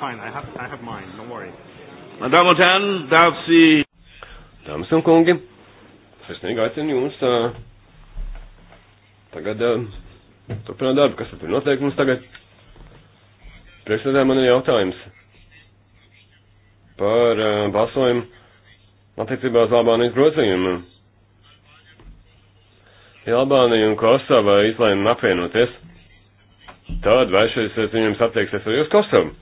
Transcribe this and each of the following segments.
fine. I have, I have mine. Don't worry. Meine Damen und Herren, darf Sie. Dāmas un kungi, sirsnīgi aicinu jūs uh, tagad uh, turpināt darbu, kas ir noteikti mums tagad. Priekšsēdē man ir jautājums par uh, balsojumu attiecībā uz Albānijas grozījumu. Ja Albānija un Kosova izlēma apvienoties, tad vai šis ziņojums attieksies arī uz Kosovu?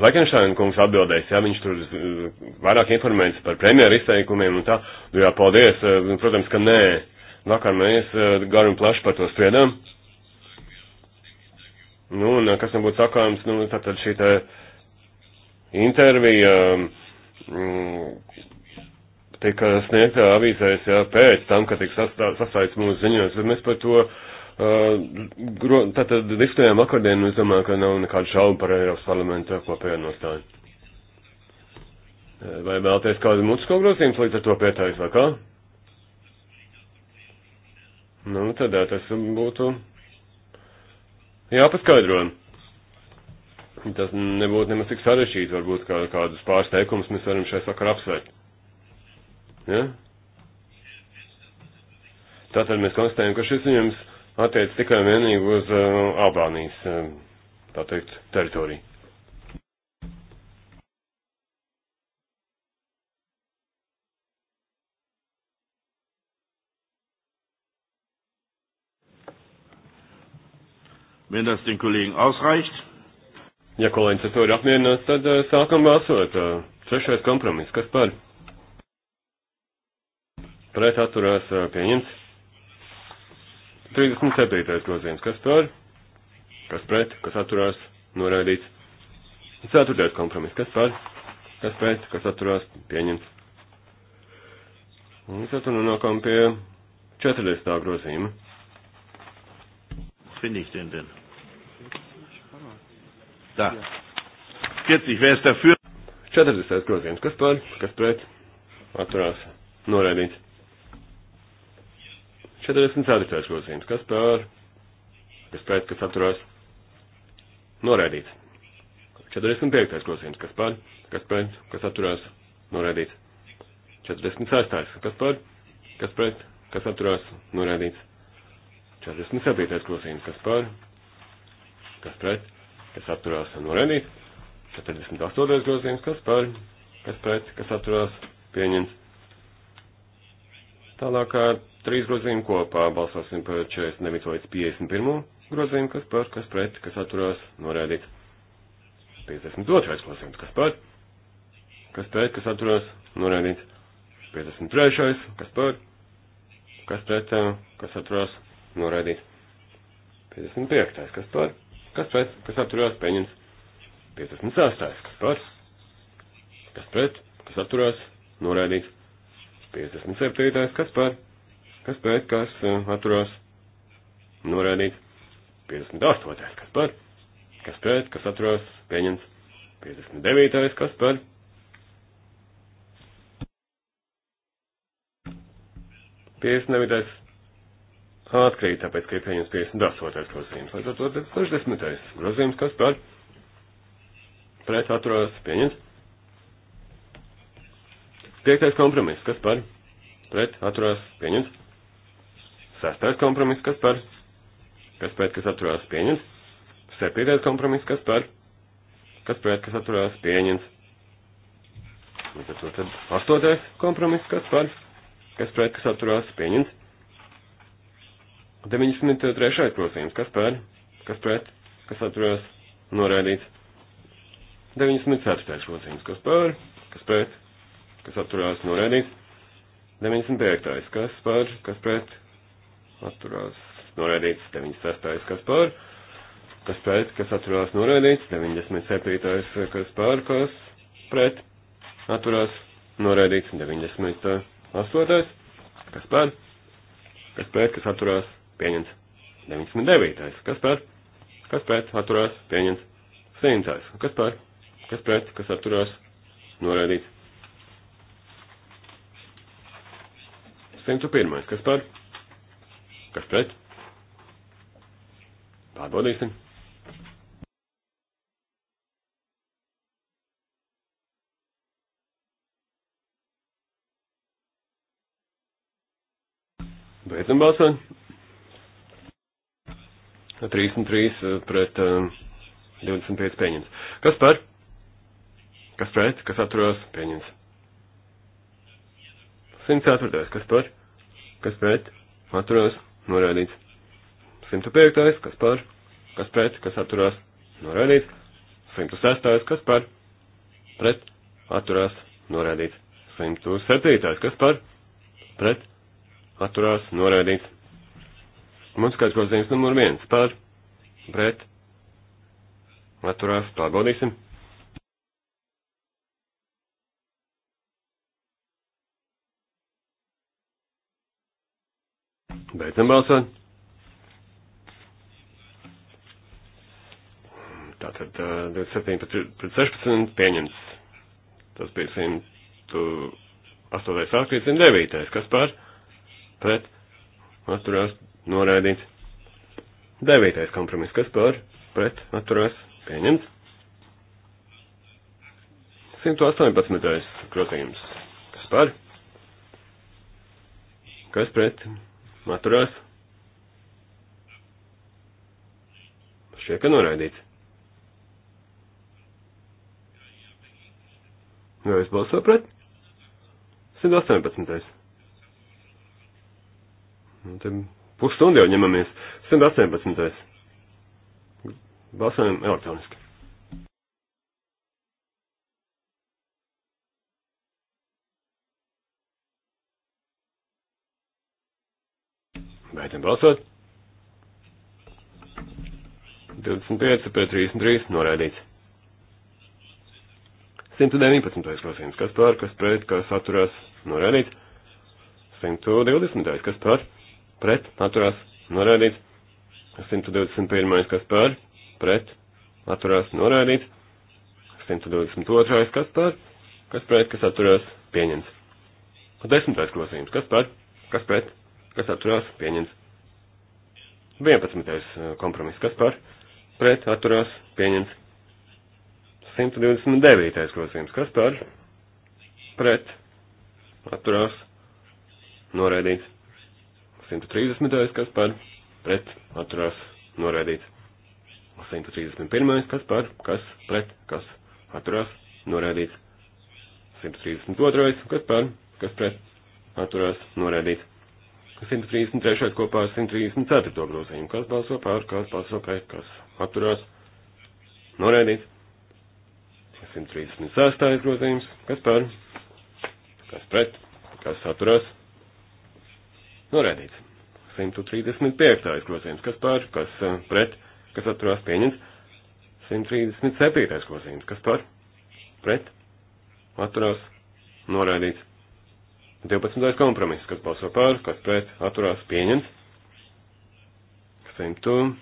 Fleckensteina kungs atbildēs, ja viņš tur eh, vairāk informēs par premjeru izteikumiem un tā. Nu jā, paldies, eh, protams, ka nē. Vakar mēs eh, garu un plašu par to spriedām. Nu, un kas man būtu sakāms, nu, tātad šī te intervija mm, tika sniegta avīzēs, jā, pēc tam, kad tika sastāstīts mūsu ziņojums, bet mēs par to Tātad diskutējām vakardien, un es domāju, ka nav nekādu šaubu par Eiropas parlamentu kopējo nostāju. Eh, vai vēlaties kādu mutisko grozījumu līdz ar to pietājas vai kā? Nu, tad tas būtu jāpaskaidro. Tas nebūtu nemaz tik sarežģīti, varbūt kā, kādus pāris teikumus mēs varam šai sakarā apsvērt. Ja? Tātad mēs konstatējam, ka šis viņams attiec tikai un vienīgi uz uh, Albānijas, uh, tā teikt, teritoriju. Wenn das den Kollegen ausreicht. Ja, kolēģis ar to ir apmierināts, tad uh, sākam balsot. Uh, trešais kompromiss, kas par? Pret atturās uh, pieņemts. 37. grozījums, kas par, kas pret, kas atturās, noraidīts. 4. kompromiss, kas par, kas pēc, kas atturās, pieņemts. Un tad nu nākam pie 40. grozījuma. Finde ich den denn? Da. 40, wer ist dafür? 40. grozījums, kas par, kas pret, atturās, noraidīts. 44. grozījums. Kas par? Kas pēc, kas atturās? Noraidīts. 45. grozījums. Kas par? Kas pēc, kas atturās? Noraidīts. 46. Kas par? Kas pret, kas atturās? Noraidīts. 47. grozījums. Kas par? Kas pret, kas atturās? Noraidīts. 48. grozījums. Kas par? Kas pret, kas atturās? Pieņems. Tālāk ar trīs grozījumu kopā. Balsosim par 49 līdz 51 grozījumu, kas par, kas pret, kas atturās, norēdīts. 52 grozījums, kas par, kas pret, kas atturās, norēdīts. 53 kas par, kas pret, kas atturās, norēdīts. 55 kas par, kas pret, kas atturās, pieņems. 56 kas par, kas pret, kas atturās, norēdīts. 57 kas par, kas pret, kas atturās norādīt 58. kas par, kas pret, kas atturās pieņems 59. kas par. Piecdesmit devītais atkrīt, tāpēc, ka ir pieņems 58. grozījums. Līdz ar to 60. grozījums, kas par pret atturās pieņems. Piektais kompromiss, kas par pret atturās pieņems. Sestais kompromiss, kas par, kas pret, kas atturās pieņems. Septītais kompromiss, kas par, kas pret, kas atturās pieņems. Līdz ar to tad astotais kompromiss, kas par, kas pret, kas atturās pieņems. 93. prosījums, kas par, kas pret, kas atturās noraidīts. 94. prosījums, kas par, kas pret, kas atturās noraidīts. 95. kas par, kas pret, atturās noraidīts, 96. kas par, kas pret, kas atturās noraidīts, 97. kas par, kas pret, atturās noraidīts, 98. kas par, kas pret, kas atturās pieņemts, 99. kas par, kas pret, atturās pieņemts, 100. kas par, kas pret, kas atturās noraidīts. 101. kas par, Kas pret? Pārbaudīsim. Beidzam balsot. 33 eh, pret 25 eh, pieņems. Kas par? Kas pret? Kas atturās? Pieņems. 104. Kas par? Kas pret? Atturās? norādīts. 105. kas par, kas pret, kas atturās, norādīts. 106. kas par, pret, atturās, norādīts. 107. kas par, pret, atturās, norādīts. Mums kāds grozījums numur viens par, pret, atturās, pārbaudīsim. Beidzam balsot. Tātad 27 pret 16 pieņems. Tas bija 108. sākties 109. Kas par? Pret. Atturās noraidīts. 9. kompromiss. Kas par? Pret. Atturās pieņems. 118. grozījums. Kas par? Kas pret? Atturās. Šķiet, ka noraidīts. Vai es balsoju pret? 118. Nu, te pusstundu jau ņemamies. 118. Balsojam elektroniski. Mēģinām balsot. 25 pēc 33 noraidīts. 119. grozījums, kas par, kas pret, kas atturās, noraidīts. 120. kas par, pret, atturās, noraidīts. 121. kas par, pret, atturās, noraidīts. 122. kas par, kas pret, kas atturās, pieņems. 10. grozījums, kas par, kas pret, kas atturās pieņems. 11. Eh, kompromiss, kas par pret atturās pieņems. 129. grozījums, kas par pret atturās noraidīts. 130. kas par pret atturās noraidīts. 131. kas par kas pret kas atturās noraidīts. 132. kas par kas pret atturās noraidīts. 133. kopā ar 134. grozījumu. Kas balso par, kas balso pret, kas atturās? Noraidīts. 136. grozījums. Kas par? Kas pret? Kas atturās? Noraidīts. 135. grozījums. Kas par? Kas eh, pret? Kas atturās? Pieņemts. 137. grozījums. Kas par? Pret? Atturās? Noraidīts. 12. kompromiss, kas balso par, kas pret, atturās, pieņems. 144.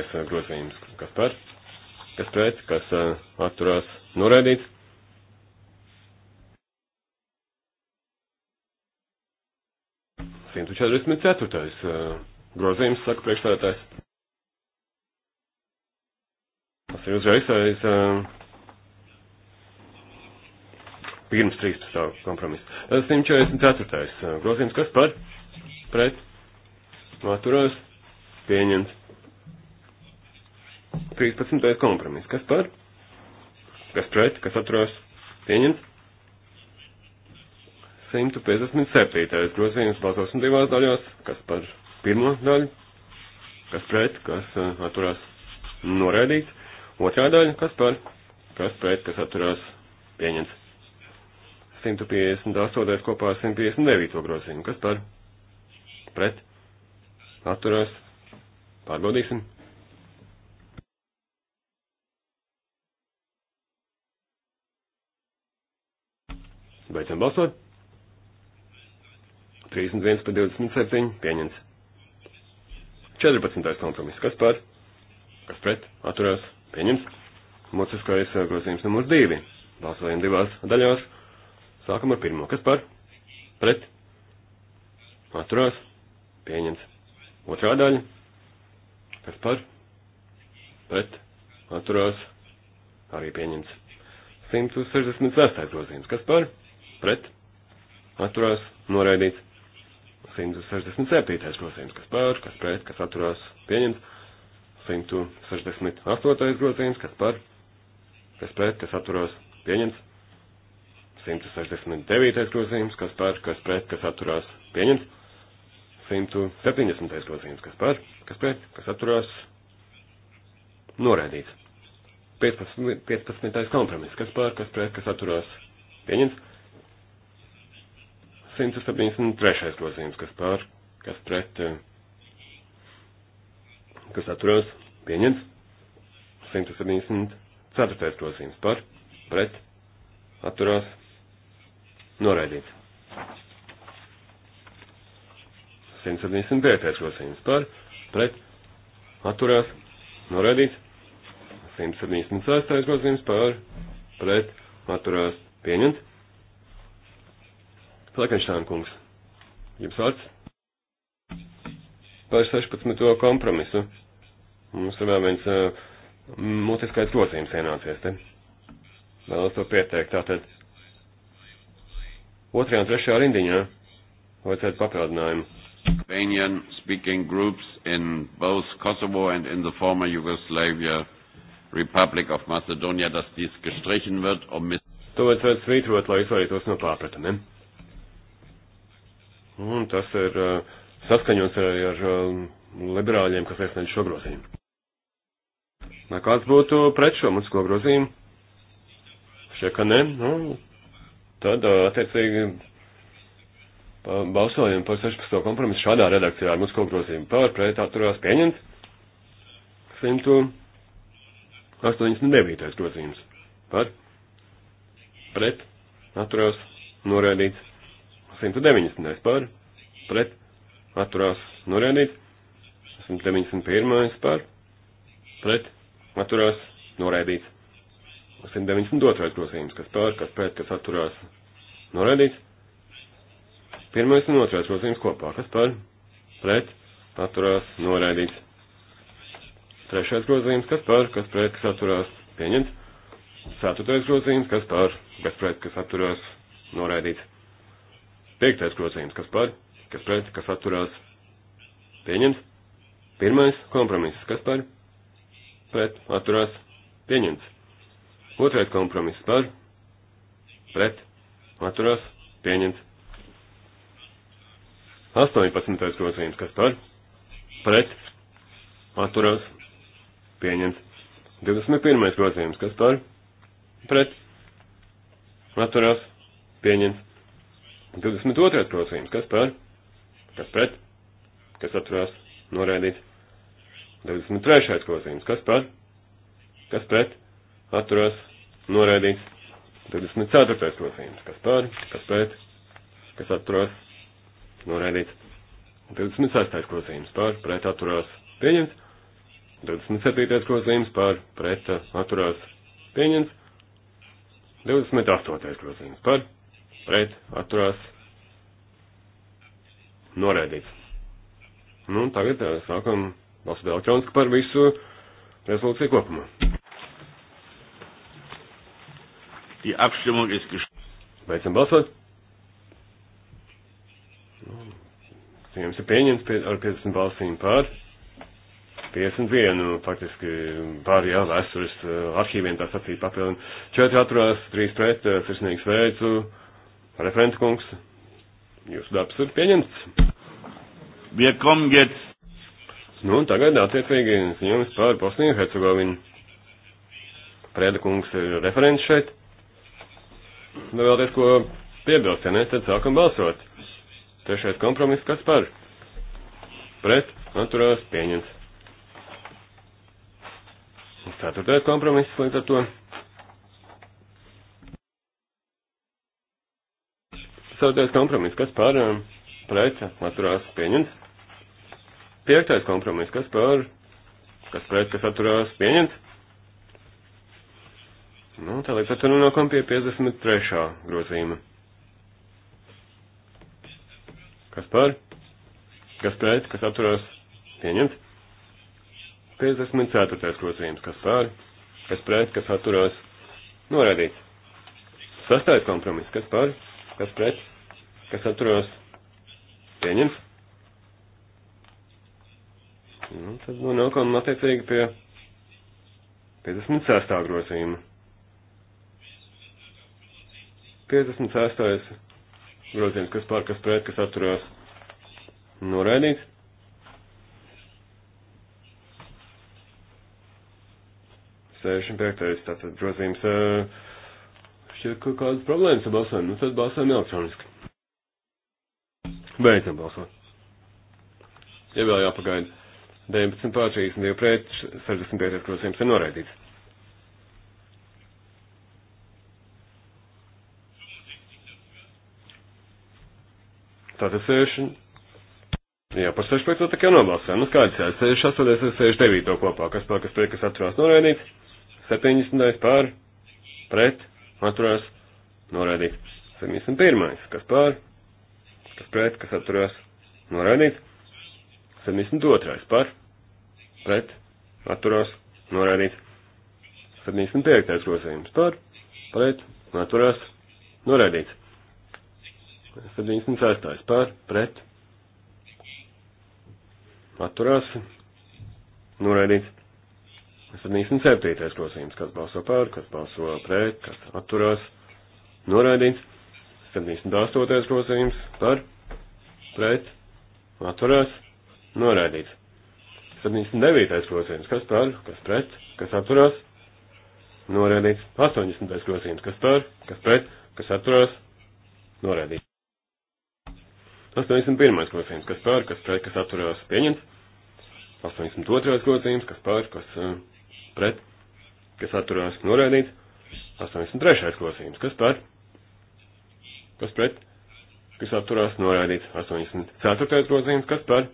Eh, grozījums, kas par, kas pret, kas eh, atturās, noraidīts. Simtu četrdesmit ceturtais eh, grozījums, saka priekšstādātājs. Tas ir uzreiz aiz uh, pirms 13. kompromisa. 144. grozījums, kas par pret atturās pieņemts. 13. kompromis, kas par, kas pret, kas atturās pieņemts. 157. grozījums balsosim divās daļās, kas par pirmo daļu, kas pret, kas eh, atturās noraidīts. Otrā daļa, kas par, kas pret, kas atturās pieņemts. 158. kopā ar 159. grozījumu. Kas par? Pret? Atturās? Pārbaudīsim. Beidzam balsot. 31 par 27 pieņems. 14. kompromiss. Kas par? Kas pret? Atturās? Pieņems. Mūciskais eh, grozījums numurs 2. Balsojam divās daļās. Sākam ar pirmo. Kas par? Pret? Atturās? Pieņems. Otrā daļa. Kas par? Pret? Atturās? Arī pieņems. 166. grozījums. Kas par? Pret? Atturās? Noraidīts. 167. grozījums. Kas par? Kas pret? Kas atturās? Pieņems. 168. grozījums. Kas par? Kas pret? Kas atturās? Pieņems. 169. grozījums, kas par, kas pret, kas atturās pieņemts. 170. grozījums, kas par, kas pret, kas atturās noraidīts. 15. 15. kompromiss, kas par, kas pret, kas atturās pieņemts. 173. grozījums, kas par, kas pret, kas atturās pieņemts. 174. grozījums par, pret, atturās Noraidīt. 175. grozījums par, pret, atturās, noraidīt. 176. grozījums par, pret, atturās, pieņemt. Plekenštāna kungs, jums vārds par 16. kompromisu. Mums ir vēl viens uh, mutiskais grozījums ienācies te. Vēlos to pieteikt. Tātad otrajā un trešajā rindiņā vajadzētu papildinājumu. Albanian speaking groups in both Kosovo and in the former Yugoslavia Republic of Macedonia, dass dies gestrichen wird, um To vajadzētu svītrot, lai izvairītos no pārpratumiem. Un tas ir uh, saskaņots arī ar uh, liberāļiem, kas iesniedz šo grozījumu. Nā, kāds būtu pret šo mūsu grozījumu? Šie, ka ne, nu, tad, attiecīgi, balsojam par 16. kompromisu šādā redakcijā ar mūsu grozījumu. Par pret atturās pieņemts 189. grozījums. Par pret atturās norēdīts 190. par pret atturās norēdīts 191. par pret atturās norēdīts 192. grozījums, kas pār, kas pret, kas atturās norādīts. Pirmais un otrais grozījums kopā, kas pār, pret, atturās norādīts. Trešais grozījums, kas pār, kas pret, kas atturās pieņemts. Ceturtais grozījums, kas pār, kas pret, kas atturās norādīts. Piektais grozījums, kas pār, kas pret, kas atturās pieņemts. Pirmais kompromiss, kas pār, pret, atturās pieņemts. Otrais kompromiss par, pret, atturās, pieņemts. 18. grozījums, kas par, pret, atturās, pieņemts. 21. grozījums, kas par, pret, atturās, pieņemts. 22. grozījums, kas par, kas pret, kas atturās, noraidīts. 23. grozījums, kas par, kas pret, atturās, noraidīts. 24. grozījums, kas par, kas pret, kas atturās, noraidīts. 26. grozījums par, pret, atturās, pieņemts. 27. grozījums par, pret, atturās, pieņemts. 28. grozījums par, pret, atturās, noraidīts. Nu, tagad sākam balsot elektroniski par visu rezolūciju kopumā. Die Abstimmung ist geschlossen. Beidzam balsot. Ziņojums nu, ir pieņemts ar 50 balsīm pār. 51, nu, faktiski pār, jā, vēstures eh, arhīviem tā sacīt papildinu. 4 atturās, 3 pret, eh, sirsnīgs veicu, referents kungs. Jūsu darbs ir pieņemts. Wir kommen jetzt. Nu, un tagad attiecīgi ziņojums par Bosniju Hercegovinu. Prēda kungs ir referents šeit. Nu, vēlaties ko piebilst, ja ne, tad sākam balsot. Trešais kompromiss, kas par? Pret, atturās, pieņems. Ceturtais kompromiss līdz ar to. Ceturtais kompromiss, kas par? Pret, atturās, pieņems. Piektais kompromiss, kas par? Kas pret, kas atturās, pieņems. Nu, tā līdz ar to nonākam pie 53. grozījuma. Kas par? Kas pret? Kas atturās? Pieņemts. 54. grozījums. Kas par? Kas pret? Kas atturās? Norādīts. Sastāvdaļa kompromiss. Kas par? Kas pret? Kas atturās? Pieņems. Nu, tad nonākam attiecīgi pie 56. grozījuma. 56. grozījums, kas pār, kas pret, kas atturās noraidīts. Sēžam piektais, tātad grozījums šķiet, ka kādas problēmas ar balsojumu, nu tad balsojam elektroniski. Beidzam balsot. Ja vēl jāpagaida. 19 pār 32 pret 65 grozījums ir noraidīts. Tātad 6. Jā, par 16. tā jau nobalsojām. Nu, skaidrs, jā, 6, 8, 6, 9 kopā, kas par, kas pret, kas atturās norēdīt. 70. pār, pret, atturās norēdīt. 71. kas pār, kas pret, kas atturās norēdīt. 72. pār, pret, atturās norēdīt. 75. grozījums pār, pret, atturās norēdīt. 76. par, pret, atturās, noraidīts. 77. grozījums, kas balso par, kas balso pret, kas atturās, noraidīts. 78. grozījums par, pret, atturās, noraidīts. 79. grozījums, kas par, kas pret, kas atturās, noraidīts. 80. grozījums, kas par, kas pret, kas atturās, noraidīts. 81. grozījums, kas pār, kas pret, kas atturās pieņemts. 82. grozījums, kas pār, kas uh, pret, kas atturās noraidīts. 83. grozījums, kas pār, kas pret, kas atturās noraidīts. 84. grozījums, kas pār,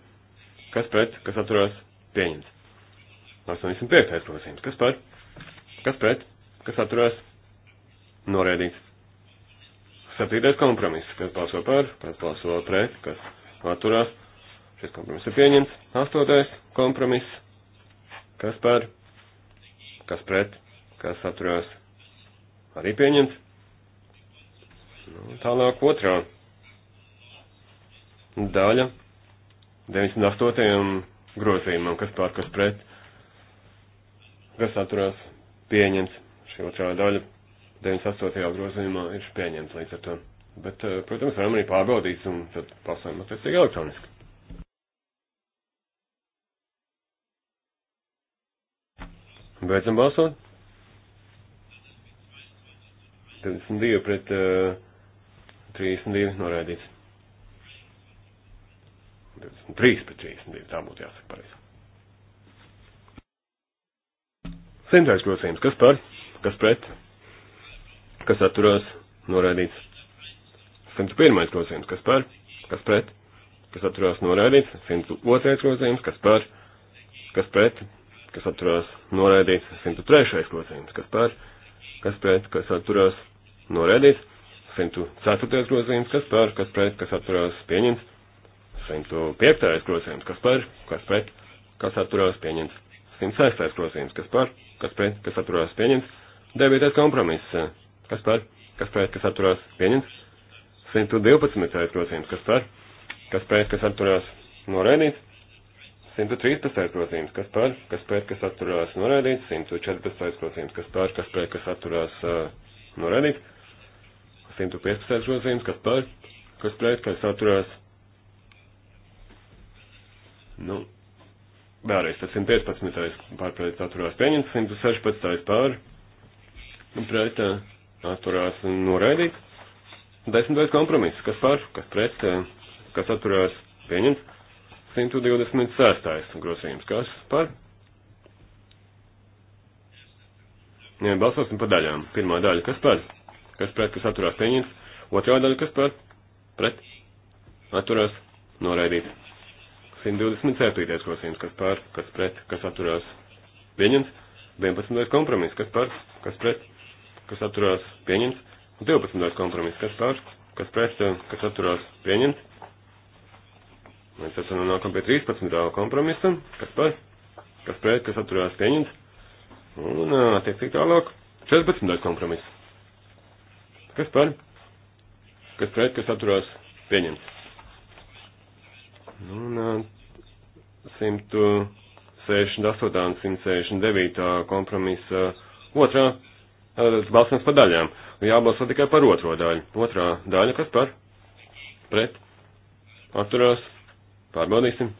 kas pret, kas atturās pieņemts. 85. grozījums, kas pār, kas pret, kas atturās noraidīts. Septītais kompromiss, kas balso par, kas balso pret, kas atturās. Šis kompromiss ir pieņemts. Astotais kompromiss, kas par, kas pret, kas atturās. Arī pieņemts. Nu, tālāk otrā daļa 98. grozījumam, kas pār, kas pret, kas atturās pieņemts. Šī otrā daļa 98. grozījumā ir pieņemts līdz ar to. Bet, eh, protams, varam arī pārbaudīt un tad pasaulē attiecīgi elektroniski. Beidzam balsot. 52 pret uh, eh, 32 noraidīts. 23 pret 32, tā būtu jāsaka pareizi. Simtais grozījums, kas par, kas pret? kas atturās, noraidīts. 101. grozījums, kas par, kas pret, kas atturās, noraidīts. 102. grozījums, kas par, kas pret, kas atturās, noraidīts. 103. grozījums, kas par, kas pret, kas atturās, noraidīts. 104. grozījums, kas par, kas pret, kas atturās, pieņemts. 105. grozījums, kas par, kas pret, kas atturās, pieņemts. 106. grozījums, kas par, kas pret, kas atturās, pieņemts. 9. kompromiss Kas par? Kas pret, kas atturās? Pieņemts. 112. grozījums. Kas par? Kas pret, kas atturās? Noraidīts. 113. grozījums. Kas par? Kas pret, kas atturās? Noraidīts. 114. grozījums. Kas par? Kas pret, kas atturās? Uh, noraidīts. 115. grozījums. Kas par? Kas pret, kas atturās? Nu, vēlreiz tas 115. pārpratējs atturās pieņemts, 116. pār, un pret uh, atturās noraidīts. Desmitais kompromiss, kas par, kas pret, kas atturās pieņemts. 126. grozījums, kas par. Ja, balsosim pa daļām. Pirmā daļa, kas par, kas pret, kas atturās pieņemts. Otrā daļa, kas par, pret, atturās noraidīts. 127. grozījums, kas par, kas pret, kas atturās pieņemts. 11. kompromiss, kas par, kas pret, kas atturās pieņemts, un 12. kompromiss, kas par, kas pret, kas atturās pieņemts. Mēs esam nonākam pie 13. kompromisa, kas par, kas pret, kas atturās pieņemts, un attiecīgi tālāk 14. kompromiss. Kas par, kas pret, kas atturās pieņemts. Un 168. un 169. kompromisa otrā balsojums par daļām. Jābalso tikai par otro daļu. Otrā daļa, kas par? Pret. Atturās. Pārbaudīsim.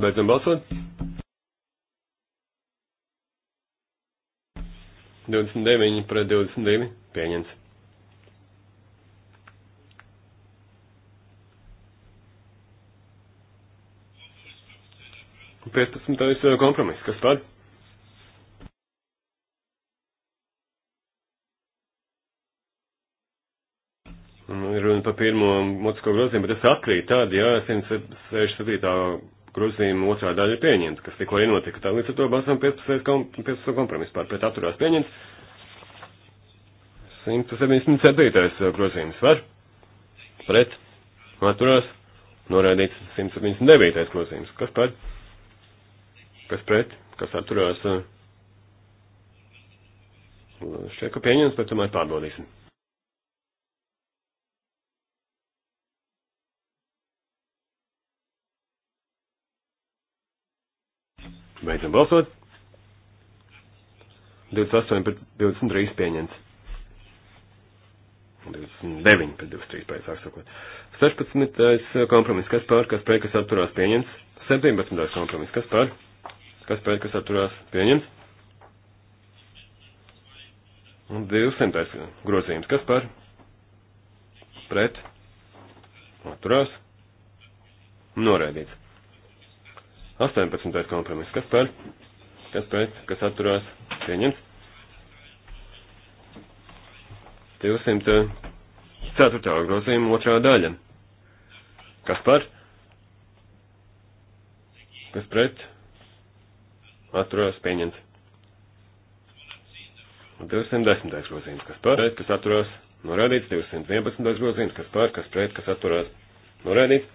Beidzam balsot. 29 pret 22 pieņems. 15. Eh, kompromiss, kas par? Nu, runa par pirmo mocisko grozījumu, bet tas atkrīt tad, ja 167. grozījuma otrā daļa ir pieņemta, kas tikko ir notika. Tā, līdz ar to balsam 15. Kom, 15. kompromiss pār pret atturās pieņemts. 177. Eh, grozījums var? Pret? Atturās? Noraidīts 179. grozījums. Kas tad? kas pret, kas atturās. Šķiet, ka pieņems, bet tomēr pārbaudīsim. Beidzam balsot. 28 pret 23 pieņemts. 29 pret 23 pēc sakot. 16. kompromiss, kas pār, kas pret, kas atturās pieņemts. 17. kompromiss, kas pār kas pēc, kas atturās pieņemts. Un 200. grozījums, kas par, pret, atturās, noraidīts. 18. kompromiss, kas par, kas pēc, kas atturās pieņemts. 204. grozījuma otrā daļa. Kas par? Kas pret? atturās pieņemts. 210. grozījums, kas par, pret, kas atturās, norādīts. 211. grozījums, kas par, kas pret, kas atturās, norādīts.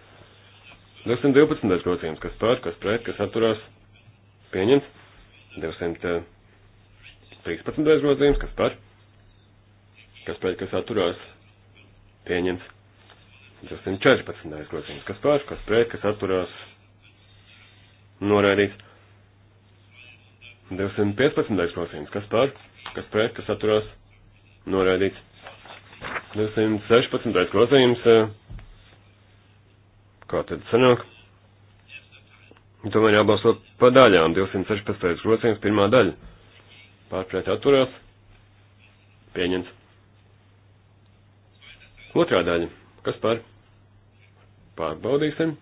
212. grozījums, kas par, kas pret, kas atturās, pieņemts. 213. grozījums, kas par, kas pret, kas atturās, pieņemts. 214. grozījums, kas par, kas pret, kas atturās, norādīts. 215. prosījums. Kas par? Kas pret? Kas atturās? Noraidīts. 216. grozījums. Kā tad sanāk? Tomēr jābalso pa daļām. 216. grozījums pirmā daļa. Pārpret atturās. Pieņems. Otrā daļa. Kas par? Pārbaudīsim.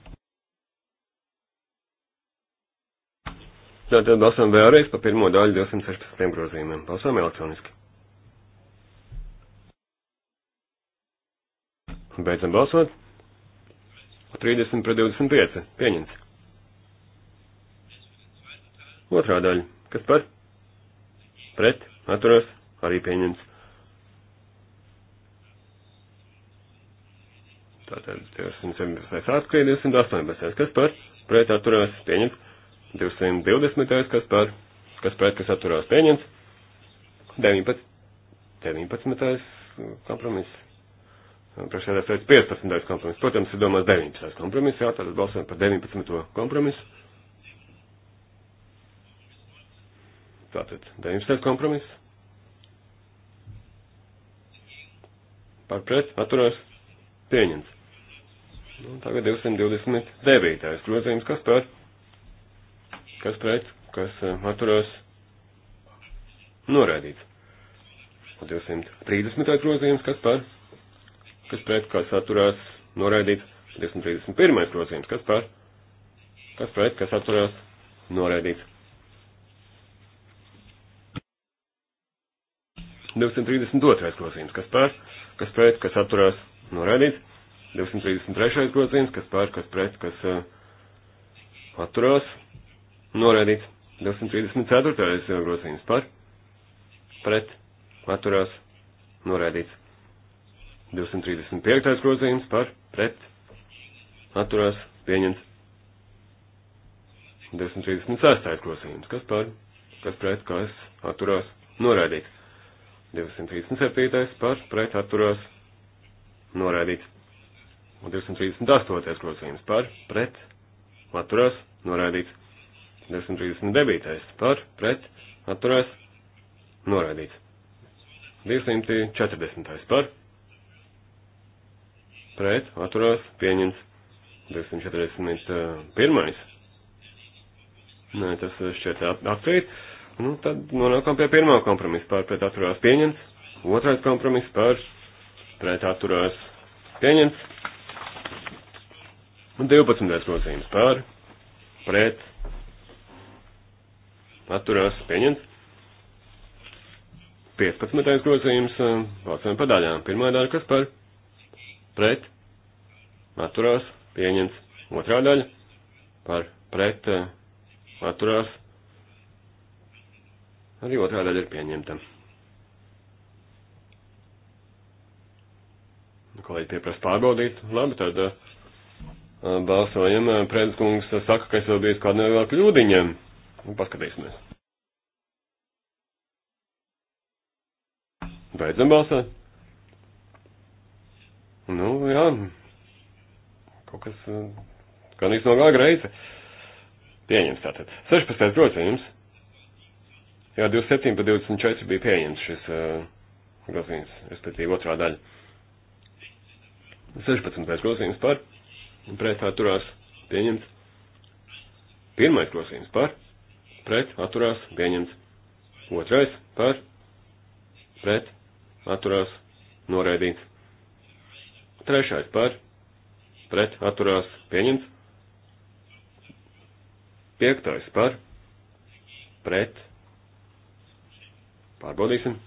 Tātad balsām vēlreiz par pirmo daļu 216. grozījumiem. Balsām elektroniski. Beidzam balsot. 30 pret 25. Pieņemts. Otrā daļa. Kas par? Pret. Atturās. Arī pieņemts. Tātad 217. atkrīt 218. Kas par? Pret. Atturās. Pieņemts. 220. kas par, kas pret, kas atturās pieņemts. 19. 19. Uh, kompromiss. Priekšā referēts 15. kompromiss. Protams, ir domās 19. kompromiss. Jā, tātad balsojam par 19. kompromisu. Tātad 19. kompromiss. Par pret atturās pieņemts. Un tagad 229. grozījums, kas pēc kas pret, kas atturās norādīts. 230. grozījums, kas par, kas pret, kas atturās norādīts. 231. grozījums, kas par, kas pret, kas atturās norādīts. 232. grozījums, kas par, kas pret, kas atturās norādīts. 233. grozījums, kas par, kas pret, kas uh, eh, atturās norādīts. Noraidīts. 234. Eh, grozījums par. Pret. Atturās. Noraidīts. 235. grozījums par. Pret. Atturās. Pieņemts. 236. grozījums. Kas par? Kas pret? Kas atturās? Noraidīts. 237. par. Pret. Atturās. Noraidīts. 238. grozījums par. Pret. Atturās. Noraidīts. 239. par pret atturēs noraidīts. 240. par pret atturēs pieņems 241. Nē, tas šķiet atkrīt. Nu, tad nonākam pie pirmā kompromisa par pret atturēs pieņems. Otrais kompromiss par pret atturēs pieņems. Un 12. grozījums par pret atturās pieņemts. 15. grozījums uh, balsojam pa daļām. Pirmā daļa, kas par pret, atturās, pieņemts. Otrā daļa par pret, uh, atturās. Arī otrā daļa ir pieņemta. Kolēģi pieprasa pārbaudīt. Labi, tad uh, balsojam. Prēdis kungs saka, ka es vēl biju kādu nevēlu kļūdiņiem. Un paskatīsimies. Beidzam balsot. Nu, jā. Kaut kas gan iznogā greizi. Pieņems tātad. 16. grozījums. Jā, 27 pa 24 bija pieņems šis uh, grozījums, respektīvi otrā daļa. 16. grozījums par pretā turās pieņemts. Pirmais grozījums par pret, atturās, pieņemts. Otrais par, pret, atturās, noraidīts. Trešais par, pret, atturās, pieņemts. Piektais par, pret, pārbaudīsim.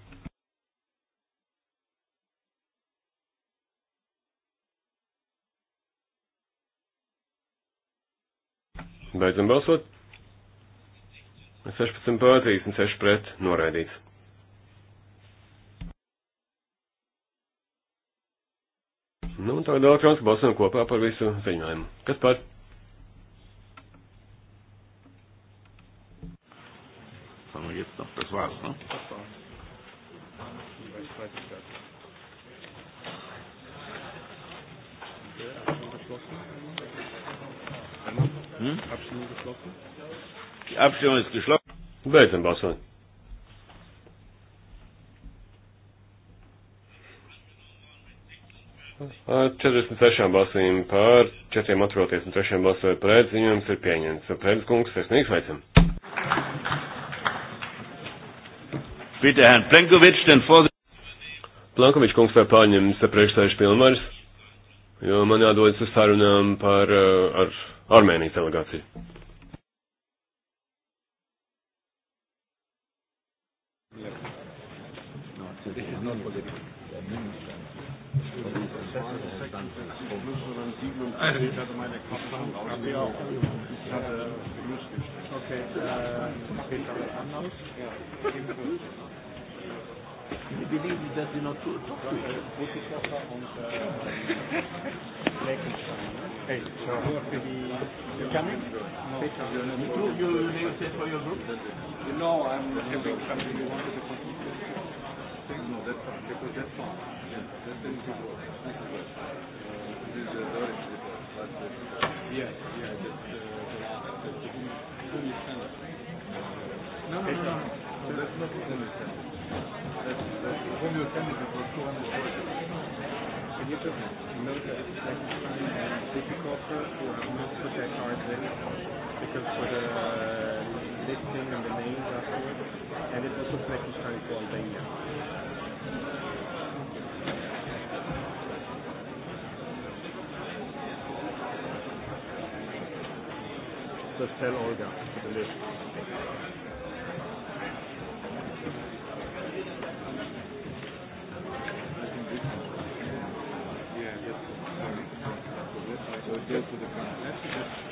Beidzam balsot. 16 pār 36 pret noraidīts. Nu, un tagad elektroniski balsojam kopā par visu ziņojumu. Kas par? Samo jetzt noch das war's, ne? Nu? Hm? Abstimmung geschlossen. Die Abstimmung ist geschlossen. Beidzam balsot. Ar 46 balsīm pār, 4 atvēlties un 3 balsoja pret, ziņojums ir pieņemts. Pēc kungs, sirsnīgs veicam. Bitte Herrn Plenković, den Vorsitzenden. Planković kungs vai pārņems priekšsēžu pilnvaras, jo man jādodas uz sarunām par, eh, ar Armēnijas delegāciju. Also, ich hatte meine Kopfhörer raus. Ich hatte Okay, äh, Peter anders. Wir lesen, dass sie noch zu tun und Leckenstein. Hey, you coming? No. You, you, you say for your group? No, I'm doing something. You wanted to continue? thing? No, that's not, because that's not. Yes, that's the individual. This is what. This is the direct report. That's the. Yes, yeah, that's the last. That's the only standard. No, no, no, no. No, that's not the only standard. That's, that's the only standard is for 200 workers. Can you just note that it's like time and difficulty to not protect our data? Because for the listing and the names afterwards, and it's also flexible for Albania. Just tell Olga to the list. Yeah, yes. Sorry. So it goes to the front.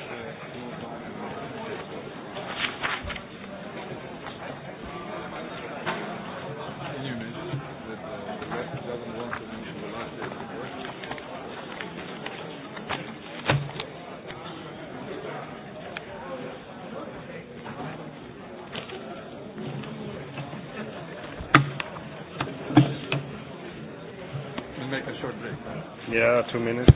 minute.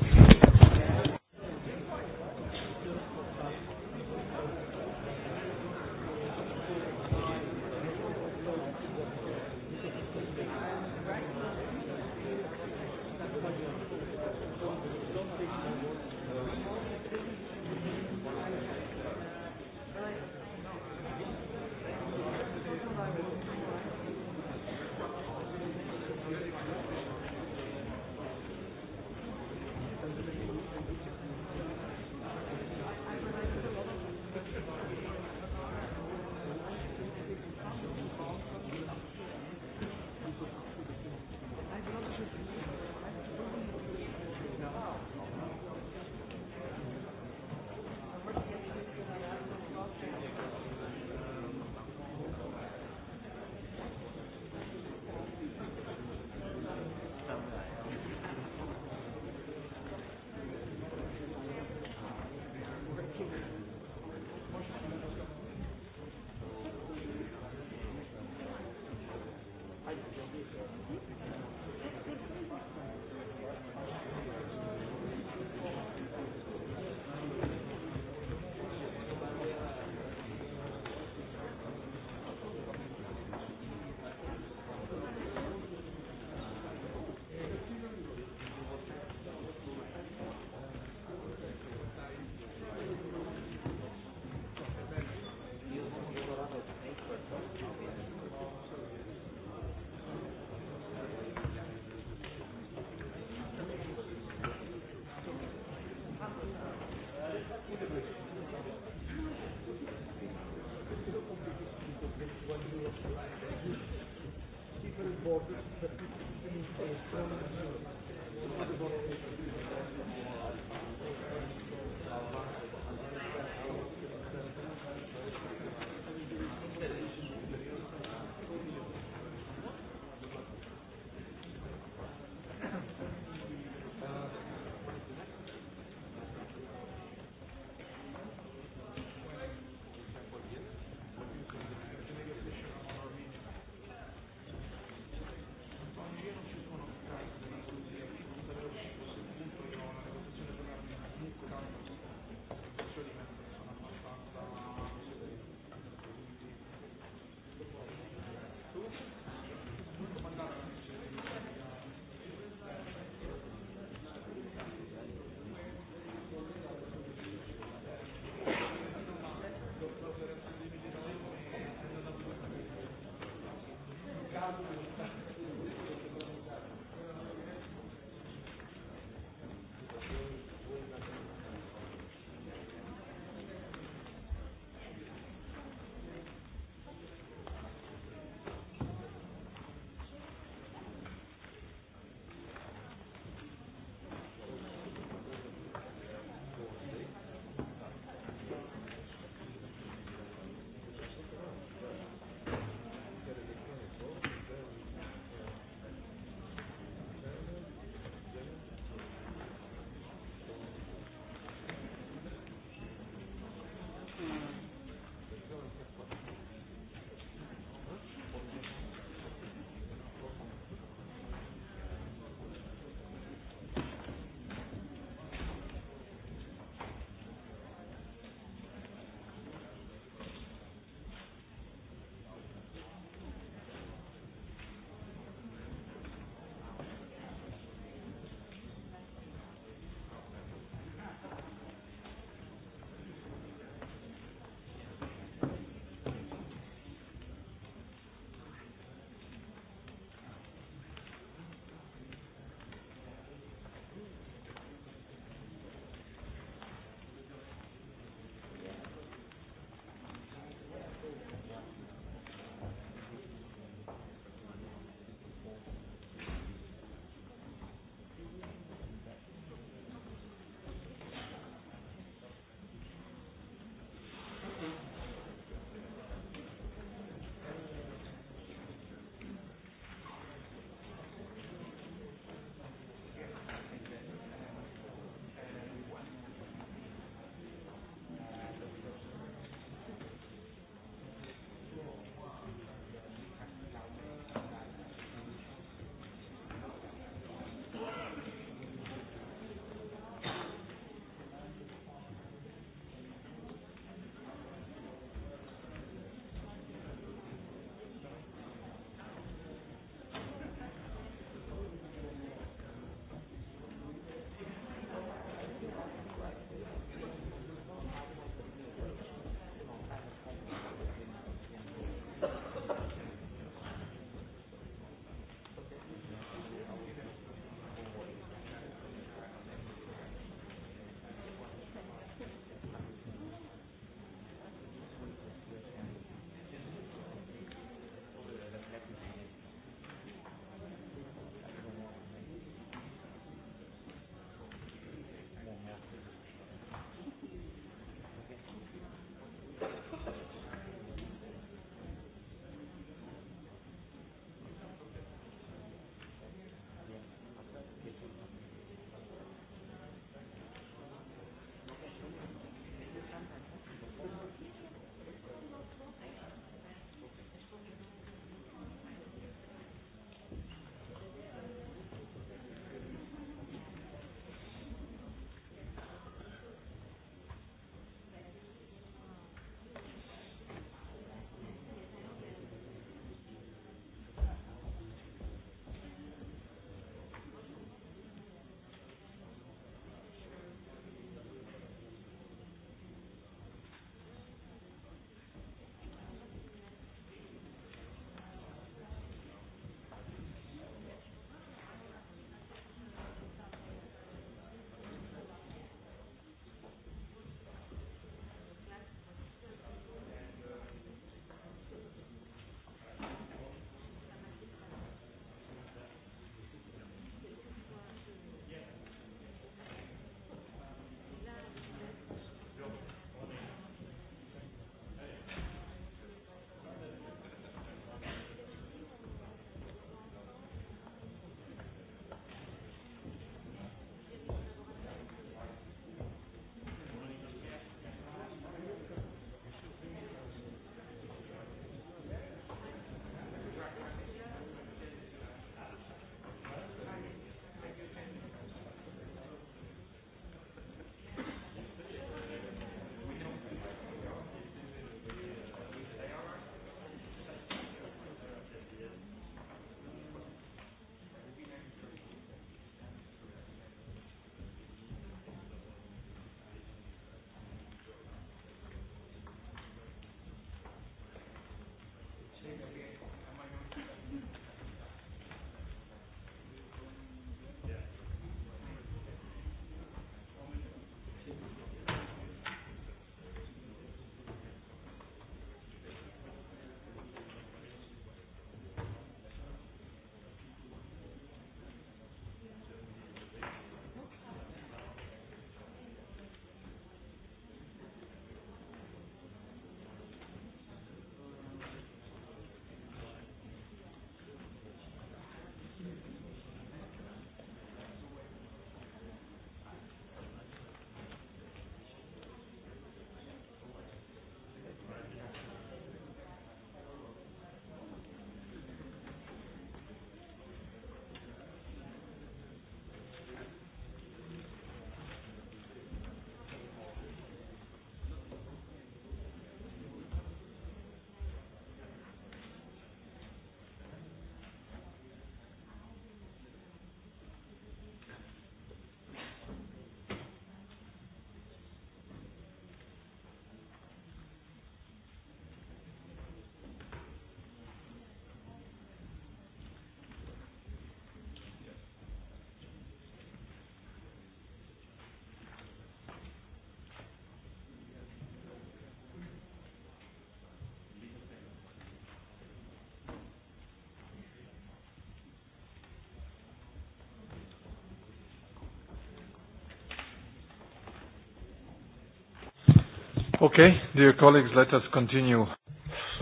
Okay, dear colleagues, let us continue.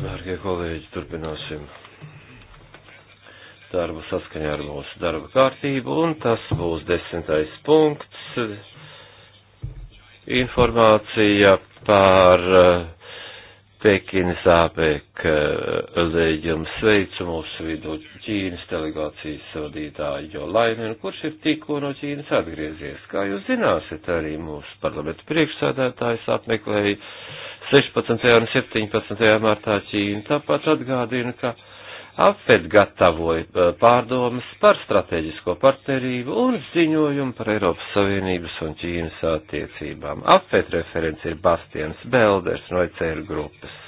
Dārgie kolēģi, turpināsim darbu saskaņā ar mūsu darba kārtību, un tas būs desmitais punkts - informācija par eh, Pekinas AP Leģums sveicu mūsu vidū Ķīnas delegācijas vadītāju Jolainu, kurš ir tikko no Ķīnas atgriezies. Kā jūs zināsiet, arī mūsu parlamentu priekšsādātājs apmeklēja 16. un 17. martā Ķīnu. Tāpat atgādina, ka apved gatavoja e, pārdomas par strateģisko partnerību un ziņojumu par Eiropas Savienības un Ķīnas attiecībām. Apved referents ir Bastians Belders no ECR grupas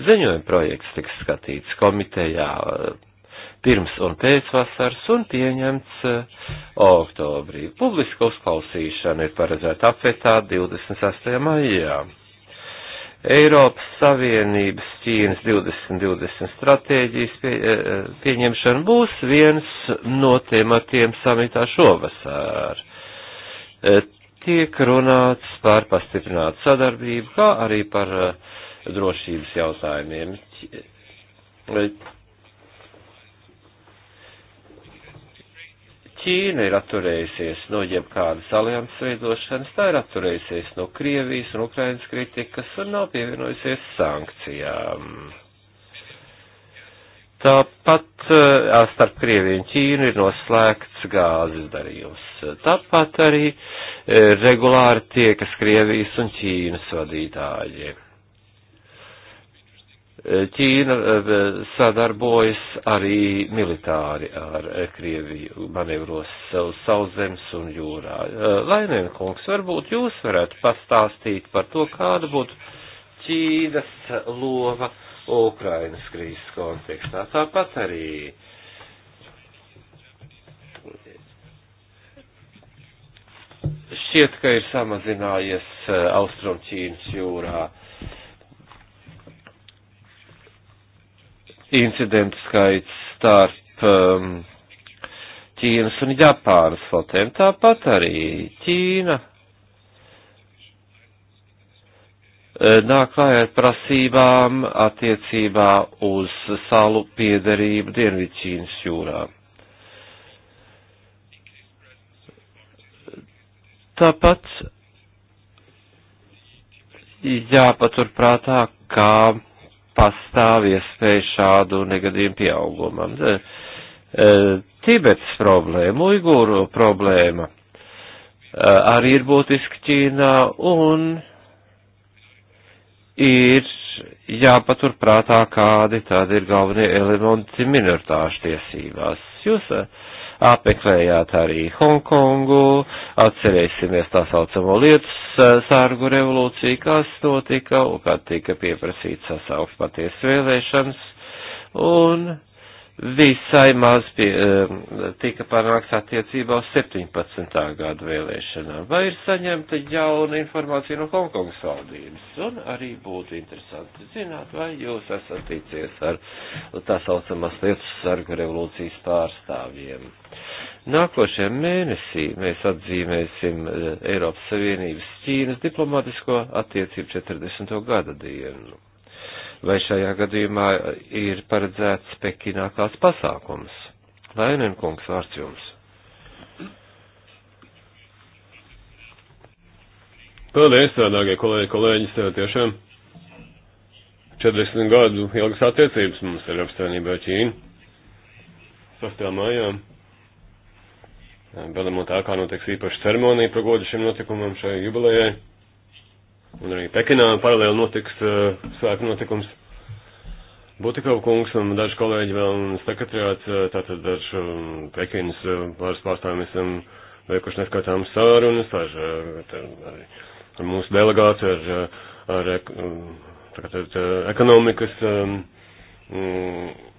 Ziņojuma projekts tiks skatīts komitejā eh, pirms un pēc vasaras un pieņemts eh, oktobrī. Publiska uzklausīšana ir paredzēta apvietā 26. maijā. Eiropas Savienības Ķīnas 2020 stratēģijas pie, eh, pieņemšana būs viens no tematiem samitā šovasār. Tiek runāts par pastiprinātu sadarbību, kā arī par uh, drošības jautājumiem. Ķīna ir atturējusies no jebkādas alianses veidošanas, tā ir atturējusies no Krievijas un Ukrainas kritikas un nav pievienojusies sankcijām. Tāpat starp Krieviju un Ķīnu ir noslēgts gāzes darījums. Tāpat arī regulāri tiekas Krievijas un Ķīnas vadītāji. Ķīna eh, sadarbojas arī militāri ar eh, Krieviju, manevros sauszemes un jūrā. Eh, Lainien kungs, varbūt jūs varētu pastāstīt par to, kāda būtu Ķīnas loma Ukrainas krīzes kontekstā. Tāpat arī šķiet, ka ir samazinājies Austrumķīnas jūrā incidentu skaits starp um, Ķīnas un Japānas flotēm. Tāpat arī Ķīna uh, nāk klājā ar prasībām attiecībā uz salu piederību Dienvidķīnas jūrā. Tāpat jāpaturprātā, kā pastāv iespēja šādu negadījumu pieaugumam. Tibets problēma, Uiguru problēma arī ir būtiski Ķīnā un ir jāpatur prātā, kādi tad ir galvenie elementi minoritāšu tiesībās. Jūs uh, apmeklējāt arī Hongkongu, atcerēsimies tā saucamo lietas eh, sārgu revolūciju, kas notika, un kad tika pieprasīts sasaukt paties vēlēšanas, un visai maz pie, eh, tika panāks attiecībā uz 17. gadu vēlēšanām, vai ir saņemta jauna informācija no Hongkongas valdības, un arī būtu interesanti zināt, vai jūs esat ticies ar tā saucamās lietas sargu revolūcijas pārstāvjiem. Nākošajā mēnesī mēs atzīmēsim eh, Eiropas Savienības Ķīnas diplomatisko attiecību 40. gada dienu vai šajā gadījumā ir paredzēts Pekinā kāds pasākums. Lainenkungs, vārds jums. Paldies, dārgie kolēģi, kolēģis, tiešām 40 gadu ilgas attiecības mums ir apstāvībā Ķīna. 6. mājā. Vēlamot tā, kā notiks īpaša ceremonija par godu šim notikumam šai jubilējai. Un arī Pekinā paralēli notiks uh, svēku notikums. Butikova kungs un daži kolēģi vēl un sekretariāts, uh, tātad daži um, Pekinas uh, pāris pārstāvjiem esam veikuši neskaitāmas sārunas ar, uh, ar, ar, ar mūsu delegāciju, ar, ar, ar um, tātad, ekonomikas um, mm,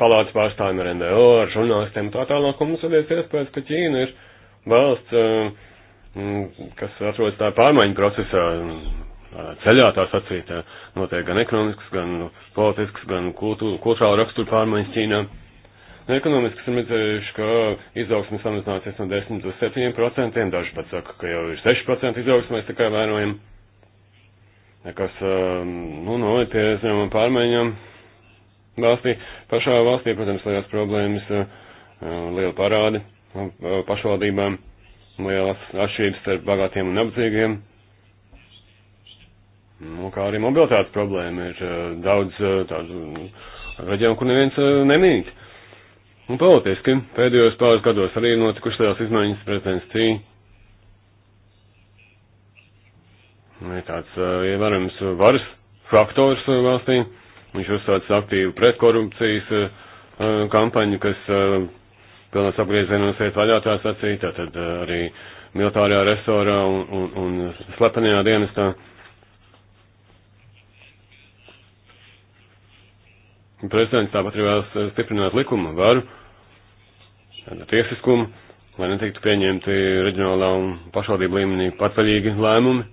palātas pārstāvjiem, ar NDO, ar žurnālistiem tā tālāk. Un mums ir iespējas, ka Ķīna ir valsts. Uh, Mm, kas atrodas tā pārmaiņu procesā, ceļā tā sacīt, notiek gan ekonomisks, gan nu, politisks, gan kultūrāla rakstura pārmaiņas Ķīnā. Nu, Ekonomiski esam redzējuši, ka izaugsme samazināsies no 10 līdz 7 procentiem, daži pat saka, ka jau ir 6 procenti izaugsme, mēs tikai vērojam. Nekas, um, nu, noved pie zināmām pārmaiņām valstī. Pašā valstī, protams, liels problēmas, uh, liela parādi uh, pašvaldībām lielas atšķirības starp bagātiem un nabadzīgiem. Nu, kā arī mobilitātes problēma ir eh, daudz eh, tādu reģionu, kur neviens eh, nemīt. Un politiski pēdējos pāris gados arī notikušas lielas izmaiņas prezidents Tī. Ir tāds ievērojams varas faktors valstī. Viņš uzsāca aktīvu pretkorupcijas kampaņu, kas pilnas apgriezienas iet vaļā tās acī, tātad eh, arī militārajā restorā un, un, un slepenajā dienestā. Prezidents tāpat arī vēlas eh, stiprināt likumu varu, tiesiskumu, lai netiktu pieņemti reģionālā un pašvaldību līmenī patvaļīgi lēmumi.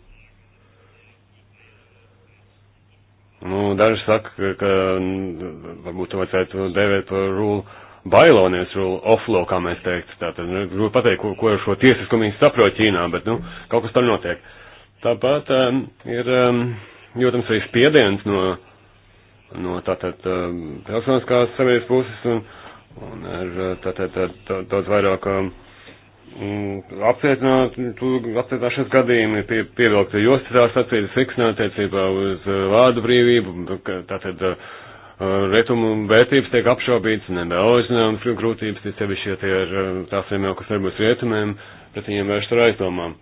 Nu, daži saka, ka varbūt to vajadzētu dēvēt par rule bailonies rule of law, kā mēs teiktu. Tātad, nu, grūti pateikt, ko, ko ar šo tiesiskumu viņi saprot Ķīnā, bet, nu, kaut kas tam notiek. Tāpat um, ir, um, jūtams, arī spiediens no, no tātad, um, pilsoniskās sabiedrības puses un, un ar, uh, tātad, daudz vairāk um, mm, apcietināt, apcietināšanas gadījumi pie, pievilkta jostitās atcīdas fiksnā attiecībā uz uh, vārdu brīvību, tātad, uh, retumu vērtības tiek apšaubītas, nedaudz, un grūtības, tie sevišķi, ja tie ir tās MVO, kas darbojas rietumiem, pret viņiem vērst ar aizdomām.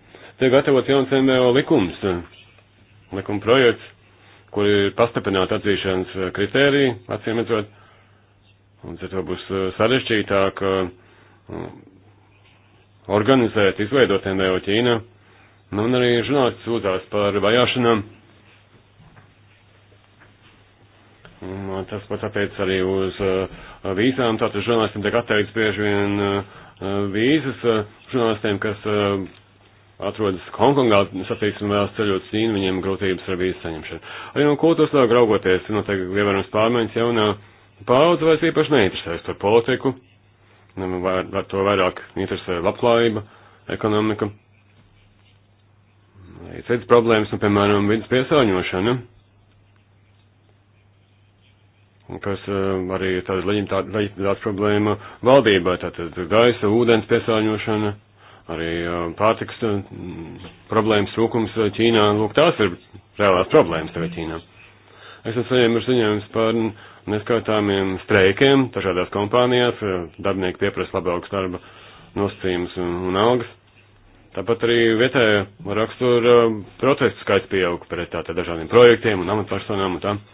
Tiek gatavots jauns MVO likums, likuma projekts, kur ir pastiprināta atzīšanas kritērija, acīm redzot, un tad to būs sarežģītāk organizēt, izveidot MVO Ķīna, nu, un arī žurnālisti sūdzās par vajāšanām. Un uh, tas pats attiec arī uz uh, vīzām. Tātad žurnālistiem tiek atteikts bieži vien uh, vīzas žurnālistiem, kas atrodas Hongkongā, satīksim vēlas ceļot Ķīnu, viņiem grūtības ar vīzu saņemšanu. Arī no kultūras vēl graugoties, noteikti ievērums pārmaiņas jaunā paudze vairs īpaši neinteresēs par politiku, nu, var, var to vairāk interesē labklājība, ekonomika. Cits problēmas, nu, piemēram, vidas piesāņošana. Ne? kas eh, arī ir tāda leģitāts problēma valdībā, tātad gaisa, ūdens piesārņošana, arī eh, pārtiks eh, problēmas trūkums Ķīnā, lūk, tās ir reālās problēmas tagad Ķīnā. Es esmu saņēmis ziņojums par neskaitāmiem streikiem dažādās kompānijās, darbinieki pieprasa labākus darba nosacījumus un, un algas. Tāpat arī vietējā rakstura protestu skaits pieauga pret tātad dažādiem projektiem un amatpersonām un tam. Tā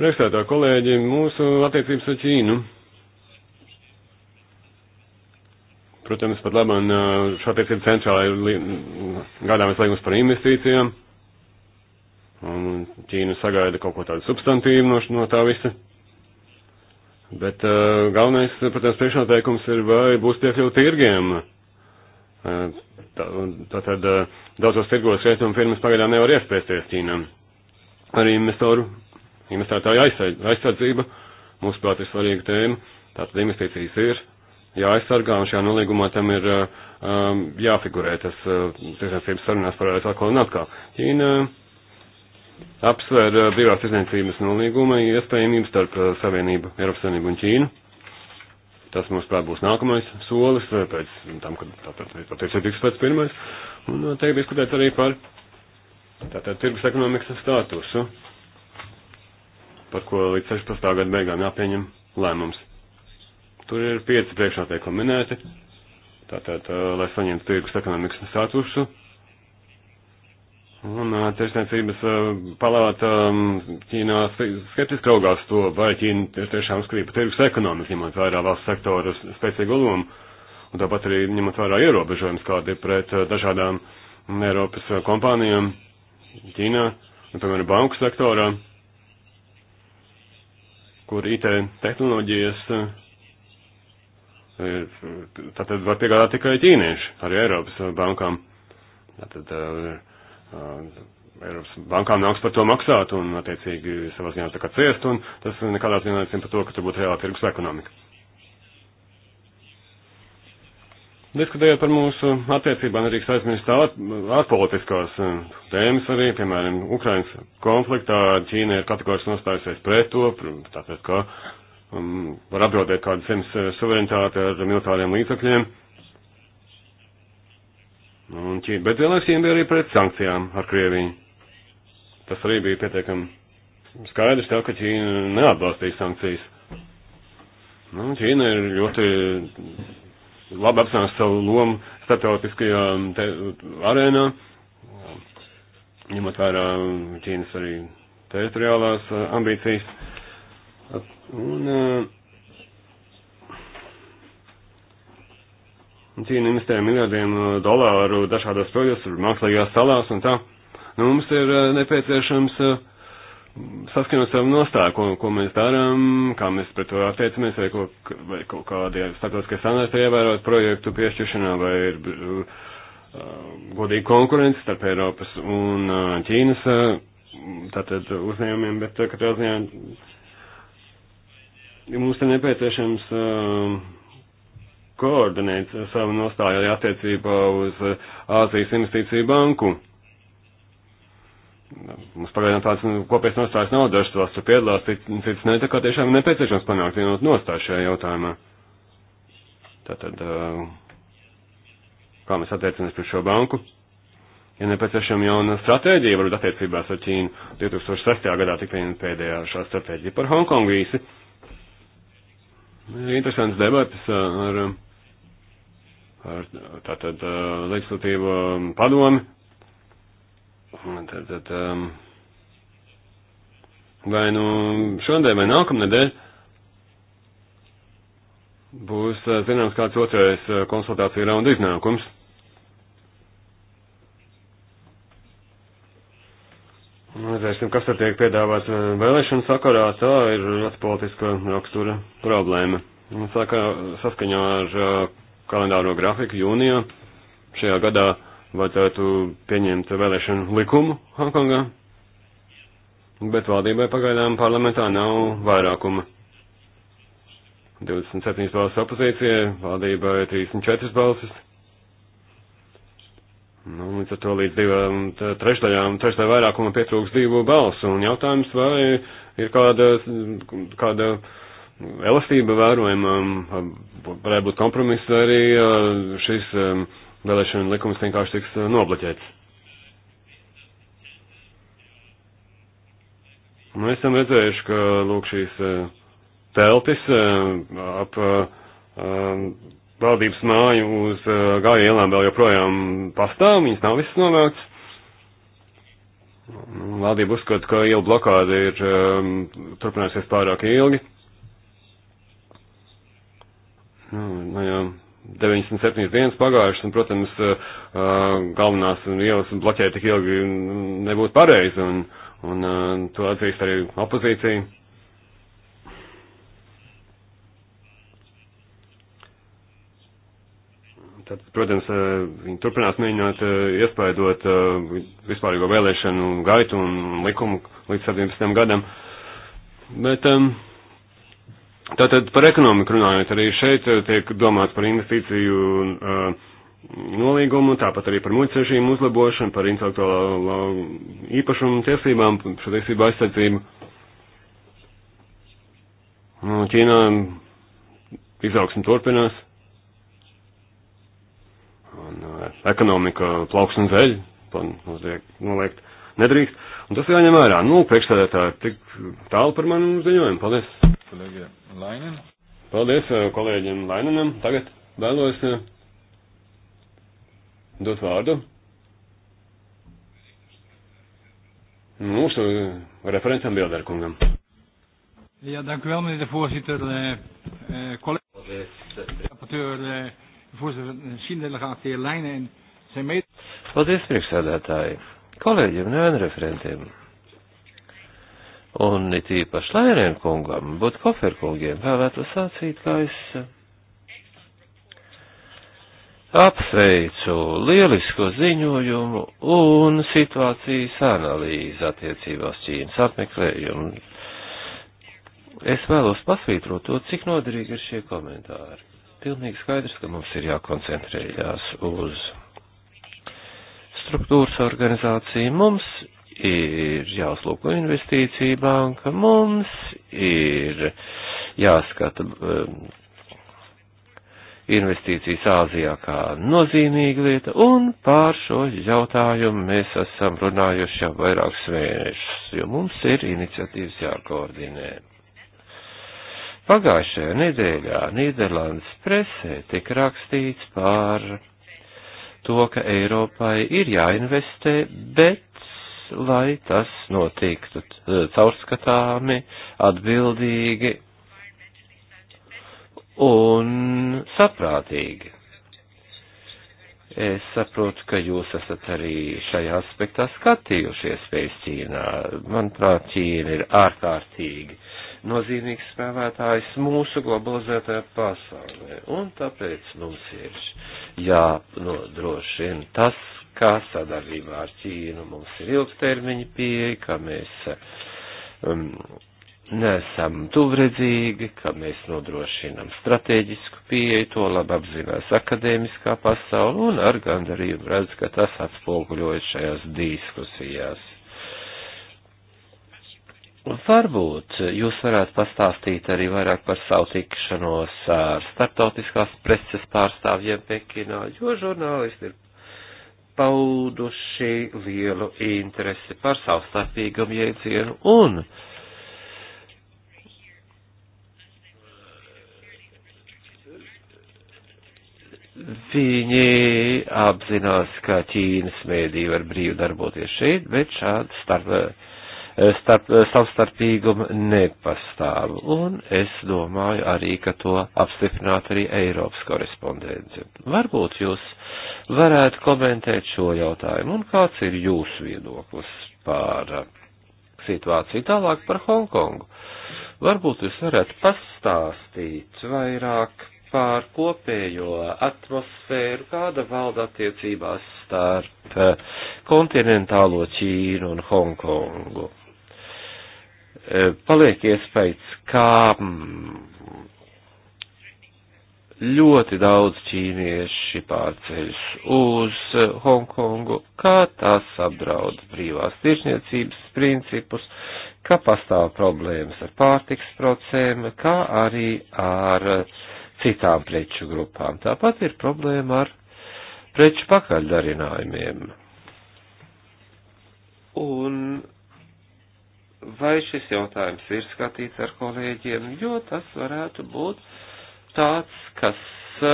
Priekšstādā kolēģi, mūsu attiecības ar Ķīnu. Protams, pat labam uh, šā attiecība centrālā ir gādāmies līgums par investīcijām. Un Ķīna sagaida kaut ko tādu substantīvu no, no tā visa. Bet uh, galvenais, protams, priekšnoteikums ir, vai būs piekļuvi tirgiem. Uh, Tātad uh, daudzos tirgos rietumu firmas pagaidām nevar iespēsties Ķīnam. Arī investoru Investētāja aizsardzība, mūsuprāt, ir svarīga tēma. Tātad investīcijas ir jāaizsargā, un šajā nolīgumā tam ir um, jāfigurē. Tas uh, tirsniecības sarunās parādās atkal un atkal. Ķīna apsver uh, brīvās tirsniecības nolīguma iespējamību starp uh, Savienību, Eiropas Savienību un Ķīnu. Tas, manuprāt, būs nākamais solis, pēc tam, kad tātad tiks pēc pirmais. Un te ir diskutēts arī par tātad tirgus ekonomikas statusu par ko līdz 16. gada beigām jāpieņem lēmums. Tur ir pieci priekšnoteikumi minēti, tātad, lai saņemtu tirgus ekonomikas statusu. Un tirsniecības palāta Ķīnā skeptiski raugās to, vai Ķīna tiešām skrīt pa tirgus ekonomiku, ņemot vērā valsts sektoru spēcīgu lomu, un tāpat arī ņemot vērā ierobežojums, kādi ir pret dažādām Eiropas kompānijām Ķīnā, un, piemēram, banku sektorā kur IT tehnoloģijas eh, tātad var piegādāt tikai ķīnieši, arī Eiropas eh, bankām. Tātad eh, Eiropas bankām nāks par to maksāt un, attiecīgi, savā ziņā tā kā ciest, un tas nekādā ziņā necina par to, ka tur būtu reāla tirgus ekonomika. Diskutējot par mūsu attiecībām, nedrīkst aizmirst ārpolitiskās eh, tēmas arī, piemēram, Ukrainas konfliktā Ķīna ir kategoriski nostājusies pret to, tātad, ka um, var apdraudēt kādu zemes eh, suverenitāti ar militāriem līdzakļiem. Un, ķī, bet vienlaiks Ķīna bija arī pret sankcijām ar Krieviju. Tas arī bija pietiekami skaidrs tev, ka Ķīna neatbalstīja sankcijas. Nu, Ķīna ir ļoti labi apzinās savu lomu starptautiskajā um, te, arēnā, ņemot vērā um, Ķīnas arī teritoriālās uh, ambīcijas. Un, uh, Ķīna investē miljardiem uh, dolāru dažādos projektos, mākslīgās salās un tā. Nu, mums ir nepieciešams uh, saskaņot savu nostāju, ko, ko mēs darām, kā mēs pret to attiecamies, vai, ko, vai kaut kādi starptautiskie standarti ievērot projektu piešķiršanā, vai ir uh, godīga konkurence starp Eiropas un uh, Ķīnas uh, tātad uzņēmumiem, bet uh, katrā ziņā mums ir nepieciešams uh, koordinēt savu nostāju arī attiecībā uz uh, Āzijas investīciju banku. Uh, Mums pagaidām tāds nu, kopējs nostājs nav, dažas valsts tur piedalās, cits ne, tā kā tiešām nepieciešams panākt vienot nostāju šajā jautājumā. Tātad, kā mēs attiecamies pret šo banku? Ja nepieciešama jauna stratēģija, varbūt attiecībās ar Ķīnu, 2006. gadā tika pieņemta pēdējā šā stratēģija par Hongkongu īsi. Ir interesants debats ar, ar tātad legislatīvo padomi, Tad, tad, um, vai nu šodien vai nākamnedēļ būs uh, zināms kāds otrais uh, konsultācija raunda iznākums. Redzēsim, kas tad tiek piedāvāts uh, vēlēšanu sakarā, tā ir ļoti politiska rakstura problēma. Saka, saskaņā ar kalendāro grafiku jūnijā šajā gadā vajadzētu pieņemt vēlēšanu likumu Hongkongā, bet valdībai pagaidām parlamentā nav vairākuma. 27 balsis opozīcijai, valdībai 34 balsis. Nu, līdz ar to līdz divām trešdaļām, trešdaļā vairākuma pietrūks divu balsu. Un jautājums, vai ir kāda, kāda elastība vērojama, varētu būt kompromiss, vai arī šis vēlēšana likums vienkārši tiks eh, nobloķēts. Nu, mēs esam redzējuši, ka lūk šīs eh, teltis eh, ap valdības māju uz gāju ielām vēl joprojām pastāv, viņas nav visas novēlts. Valdība uzskata, ka ielu blokāde ir turpinājusies pārāk ilgi. Nu, nu jā, 97 dienas pagājušas, un, protams, eh, eh, galvenās ielas bloķēt tik ilgi nebūtu pareizi, un, un eh, to atzīst arī opozīcija. Tad, protams, viņi turpinās mēģināt iespaidot vispārīgo vēlēšanu gaitu un likumu līdz 17 gadam. Bet, um, Tātad par ekonomiku runājot, arī šeit eh, tiek domāts par investīciju uh, nolīgumu, tāpat arī par muļcežīm uzlabošanu, par intelektuālā īpašumu tiesībām, šo tiesību aizsardzību. Nu, Ķīnā izaugsme turpinās. Un uh, ekonomika plauks un zeļ, noliekt nedrīkst. Un tas jāņem vērā. Nu, priekšstādētāji, tik tālu par manu ziņojumu. Paldies! kolēģi Lainen. Paldies eh, kolēģim Lainenam. Tagad vēlos eh, dot vārdu mūsu eh, referentam Bilderkungam. Ja, dank u wel, meneer de voorzitter. Uh, uh, collega's, rapporteur, uh, voorzitter, China-delegaat, de heer Leijnen en zijn mede... Wat is priekšsēdētāji? Kolēģiem, nevienu referentiem. Un it īpaši Lairēn kungam, būtu kofer kungiem, vēlētos sacīt, kā es apsveicu lielisko ziņojumu un situācijas analīzi attiecībās Ķīnas apmeklējumu. Es vēlos pasvītrot to, cik noderīgi ir šie komentāri. Pilnīgi skaidrs, ka mums ir jākoncentrējās uz struktūras organizāciju. Mums ir jāuzlūko investīcija banka, mums ir jāskata um, investīcijas Āzijā kā nozīmīga lieta, un pār šo jautājumu mēs esam runājuši jau vairākus mēnešus, jo mums ir iniciatīvas jākoordinē. Pagājušajā nedēļā Nīderlandes presē tika rakstīts par to, ka Eiropai ir jāinvestē, bet lai tas notiktu caurskatāmi, atbildīgi un saprātīgi. Es saprotu, ka jūs esat arī šajā aspektā skatījušies pēc Ķīnā. Manuprāt, Ķīna ir ārkārtīgi nozīmīgs spēlētājs mūsu globalizētajā pasaulē. Un tāpēc mums ir jānodrošina tas, kā sadarbībā ar Ķīnu mums ir ilgtermiņa pieeja, ka mēs um, neesam tuvredzīgi, ka mēs nodrošinam strateģisku pieeju, to labi apzinās akadēmiskā pasaule un ar gandarījumu redz, ka tas atspoguļojas šajās diskusijās. Varbūt jūs varētu pastāstīt arī vairāk par savu tikšanos ar starptautiskās preses pārstāvjiem Pekinā, jo žurnālisti ir pauduši lielu interesi par savstarpīgumu jēdzienu un viņi apzinās, ka Ķīnas mēdī var brīvi darboties šeit, bet šāda starp starp, savstarpīguma nepastāv. Un es domāju arī, ka to apstiprinātu arī Eiropas korespondence. Varbūt jūs varētu komentēt šo jautājumu un kāds ir jūsu viedoklis par uh, situāciju tālāk par Hongkongu. Varbūt jūs varētu pastāstīt vairāk par kopējo atmosfēru, kāda valda attiecībās starp uh, kontinentālo Ķīnu un Hongkongu. Eh, paliek iespējas, kā mm, ļoti daudz ķīnieši pārceļas uz eh, Hongkongu, kā tas apdraud brīvās tiešniecības principus, ka pastāv problēmas ar pārtiks procēm, kā arī ar eh, citām preču grupām. Tāpat ir problēma ar preču pakaļdarinājumiem. Un vai šis jautājums ir skatīts ar kolēģiem, jo tas varētu būt tāds, kas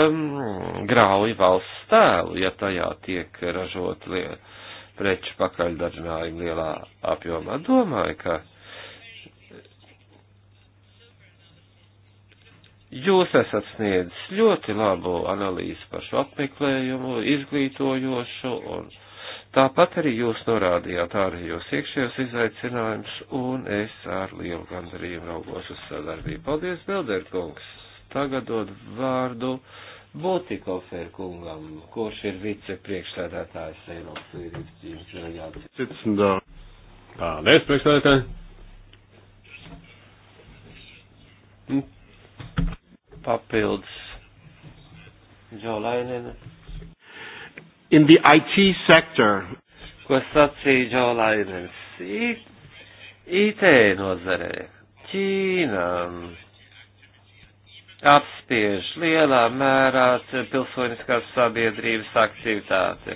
um, grauj valsts tēlu, ja tajā tiek ražot liel, preču pakaļdažinājumi lielā apjomā. Domāju, ka Jūs esat sniedzis ļoti labu analīzi par šo apmeklējumu, izglītojošu un Tāpat arī jūs norādījāt ārējos iekšējos izaicinājumus, un es ar lielu gandarījumu raugos uz sadarbību. Paldies, Belderkungs! Tagad dod vārdu Botikofer kungam, kurš ir vicepriekšsēdētājs Eiropas līdzības ģīmes delegācijas. Paldies, priekšsēdētāji! papildus Džolainena in the IT sector. Ko sacīja Džolainens? IT nozarē. Ķīnā mm, apspiež lielā mērā pilsoniskās sabiedrības aktivitāti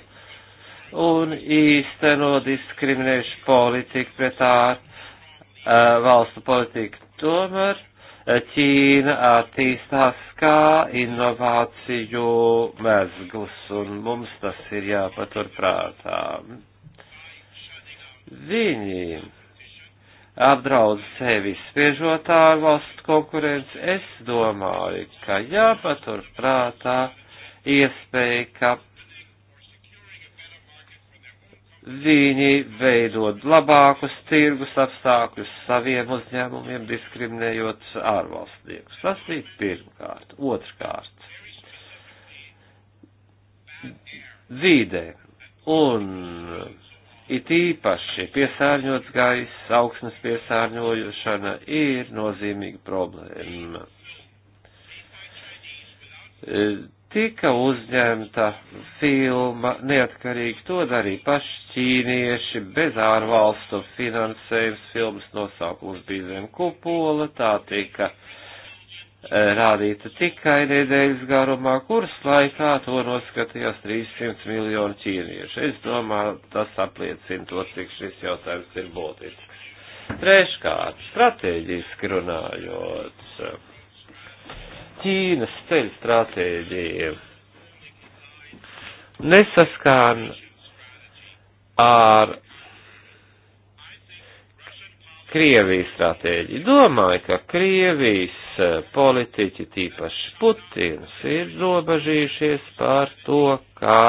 un īsteno diskriminējuši politiku pret ārvalstu uh, politiku. Tomēr Ķīna attīstās kā inovāciju mezgls, un mums tas ir jāpatur prātā. Viņi apdraud sevi spiežot ārvalstu konkurenci, es domāju, ka jāpatur prātā iespēja, ka viņi veidot labākus tirgus apstākļus saviem uzņēmumiem, diskriminējot ārvalstniekus. Tas ir pirmkārt. Otrkārt, vīdē un it īpaši piesārņots gaiss, augsnes piesārņojušana ir nozīmīga problēma tika uzņemta filma neatkarīgi. To darīja paši ķīnieši, bez ārvalstu finansējums, filmas nosaukums bija zem kupola, tā tika eh, rādīta tikai nedēļas garumā, kuras laikā to noskatījās 300 miljonu ķīniešu. Es domāju, tas apliecina to, cik šis jautājums ir būtisks. Treškārt, strateģiski runājot Ķīnas ceļu stratēģija nesaskan ar Krievijas stratēģiju. Domāju, ka Krievijas eh, politiķi, tīpaši Putins, ir robežījušies par to, kā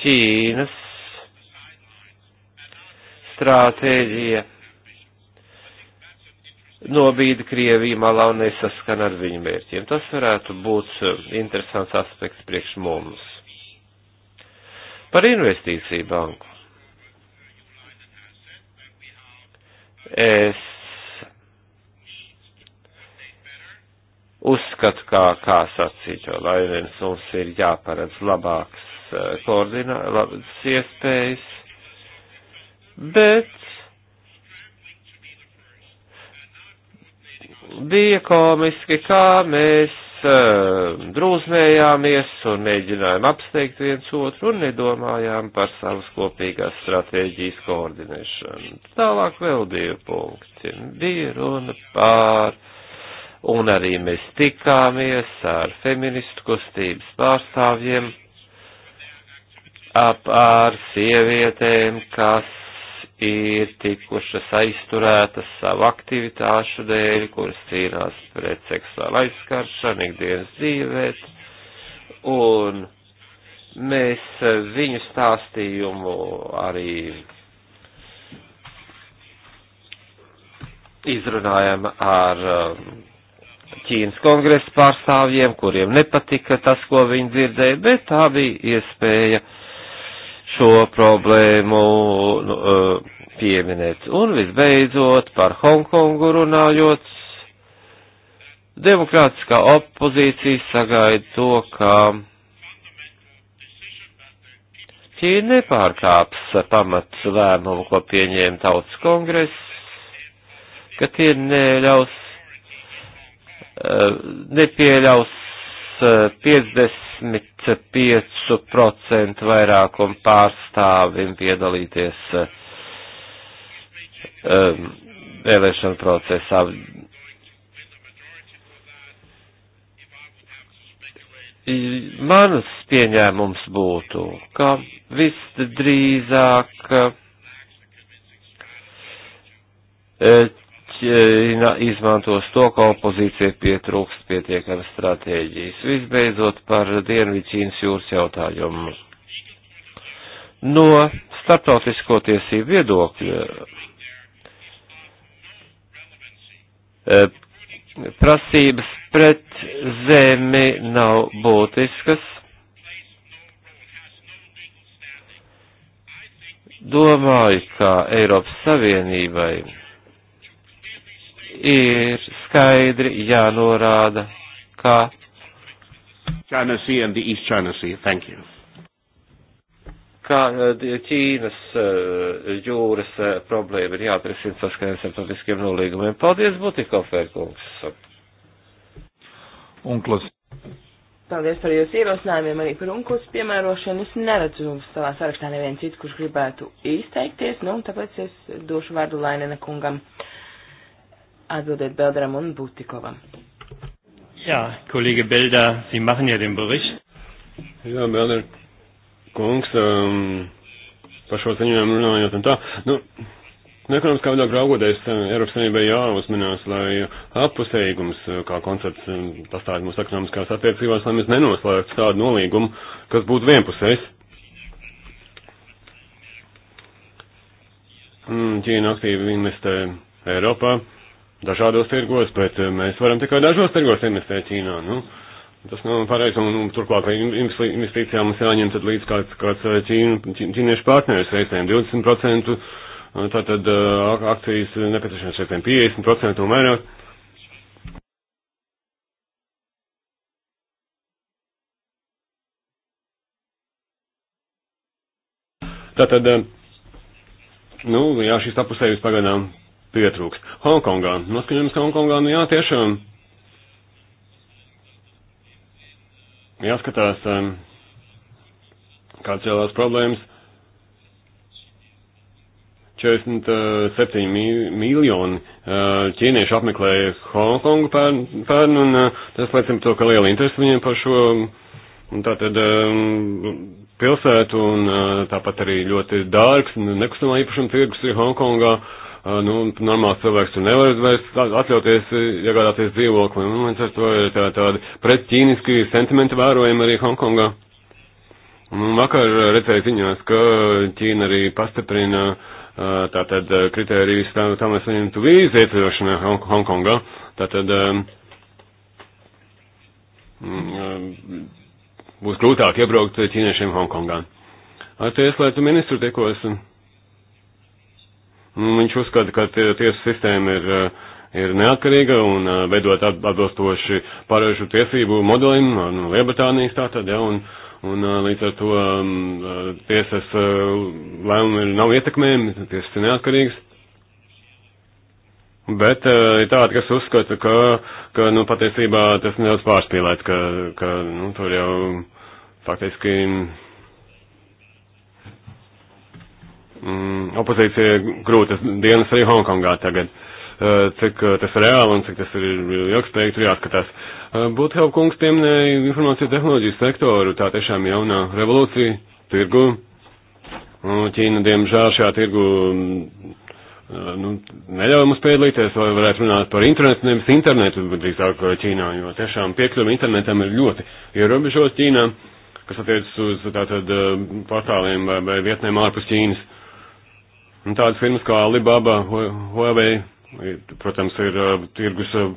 Ķīnas stratēģija nobīda Krieviju malā un nesaskana ar viņu mērķiem. Tas varētu būt eh, interesants aspekts priekš mums. Par investīciju banku. Es uzskatu, kā, kā sacīja Lainens, mums ir jāparedz labāks eh, koordinācijas iespējas, bet bija komiski, kā mēs uh, drūzmējāmies un mēģinājām apsteigt viens otru un nedomājām par savas kopīgās stratēģijas koordinēšanu. Tālāk vēl divi punkti. Bija runa pār, un arī mēs tikāmies ar feministu kustības pārstāvjiem ap ar sievietēm, kas ir tikušas aizturētas savu aktivitāšu dēļ, kuras cīnās pret seksuālu aizskaršanu ikdienas dzīvēs, un mēs viņu stāstījumu arī izrunājam ar um, Ķīnas kongresa pārstāvjiem, kuriem nepatika tas, ko viņi dzirdēja, bet tā bija iespēja uh, šo problēmu nu, e, pieminēt. Un visbeidzot, par Hongkongu runājot, demokrātiskā opozīcija sagaida to, ka Ķīna nepārkāps pamats lēmumu, ko pieņēma tautas kongress, ka tie neļaus, e, nepieļaus 50 e, 25% vairākumu pārstāvim piedalīties um, vēlēšanu procesā. Mans pieņēmums būtu, ka visdrīzāk uh, izmantos to, ka opozīcija pietrūkst pietiekami stratēģijas. Visbeidzot par Dienvidķīnas jūras jautājumu. No starptautisko tiesību viedokļa e, prasības pret zemi nav būtiskas. Domāju, ka Eiropas Savienībai ir skaidri jānorāda, kā. China Sea and the East China Sea. Thank you. Kā eh, Ķīnas eh, jūras eh, problēma ir jāatrisina saskaņā ar starptautiskiem nolīgumiem. Paldies, Butikofer kungs. Unklas. Paldies par jūsu ierosinājumiem, arī par unklas piemērošanu. Es neredzu savā sarakstā nevienu citu, kurš gribētu izteikties, nu, un tāpēc es došu vārdu Lainena kungam. Uh, atbildēt Belderam un Butikovam. Jā, kolēģi Belda, Sie machen ja den Bericht. Jā, Belder, kungs, um, par šo ziņojumu runājot un tā. Nu, Ekonomiskā veidā raugoties, um, Eiropas Savienībai jāuzmanās, lai apusējums, uh, kā koncepts, um, pastāv mūsu ekonomiskās attiecībās, lai mēs nenoslēgtu tādu nolīgumu, kas būtu vienpusējs. Mm, Ķīna aktīvi investē Eiropā, dažādos tirgos, bet eh, mēs varam tikai dažos tirgos investēt Ķīnā. Nu, tas nav pareizi, un, un turklāt investīcijām mums jāņem tad līdz kāds, kāds eh, ķīnu, ķīniešu partneris reizēm 20%, eh, tātad akcijas nepieciešams reizēm 50% un vairāk. Tātad, nu, jā, šis apusējums pagadām pietrūkst. Hongkongā, noskaņojums Hongkongā, nu jā, tiešām jāskatās, kāds cēlās problēmas. 47 eh, miljoni eh, ķīniešu apmeklēja Hongkongu pērn, pērn un eh, tas liecina to, ka liela interese viņiem par šo tātad pilsētu un tāpat arī ļoti dārgs nekustamā īpašuma tirgus ir Hongkongā. Uh, nu, normāls cilvēks tur nevar vairs atļauties eh, iegādāties dzīvokli. Un nu, līdz ar to ir tā, tādi pretķīniski sentimenti vērojami arī Hongkongā. Un vakar eh, redzēju ziņās, ka Ķīna arī pastiprina tātad kritērijus tam, tam lai saņemtu vīzu ieceļošanā Hongkongā. Tātad mm, būs grūtāk iebraukt ķīniešiem Hongkongā. Ar tieslietu ministru tikos. Un, Nu, viņš uzskata, ka tiesu sistēma ir, eh, ir neatkarīga un eh, veidot atbilstoši pārējušu tiesību modelim nu, no Lielbritānijas tātad, ja, un, un eh, līdz ar to mm, tiesas lēmumi nav ietekmējami, tiesas ir neatkarīgas. Bet uh, ir tādi, kas uzskata, ka, ka nu, patiesībā tas nedaudz pārspīlēts, ka, ka nu, tur jau faktiski mm, opozīcija grūtas dienas arī Hongkongā tagad. Cik tas ir reāli un cik tas ir ilgspējīgi, tur jāskatās. Būthelp kungs pieminēja informāciju tehnoloģiju sektoru, tā tiešām jaunā revolūcija, tirgu. Ķīna, diemžēl, šajā tirgu nu, neļauj mums piedalīties, vai varētu runāt par internetu, nevis internetu, bet drīzāk Ķīnā, jo tiešām piekļuvi internetam ir ļoti ierobežot Ķīnā, kas attiecas uz tātad portāliem vai, vai vietnēm ārpus Ķīnas. Un tādas firmas kā Alibaba, Huawei, protams, ir uh, tirgus uh,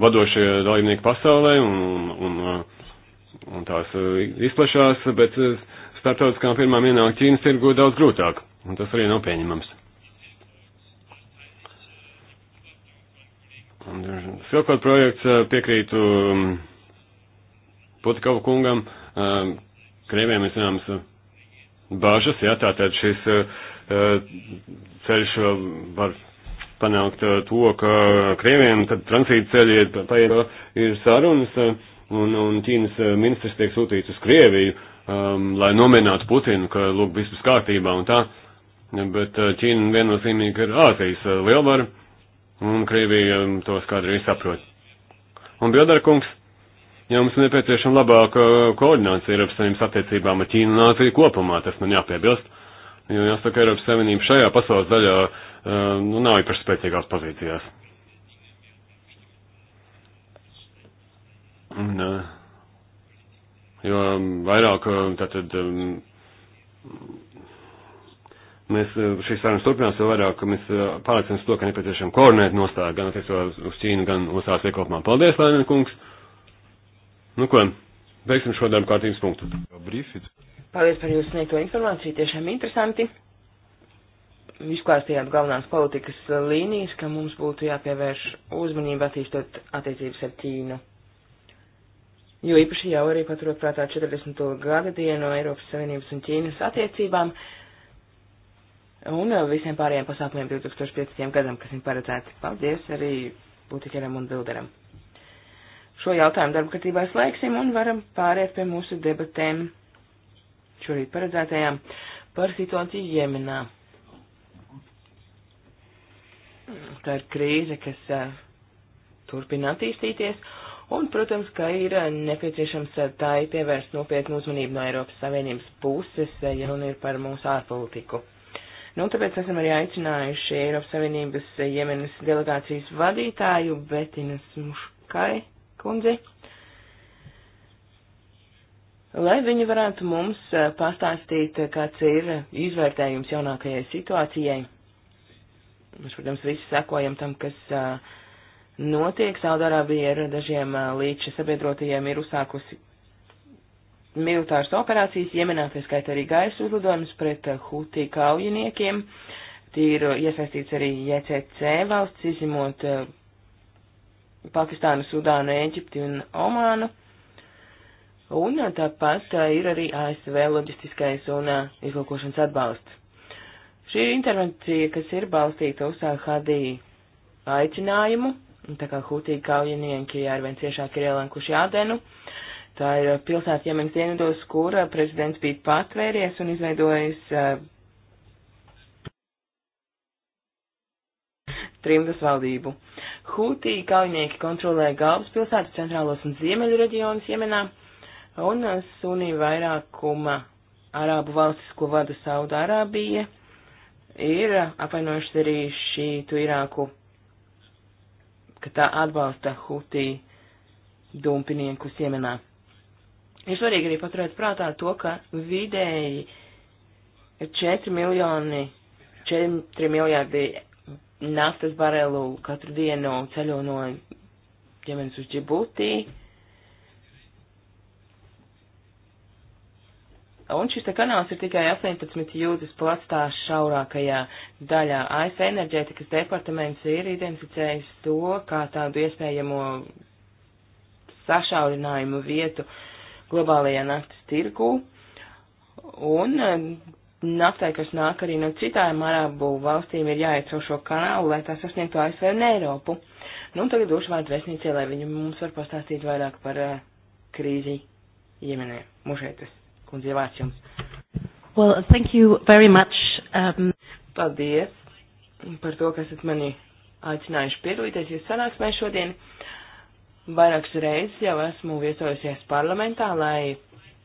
vadošie dalībnieki pasaulē un, un, un uh, tās izplešās, bet starptautiskām firmām ienākt Ķīnas tirgu daudz grūtāk, un tas arī nav pieņemams. Silkot projekts piekrītu um, Putikovu kungam, um, Krieviem ir zināms bāžas, jā, tātad šis uh, ceļš var panākt to, ka Krievijam tad tranzīta ceļi ir, ir sarunas, un, un Ķīnas ministrs tiek sūtīts uz Krieviju, um, lai nominātu Putinu, ka, lūk, viss ir kārtībā un tā. Bet Ķīna viennozīmīgi ir Āzijas lielvara, un Krievija to skaidri saprot. Un Bjodarkungs, ja mums nepieciešama labāka koordinācija ar saviem attiecībām ar Ķīnu un Āziju kopumā, tas man jāpiebilst. Jo jāsaka, Eiropas Savienība šajā pasaules daļā eh, nu, nav īpaši spēcīgās pozīcijās. Un, eh, jo vairāk eh, tātad mēs šīs sarunas turpinās, jo vairāk mēs pārliecināmies to, ka nepieciešam koordinēt nostāju gan attiecībā uz Ķīnu, gan uz ASV kopumā. Paldies, Lēnina kungs! Nu, ko? Veiksim šo darbu kārtības punktu. Paldies par jūsu sniegto informāciju, tiešām interesanti. Izklāstījāt galvenās politikas līnijas, ka mums būtu jāpievērš uzmanība attīstot attiecības ar Ķīnu. Jo īpaši jau arī paturot prātā 40. gada dienu no Eiropas Savienības un Ķīnas attiecībām un visiem pārējiem pasākumiem 2015. gadam, kas ir paredzēti. Paldies arī Būtiķeram un Bilderam šo jautājumu darba kārtībā slēgsim un varam pāriet pie mūsu debatēm šorīt paredzētajām par situāciju Jemenā. Tā ir krīze, kas uh, turpina attīstīties, un, protams, ka ir nepieciešams tai pievērst nopietnu uzmanību no Eiropas Savienības puses, ja runa ir par mūsu ārpolitiku. Nu, tāpēc esam arī aicinājuši Eiropas Savienības Jemenas delegācijas vadītāju Betinas Muškai kundzi, lai viņi varētu mums eh, pastāstīt, kāds ir izvērtējums jaunākajai situācijai. Mēs, protams, visi sekojam tam, kas eh, notiek. Saudārābija ar dažiem eh, līča sabiedrotajiem ir uzsākusi militāras operācijas, Jemenā, tā skaitā arī gaisa uzlidojumus pret Hutī kaujiniekiem. Tie ir iesaistīts arī JCC valsts, izņemot Pakistānu, Sudānu, Eģipti un Omānu. Un tāpat ir arī ASV loģistiskais un izlūkošanas atbalsts. Šī ir intervencija, kas ir balstīta uz Hadī aicinājumu, tā kā Hutī kaujinieki ir arvien ciešāk ir ielenkuši Adenu. Tā ir pilsēta Jemenas dienvidos, kur prezidents bija patvēries un izveidojis trimdas valdību. Hūtī kaujinieki kontrolē galvaspilsētu centrālos un ziemeļu reģionus Jemenā un sunī vairākuma arābu valstis, ko vada Saudārābija, ir apvainojušas arī šītu Irāku, ka tā atbalsta Hūtī dumpiniekus Jemenā. Ir svarīgi arī paturēt prātā to, ka vidēji 4 miljoni, 4 miljārdi naftas barelu katru dienu ceļo no ģimenes uz Džibutī. Un šis te kanāls ir tikai 18 jūdzes plats tā šaurākajā daļā. ASV enerģētikas departaments ir identificējis to kā tādu iespējamo sašaurinājumu vietu globālajā naftas tirgū. Un naftai, kas nāk arī no citām arābu valstīm, ir jāiet caur šo kanālu, lai tā sasniegtu ASV un Eiropu. Nu, tagad došu vārdu vēstniecē, lai viņi mums var pastāstīt vairāk par uh, krīzi Jemenē. Mušētas, kundze, vārds jums. Well, thank you very much. Um... Paldies par to, ka esat mani aicinājuši piedalīties jūs sanāksmē šodien. Vairākas reizes jau esmu viesojusies parlamentā, lai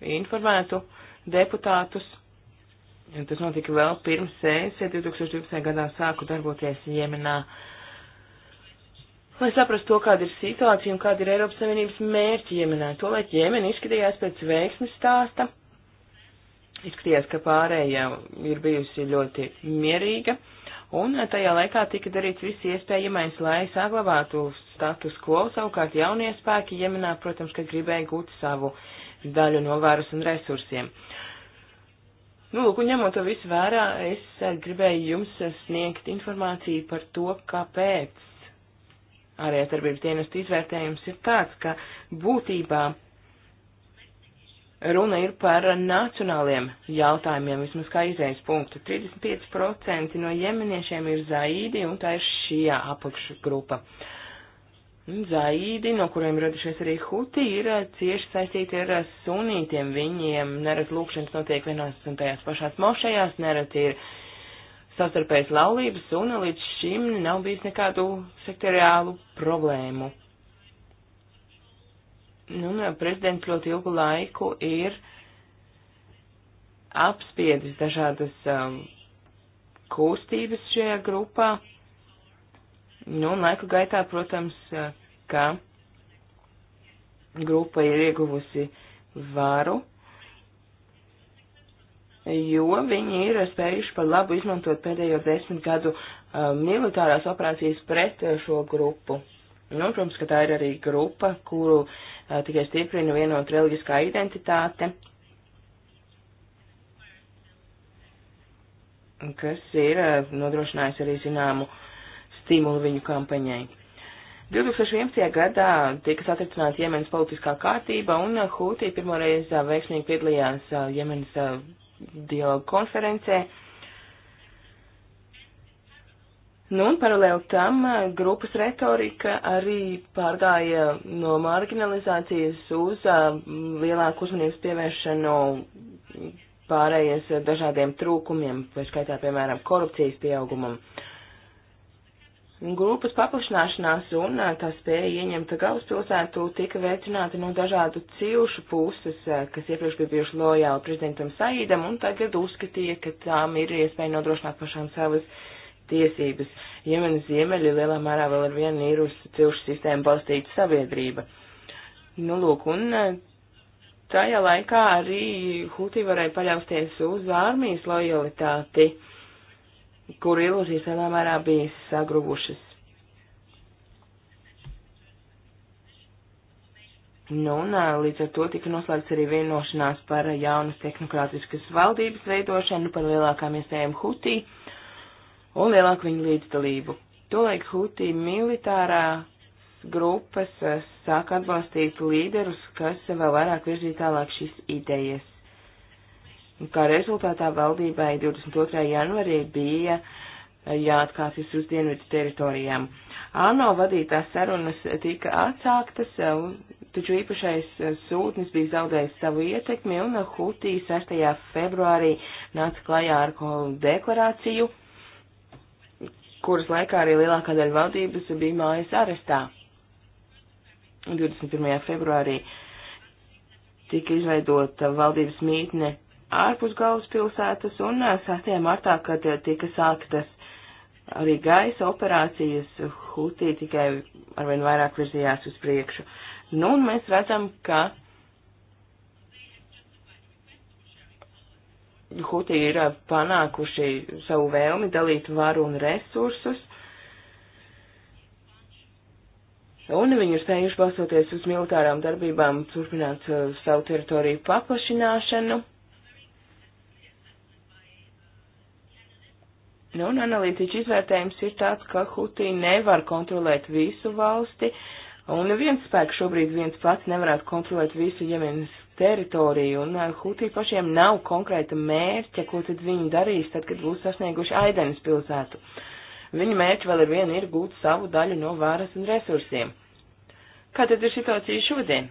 informētu deputātus Tas notika vēl pirms es 2012. gadā sāku darboties Jemenā. Lai saprastu to, kāda ir situācija un kāda ir Eiropas Savienības mērķi Jemenā, to, lai Jemena izskatījās pēc veiksmes stāsta, izskatījās, ka pārējā ir bijusi ļoti mierīga, un tajā laikā tika darīts viss iespējamais, lai saglabātu status quo, savukārt jaunie spēki Jemenā, protams, ka gribēja gūt savu daļu no varas un resursiem. Uh, Nu, lūk, un ņemot to visu vērā, es eh, gribēju jums eh, sniegt informāciju par to, kāpēc arī atarbības dienas izvērtējums ir tāds, ka būtībā runa ir par nacionāliem jautājumiem, vismaz kā izējas punktu. 35% no jemeniešiem ir zaīdi, un tā ir šī apakšgrupa. grupa. Zaidi, no kuriem radušies arī huti, ir eh, cieši saistīti ar eh, sunītiem. Viņiem nerad lūkšanas notiek vienās un tajās pašās mošajās, nerad ir sastarpējas laulības, un līdz šim nav bijis nekādu sektoriālu problēmu. Nu, eh, prezidents ļoti ilgu laiku ir apspiedis dažādas um, kustības šajā grupā. Nu, un laika gaitā, protams, uh, ka grupa ir ieguvusi varu, jo viņi ir spējuši par labu izmantot pēdējo desmit gadu uh, militārās operācijas pret šo grupu. Nu, protams, ka tā ir arī grupa, kuru uh, tikai stiprina vienot reliģiskā identitāte, kas ir uh, nodrošinājis arī zināmu stimulu viņu kampaņai. 2011. gadā tika satricināta Jemenas politiskā kārtība un uh, Hūtī pirmoreiz uh, veiksmīgi piedalījās uh, Jemenas dialogu konferencē. Nu, un paralēli tam grupas retorika arī pārgāja no marginalizācijas uz lielāku uzmanības pievēršanu pārējies dažādiem trūkumiem, vai skaitā, piemēram, korupcijas pieaugumam. Uh, Grupas paplašināšanās un eh, tā spēja ieņemt galvaspilsētu tika veicināta no dažādu cilšu puses, eh, kas iepriekš bija bijuši lojāli prezidentam Saidam un tagad uzskatīja, ka tām ir iespēja nodrošināt pašām savas tiesības. Jemenas ziemeļi lielā mērā vēl ar vienu ir uz cilšu sistēmu balstīta sabiedrība. Nu, lūk, un eh, tajā laikā arī Huti varēja paļausties uz armijas lojalitāti kuru ilūzijas lielā mērā bija sagruvušas. Nu, un līdz ar to tika noslēgts arī vienošanās par jaunas tehnokrātiskas valdības veidošanu, par lielākām iespējām Hutī un lielāku viņu līdzdalību. Tolaik Hutī militārā grupas sāk atbalstīt līderus, kas vēl vairāk virzīja tālāk šīs idejas. Kā rezultātā valdībai 22. janvarī bija jāatkāpjas uz dienvidu teritorijām. ANO vadītās sarunas tika atsāktas, taču īpašais sūtnis bija zaudējis savu ietekmi un Hutī 6. februārī nāca klajā ar deklarāciju, kuras laikā arī lielākā daļa valdības bija mājas arestā. 21. februārī tika izveidota valdības mītne ārpus galvaspilsētas, un 6. martā, kad tika sāktas arī gaisa operācijas, Hutī tikai arvien vairāk virzījās uz priekšu. Nu, un mēs redzam, ka Hutī ir panākuši savu vēlmi dalīt varu un resursus, un viņi ir spējuši balsoties uz militārām darbībām turpināt savu teritoriju paplašināšanu. Nu, un analītiķi izvērtējums ir tāds, ka Hutī nevar kontrolēt visu valsti, un neviens spēks šobrīd viens pats nevarētu kontrolēt visu Jemenas teritoriju, un uh, Hutī pašiem nav konkrēta mērķa, ko tad viņi darīs, tad, kad būs sasnieguši Aidenes pilsētu. Viņa mērķi vēl ir viena ir gūt savu daļu no varas un resursiem. Kā tad ir situācija šodien?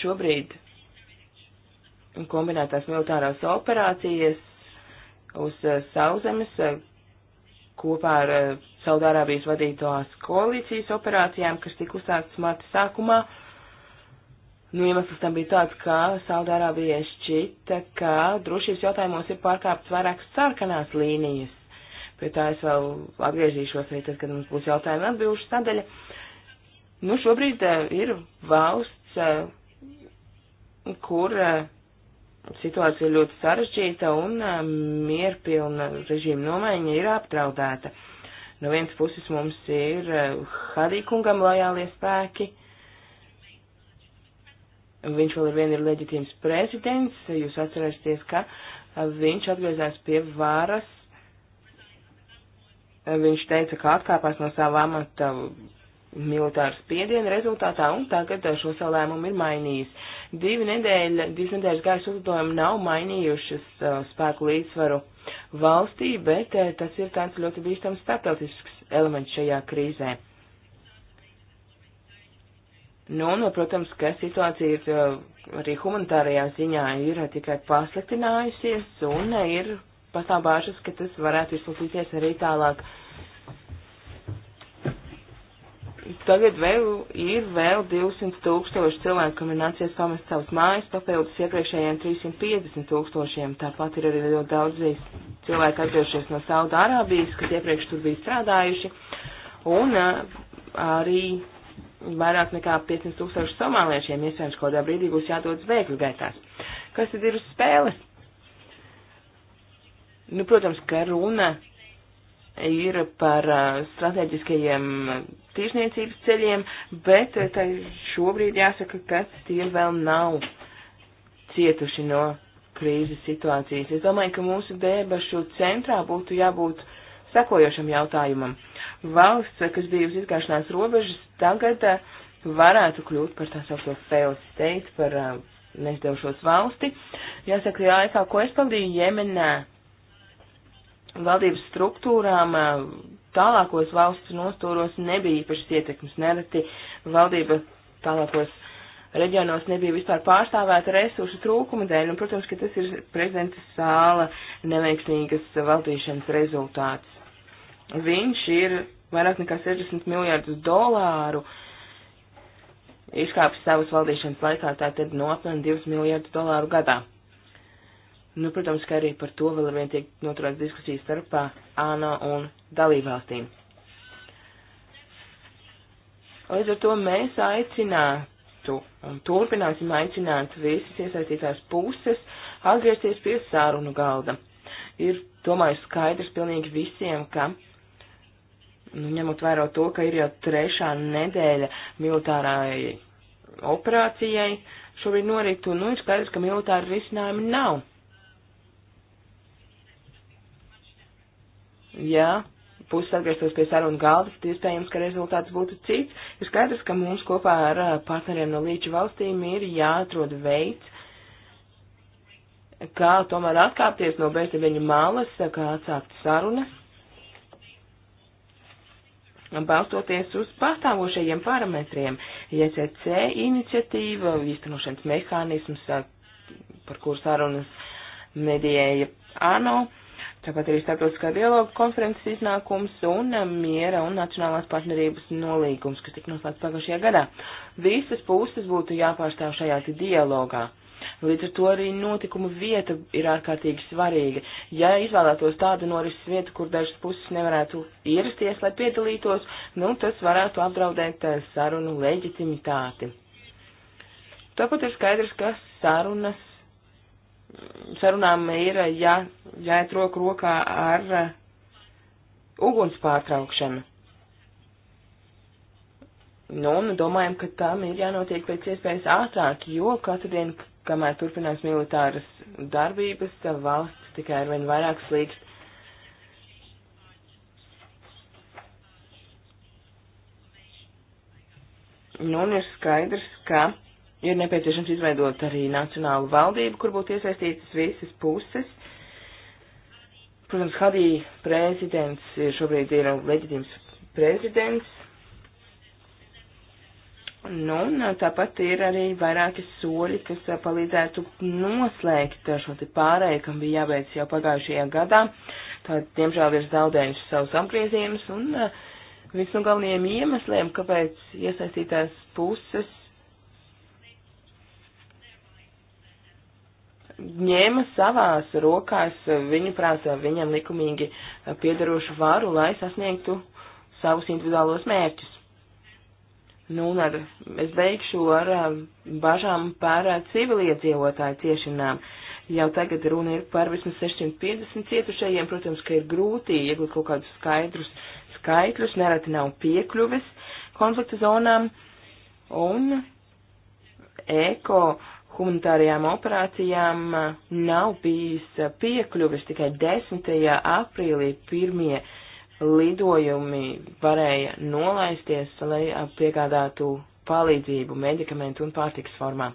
Šobrīd kombinētās militārās operācijas uz eh, sauzemes eh, kopā ar eh, Saudārābijas vadītās koalīcijas operācijām, kas tika uzsāktas marta sākumā. Nu, iemesls tam bija tāds, ka Saudārābijai šķita, ka drošības jautājumos ir pārkāptas vairākas sarkanās līnijas. Pie tā es vēl atgriezīšos arī tad, kad mums būs jautājumi atbilžu sadaļa. Nu, šobrīd uh, ir valsts, uh, kur uh, situācija ļoti sarežģīta un um, mierpilna režīma nomaiņa ir apdraudēta. No vienas puses mums ir uh, Hadīkungam lojālie spēki, viņš vēl ir vien ir leģitīms prezidents, jūs atcerēsieties, ka uh, viņš atgriezās pie varas, viņš teica, ka atkāpās no sava amata militāru spiedienu rezultātā, un tagad uh, šo savu lēmumu ir mainījis. Divi nedēļa, divas nedēļas gaisa uzlidojumi nav mainījušas uh, spēku līdzsvaru valstī, bet uh, tas ir tāds ļoti bīstams starptautisks elements šajā krīzē. Nu, un, protams, ka situācija ir, uh, arī humanitārajā ziņā ir tikai pasliktinājusies, un uh, ir pastāv bāžas, ka tas varētu izplatīties arī tālāk. Uh, tagad vēl ir vēl 200 tūkstoši cilvēku, kam ir nācies pamest savas mājas, papildus iepriekšējiem 350 tūkstošiem. Tāpat ir arī ļoti daudz cilvēku atgriežies no Saudārābijas, kas iepriekš tur bija strādājuši, un arī vairāk nekā 500 tūkstoši somāliešiem iespējams kaut kādā brīdī būs jādodas bēgļu gaitās. Kas tad ir uz spēles? Nu, protams, ka runa ir par strateģiskajiem tiešniecības ceļiem, bet eh, tai šobrīd jāsaka, ka tie vēl nav cietuši no krīzes situācijas. Es domāju, ka mūsu debašu centrā būtu jābūt sekojošam jautājumam. Valsts, eh, kas bija uz izgāšanās robežas, tagad eh, varētu kļūt par tā saucamo failed state, par uh, neizdevušos valsti. Jāsaka, laikā, ko es pavadīju Jemenā, valdības struktūrām eh, tālākos valsts nostūros nebija īpašas ietekmes. Nereti valdība tālākos reģionos nebija vispār pārstāvēta resursu trūkuma dēļ, un, protams, ka tas ir prezidenta sāla neveiksmīgas valdīšanas rezultāts. Viņš ir vairāk nekā 60 miljārdus dolāru izkāpis savas valdīšanas laikā, tātad no apmēram 2 miljārdus dolāru gadā. Nu, protams, ka arī par to vēl vien tiek noturēts diskusijas starp ANO un dalībvalstīm. Līdz ar to mēs aicinātu un turpināsim aicināt visas iesaistītās puses atgriezties pie sārunu galda. Ir, domāju, skaidrs pilnīgi visiem, ka, nu, ņemot vērā to, ka ir jau trešā nedēļa militārai operācijai, šobrīd norit, un, nu, ir skaidrs, ka militāri risinājumi nav ja puses atgrieztos pie sarunu galda, tad iespējams, ka rezultāts būtu cits. Ir skaidrs, ka mums kopā ar partneriem no līča valstīm ir jāatrod veids, kā tomēr atkāpties no bezdeviņu malas, kā atsākt sarunas, balstoties uz pastāvošajiem parametriem. JCC iniciatīva, īstenošanas mehānisms, par kur sarunas medijēja ANO. Ja Tāpat arī starptautiskā dialoga konferences iznākums un eh, miera un nacionālās partnerības nolīgums, kas tika noslēgts pagājušajā gadā. Visas puses būtu jāpārstāv šajā dialogā. Līdz ar to arī notikumu vieta ir ārkārtīgi svarīga. Ja izvēlētos tādu norises vietu, kur dažas puses nevarētu ierasties, lai piedalītos, nu, tas varētu apdraudēt eh, sarunu leģitimitāti. Tāpat ir skaidrs, ka sarunas sarunām ir jā, jāiet roku rokā ar eh, uguns pārtraukšanu. Nu, un domājam, ka tam ir jānotiek pēc iespējas ātrāk, jo katru dienu, kamēr turpinās militāras darbības, valsts tikai arvien vairāk slīgst. Nu, un ir skaidrs, ka ir nepieciešams izveidot arī nacionālu valdību, kur būtu iesaistītas visas puses. Protams, Hadī prezidents šobrīd ir leģitīms prezidents. Nu, uh, tāpat ir arī vairāki soļi, kas uh, palīdzētu noslēgt uh, šo te pārēju, kam bija jābeidz jau pagājušajā gadā. Tad, diemžēl, ir zaudējuši savus apgriezienus un viens no galvenajiem iemesliem, kāpēc iesaistītās puses ņēma savās rokās, viņuprāt, viņam likumīgi piedarošu varu, lai sasniegtu savus individuālos mērķus. Nu, un ar, es beigšu ar bažām par civiliedzīvotāju ciešanām. Jau tagad runa ir par vismaz 650 cietušajiem. Protams, ka ir grūti iegūt kaut kādus skaidrus skaitļus, nereti nav piekļuves konflikta zonām. Un eko uh, humanitārajām operācijām uh, nav bijis uh, piekļuvis tikai 10. aprīlī pirmie lidojumi varēja nolaisties, lai uh, piegādātu palīdzību medikamentu un pārtiks formā.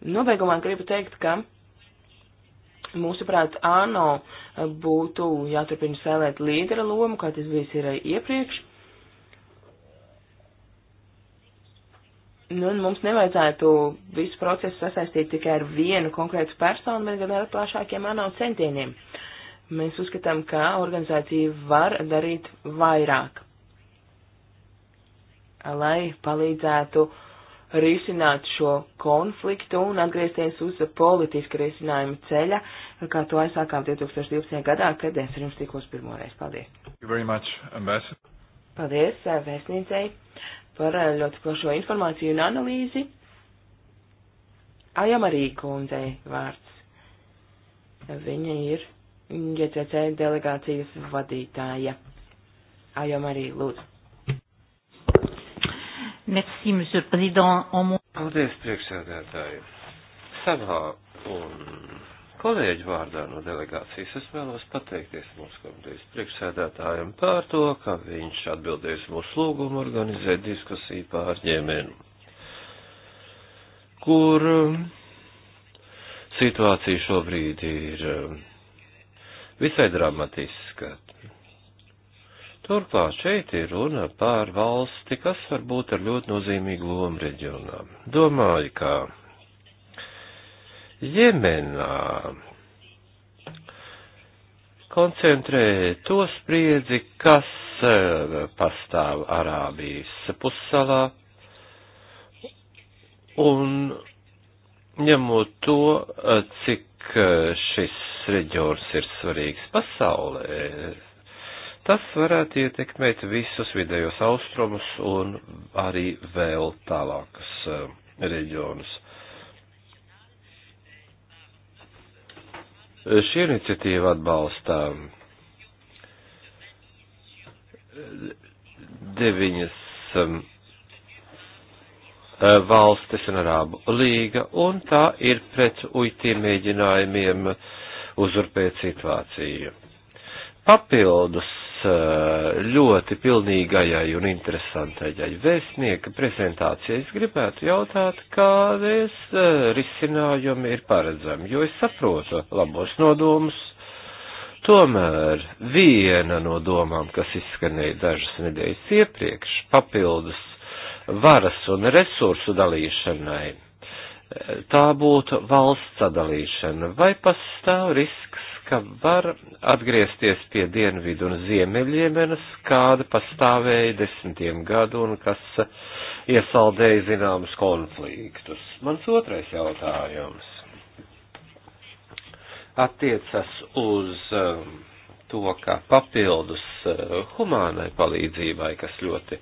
Nobeigumā gribu teikt, ka mūsuprāt, ANO būtu jāturpina spēlēt līdera lomu, kā tas bijis ir iepriekš. Nu, mums nevajadzētu visu procesu sasaistīt tikai ar vienu konkrētu personu, bet gan ar plašākiem ANO centieniem. Mēs uzskatām, ka organizācija var darīt vairāk, lai palīdzētu risināt šo konfliktu un atgriezties uz politiska risinājuma ceļa, kā to aizsākām 2012. gadā, kad es ar jums tikos pirmoreiz. Paldies! Much, Paldies, vēstniecei! par ļoti eh, plašo informāciju un analīzi. Ajam arī kundzei vārds. Viņa ir GCC delegācijas vadītāja. Ajam arī lūdzu. Merci, monsieur le président. Paldies, priekšsēdētāji. Savā un kolēģu vārdā no delegācijas es vēlos pateikties mūsu komitejas priekšsēdētājiem par to, ka viņš atbildēs mūsu lūgumu organizēt diskusiju pār ģimeni, kur um, situācija šobrīd ir um, visai dramatiska. Turklāt šeit ir runa pār valsti, kas var būt ar ļoti nozīmīgu lomu reģionām. Domāju, ka Jemenā koncentrē to spriedzi, kas eh, pastāv Arābijas pussalā, un ņemot to, eh, cik eh, šis reģions ir svarīgs pasaulē, tas varētu ietekmēt visus vidējos austrumus un arī vēl tālākus reģionus. Šī iniciatīva atbalsta deviņas um, uh, valstis un Arābu līga, un tā ir pret uitiem mēģinājumiem uzurpēt situāciju. Papildus Eh, ļoti pilnīgajai un interesantajai vēstnieka prezentācijai. Es gribētu jautāt, kādas eh, risinājumi ir paredzami, jo es saprotu labos nodomus. Tomēr viena no domām, kas izskanēja dažas nedēļas iepriekš, papildus varas un resursu dalīšanai, eh, tā būtu valsts sadalīšana. Vai pastāv risks ka var atgriezties pie dienvidu un ziemeļiemenas, kāda pastāvēja desmitiem gadu un kas iesaldēja zināmus konfliktus. Mans otrais jautājums attiecas uz um, to, ka papildus uh, humānai palīdzībai, kas ļoti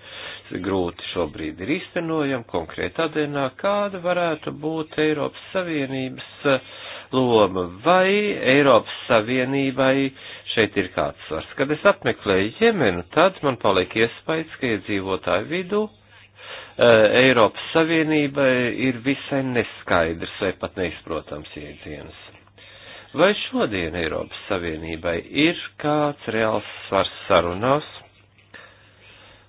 grūti šobrīd ir īstenojama konkrētā dienā, kāda varētu būt Eiropas Savienības uh, loma, vai Eiropas Savienībai šeit ir kāds svars. Kad es apmeklēju Jemenu, tad man paliek iespējas, ka iedzīvotāju vidū eh, Eiropas Savienībai ir visai neskaidrs vai pat neizprotams jēdziens. Vai šodien Eiropas Savienībai ir kāds reāls svars sarunās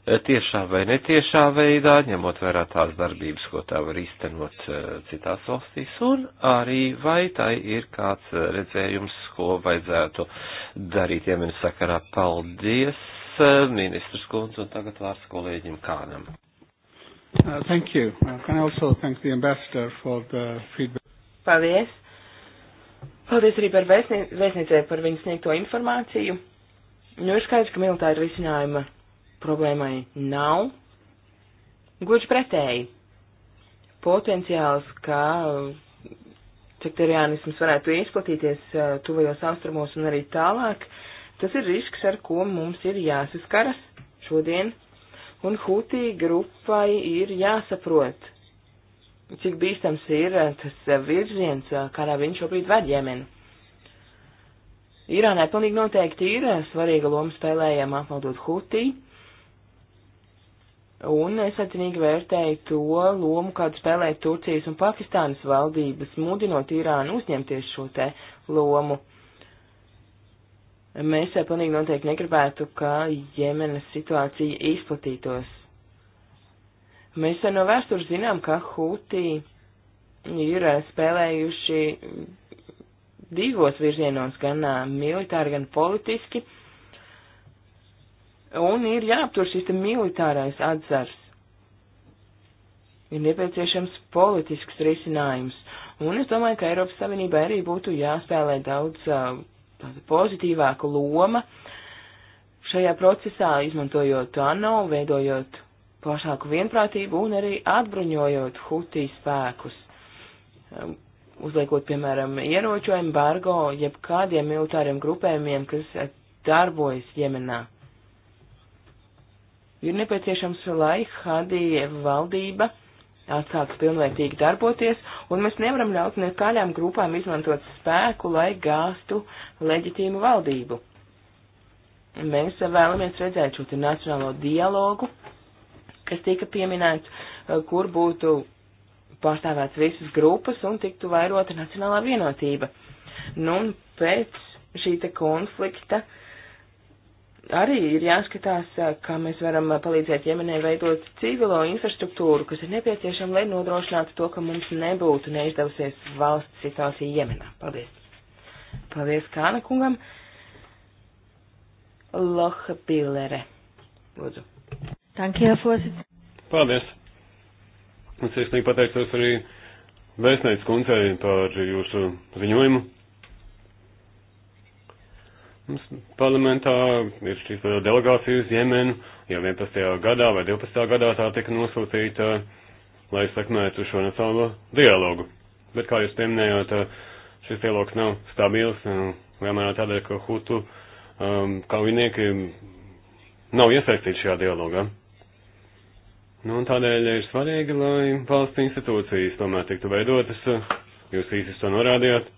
tiešā vai netiešā veidā, ņemot vērā tās darbības, ko tā var iztenot eh, citās valstīs, un arī vai tai ir kāds eh, redzējums, ko vajadzētu darīt iemeni sakarā. Paldies, eh, ministrs Kunz, un tagad vārds kolēģim Kānam. Uh, thank you. Uh, can I also thank the ambassador for the feedback? Paldies. Paldies arī par vēstniecēju par viņas sniegto informāciju. Nu, ir skaidrs, ka militāra risinājuma problēmai nav. Gluži pretēji. Potenciāls, ka sektoriānisms varētu izplatīties uh, tuvajos austrumos un arī tālāk, tas ir risks, ar ko mums ir jāsaskaras šodien. Un Hutī grupai ir jāsaprot, cik bīstams ir uh, tas uh, virziens, kādā viņš šobrīd ved Jemenu. Irānai pilnīgi noteikti ir svarīga loma spēlējama apmaldot Hutī Un es atzinīgi vērtēju to lomu, kādu spēlē Turcijas un Pakistānas valdības, mudinot Irānu uzņemties šo te lomu. Mēs eh, pilnīgi noteikti negribētu, ka Jemenas situācija izplatītos. Mēs eh, no vēstures zinām, ka Hūtī ir eh, spēlējuši divos virzienos, gan militāri, gan politiski un ir jāaptur šis militārais atzars. Ir nepieciešams politisks risinājums, un es domāju, ka Eiropas Savienībai arī būtu jāspēlē daudz uh, pozitīvāka loma šajā procesā, izmantojot ANO, veidojot plašāku vienprātību un arī atbruņojot hutī spēkus, um, uzliekot, piemēram, ieroču embargo jeb kādiem militāriem grupējumiem, kas darbojas Jemenā ir nepieciešams, lai Hadija valdība atsāks pilnvērtīgi darboties, un mēs nevaram ļaut nekādām grupām izmantot spēku, lai gāstu leģitīmu valdību. Mēs vēlamies redzēt šo nacionālo dialogu, kas tika pieminēts, kur būtu pārstāvēts visas grupas un tiktu vairota nacionālā vienotība. Nu, un pēc šīta konflikta uh, arī ir jāskatās, eh, kā mēs varam eh, palīdzēt Jemenai veidot civilo infrastruktūru, kas ir nepieciešama, lai nodrošinātu to, ka mums nebūtu neizdevusies valsts situācija Jemenā. Paldies! Paldies Kāna kungam! Loha Pillere. Lūdzu. Tanki, Herr Vorsitz. Paldies! Un sirsnīgi pateicos arī vēstniec kundzei par jūsu ziņojumu. Mums parlamentā ir šīs delegācijas uz Jemenu, jau 11. gadā vai 12. gadā tā tika nosūtīta, lai sekmētu šo nacionālo dialogu. Bet, kā jūs pieminējāt, šis dialogs nav stabils, vienmērā tādēļ, ka Hutu um, kaujinieki nav iesaistīti šajā dialogā. Nu, un tādēļ ir svarīgi, lai valsts institūcijas tomēr tiktu veidotas, jūs īsi to norādījāt.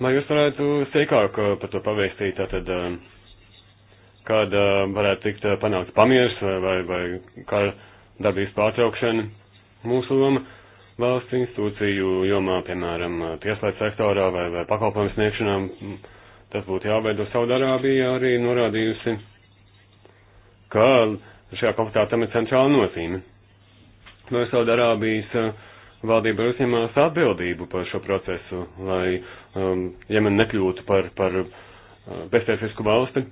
Vai jūs varētu sīkāk uh, par to pavēstīt, tātad, uh, kāda uh, varētu tikt panākt pamieris vai, vai, vai kā darbības pārtraukšana mūsu loma valsts institūciju jomā, piemēram, tieslietu sektorā vai, vai pakalpojumu sniegšanā, tas būtu jāveido Saudārābija arī norādījusi, ka šajā konfliktā tam ir centrāla nozīme. No Saudārābijas uh, valdība ir uzņemās atbildību par šo procesu, lai um, Jemen nekļūtu par, par uh, beztiesisku valsti.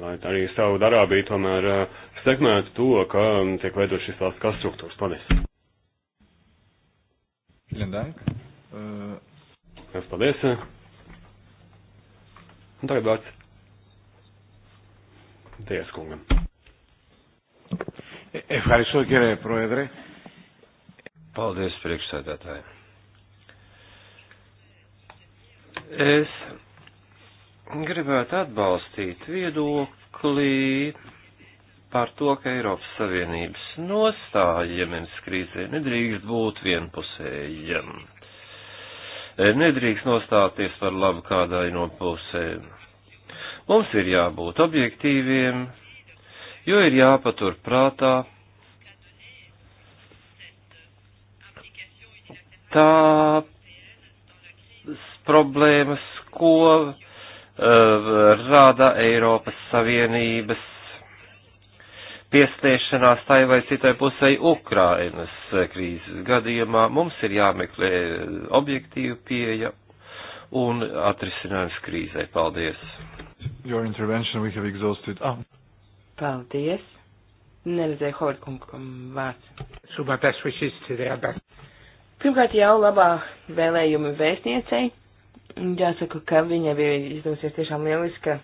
Lai arī savu darābību tomēr uh, sekmētu to, ka um, tiek veidot šis valsts kā struktūras. Paldies. Dank. Uh... Paldies. Un tagad vārds Tieskungam. Ευχαριστώ κύριε Πρόεδρε. Paldies, priekšsēdētāji. Es gribētu atbalstīt viedoklī par to, ka Eiropas Savienības nostāja ģimenes krīzē nedrīkst būt vienpusējiem. Nedrīkst nostāties par labu kādai no pusēm. Mums ir jābūt objektīviem, jo ir jāpatur prātā tā problēmas, ko uh, rada Eiropas Savienības piestiešanās tai vai citai pusē Ukrainas krīzes gadījumā. Mums ir jāmeklē objektīva pieeja un atrisinājums krīzē. Paldies! Your intervention we have exhausted. Ah. Paldies! Nelzē Horkungam vārds. So my best wishes to the Abba. Pirmkārt, jau labā vēlējuma vēstniecei. Jāsaka, ka viņai bija izdevusies tiešām lieliska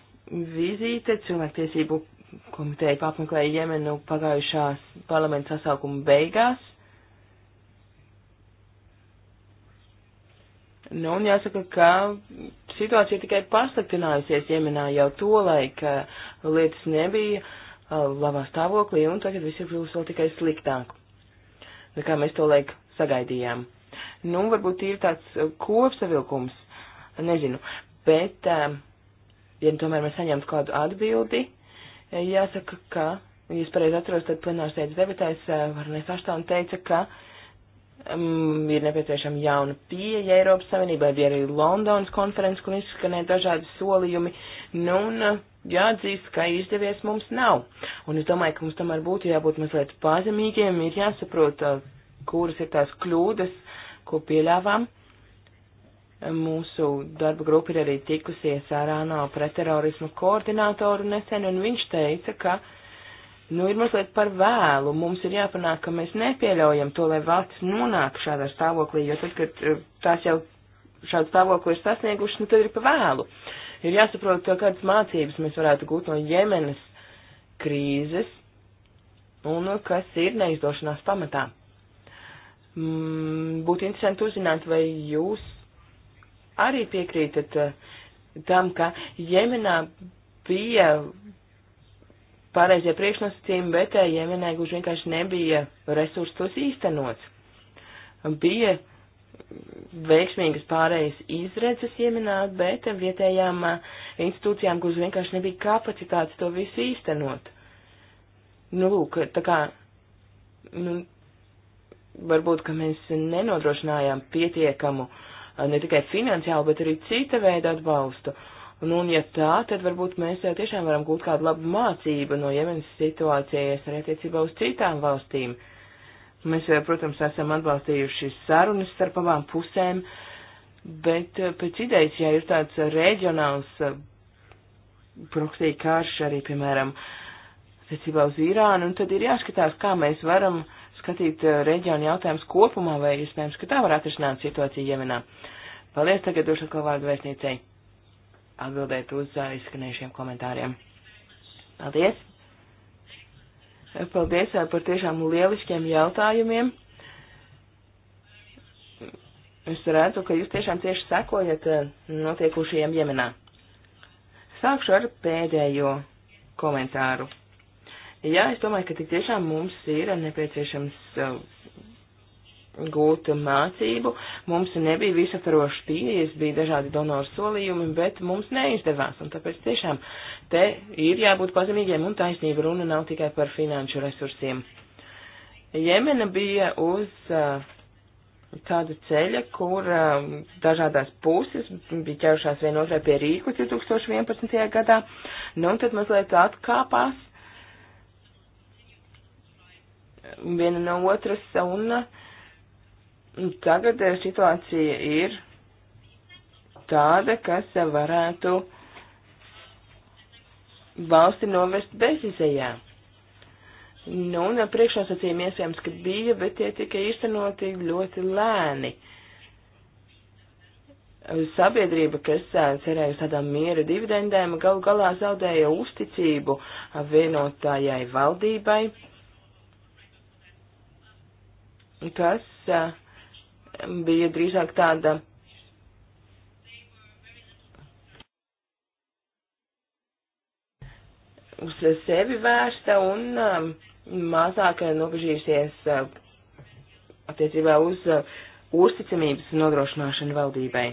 vizīte cilvēktiesību komiteja apmeklēja Jemenu pagājušās parlamenta sasaukuma beigās. Nu, un jāsaka, ka situācija tikai pasliktinājusies Jemenā jau to laika lietas nebija uh, labā stāvoklī, un tagad viss ir kļūst vēl tikai sliktāk. Nu, kā mēs to laiku sagaidījām. Nu, varbūt ir tāds uh, kopsavilkums, nezinu, bet, um, ja tomēr mēs saņemtu kādu atbildi, eh, jāsaka, ka, ja es pareizi atceros, tad plenārsēdes debatēs eh, Varnēs Aštāna teica, ka um, ir nepieciešama jauna pieeja Eiropas Savienībai, bija arī Londonas konferences, kur izskanēja dažādi solījumi. Nu, un uh, jāatzīst, ka izdevies mums nav. Un es domāju, ka mums tomēr būtu jābūt mazliet pazemīgiem, ir jāsaprot, uh, kuras ir tās kļūdas, ko pieļāvām. Mūsu darba grupa ir arī tikusies ar ANO preterorismu koordinātoru nesen, un viņš teica, ka nu, ir mazliet par vēlu. Mums ir jāpanāk, ka mēs nepieļaujam to, lai valsts nonāk šādā stāvoklī, jo tad, kad eh, tās jau šādu stāvokli ir sasniegušas, nu, tad ir par vēlu. Ir jāsaprot, kādas mācības mēs varētu gūt no Jemenas krīzes un kas ir neizdošanās pamatā. Mm, būtu interesanti uzzināt, vai jūs arī piekrītat eh, tam, ka Jemenā bija pareizie priekšnosacījumi, bet eh, Jemenai gluži vienkārši nebija resursu tos īstenot. Bija veiksmīgas pārējas izredzes Jemenā, bet vietējām eh, institūcijām gluži vienkārši nebija kapacitātes to visu īstenot. Nu, lūk, tā kā nu, varbūt, ka mēs nenodrošinājām pietiekamu eh, ne tikai finansiālu, bet arī cita veida atbalstu. Un, nu, un ja tā, tad varbūt mēs eh, tiešām varam gūt kādu labu mācību no Jemenas situācijas arī attiecībā uz citām valstīm. Mēs, eh, protams, esam atbalstījuši sarunas starp abām pusēm, bet pēc idejas, ja ir tāds reģionāls proksija karš arī, piemēram, attiecībā uz Irānu, un tad ir jāskatās, kā mēs varam uh, skatīt eh, reģionu jautājumus kopumā, vai iespējams, ka tā var atrisināt situāciju Jemenā. Paldies, tagad došu atkal vārdu vēstniecei atbildēt uz eh, izskanējušiem komentāriem. Paldies! Eh, paldies par tiešām lieliskiem jautājumiem. Es redzu, ka jūs tiešām cieši sekojat notiekušajiem Jemenā. Sākšu ar pēdējo komentāru. Jā, es domāju, ka tik tiešām mums ir nepieciešams uh, gūt mācību. Mums nebija visaptaroša pieejas, bija dažādi donoru solījumi, bet mums neizdevās. Un tāpēc tiešām te ir jābūt pazemīgiem un taisnība runa nav tikai par finanšu resursiem. Jemena bija uz uh, tāda ceļa, kur uh, dažādās puses bija ķērušās vienotrai pie rīku 2011. gadā, nu un tad mazliet atkāpās viena no otras, un tagad eh, situācija ir tāda, kas varētu valsti novest bezizējā. Nu, un priekšnosacījumi iespējams, ka bija, bet tie tika īstenoti ļoti lēni. Sabiedrība, kas eh, cerēja uz tādām miera dividendēm, galu galā zaudēja uzticību vienotājai valdībai kas bija drīzāk tāda uz sevi vērsta un mazāk nobežījusies attiecībā uz uzticamības nodrošināšanu valdībai.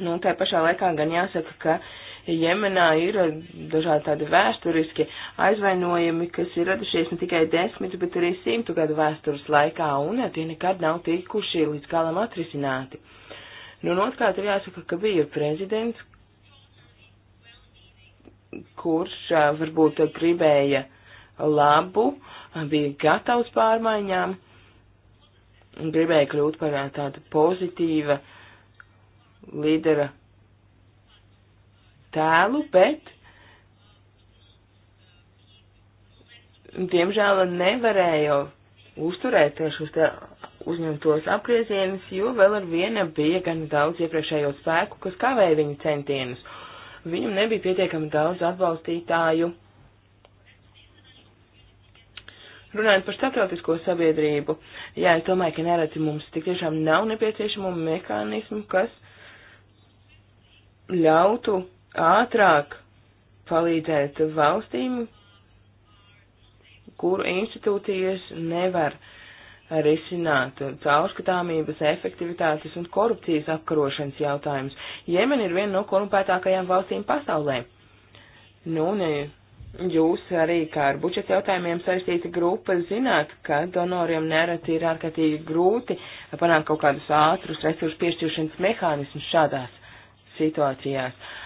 Nu, tā pašā laikā gan jāsaka, ka Jemenā ir dažādi tādi vēsturiski aizvainojumi, kas ir radušies ne tikai desmit, bet arī simtu gadu vēstures laikā, un tie nekad nav tikuši līdz galam atrisināti. Nu, un otrkārt ir jāsaka, ka bija prezidents, kurš varbūt gribēja labu, bija gatavs pārmaiņām, gribēja kļūt par tādu pozitīvu līdera tēlu, bet diemžēl nevarēju uzturēt šos uzņemtos apgriezienus, jo vēl ar viena bija gan daudz iepriekšējo spēku, kas kavēja viņa centienus. Viņam nebija pietiekami daudz atbalstītāju. Runājot par starptautisko sabiedrību, jā, es domāju, ka nereti mums tik tiešām nav nepieciešamo mehānismu, kas ļautu ātrāk palīdzēt valstīm, kuru institūcijas nevar risināt caurskatāmības, efektivitātes un korupcijas apkarošanas jautājumus. Jemen ir viena no korumpētākajām valstīm pasaulē. Nu, ne, jūs arī kā ar budžeta jautājumiem saistīta grupa zināt, ka donoriem nereti ir ārkārtīgi grūti panākt kaut kādus ātrus resursu piešķiršanas mehānismus šādās situācijās. Uh,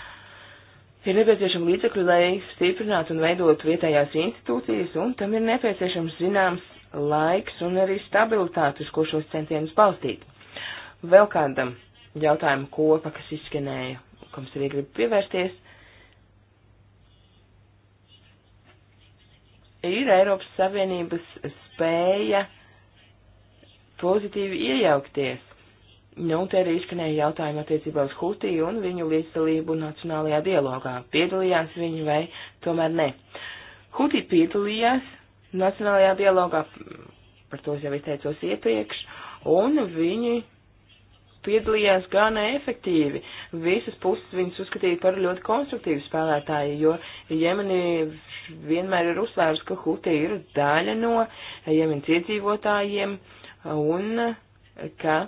Ir nepieciešama līdzekļi, lai stiprinātu un veidotu vietējās institūcijas, un tam ir nepieciešams zināms laiks un arī stabilitāte, uz ko šos centienus balstīt. Vēl kādam jautājumu kopa, kas izskanēja, kam es arī gribu pievērsties, ir Eiropas Savienības spēja pozitīvi iejaukties. Nu, te arī izskanēja jautājumi attiecībā uz Hutī un viņu līdzdalību nacionālajā dialogā. Piedalījās viņi vai tomēr ne? Hutī piedalījās nacionālajā dialogā, par to es jau izteicos iepriekš, un viņi piedalījās gan efektīvi. Visas puses viņas uzskatīja par ļoti konstruktīvu spēlētāju, jo Jemeni vienmēr ir uzsvērs, ka Hutī ir daļa no Jemenas iedzīvotājiem un ka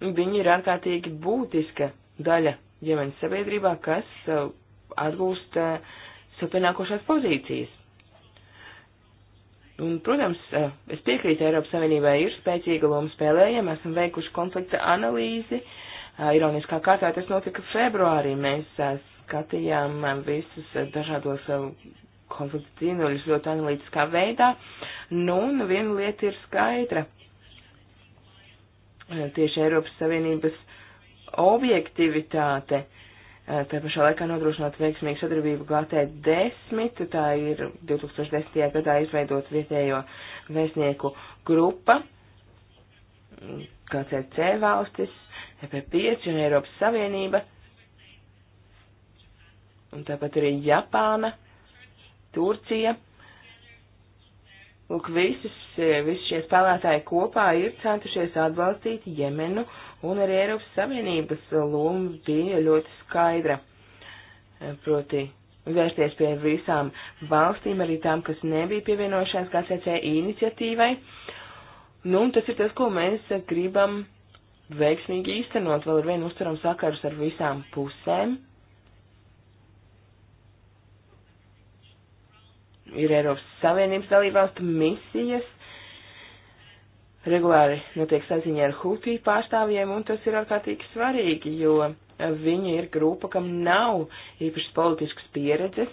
Viņi ir ārkārtīgi būtiska daļa ģimenes sabiedrībā, kas uh, atgūst uh, sapienākošās pozīcijas. Un, protams, uh, es piekrītu Eiropas Savienībai ir spēcīga loma spēlējama, esam veikuši konflikta analīzi. Ironiskā kārtā tas notika februārī. Mēs skatījām visus dažādos konflikta cīnuļus ļoti analītiskā veidā. Nu, un viena lieta ir skaidra. Eh, tieši Eiropas Savienības objektivitāte. Eh, tā pašā laikā nodrošinot veiksmīgu sadarbību GT10, tā ir 2010. gadā izveidot vietējo vēstnieku grupa, KCC mm, valstis, EP5 un Eiropas Savienība, un tāpat arī Japāna, Turcija Lūk, visus, visus šie spēlētāji kopā ir centušies atbalstīt Jemenu, un arī Eiropas Savienības loma bija ļoti skaidra. Proti, vērsties pie visām valstīm, arī tām, kas nebija pievienojušās KCC iniciatīvai. Nu, un tas ir tas, ko mēs gribam veiksmīgi īstenot, vēl ar vienu uzturam sakars ar visām pusēm. ir Eiropas Savienības dalībvalstu misijas. Regulāri notiek saziņa ar Hūtī pārstāvjiem, un tas ir ārkārtīgi svarīgi, jo viņa ir grupa, kam nav īpašas politiskas pieredzes,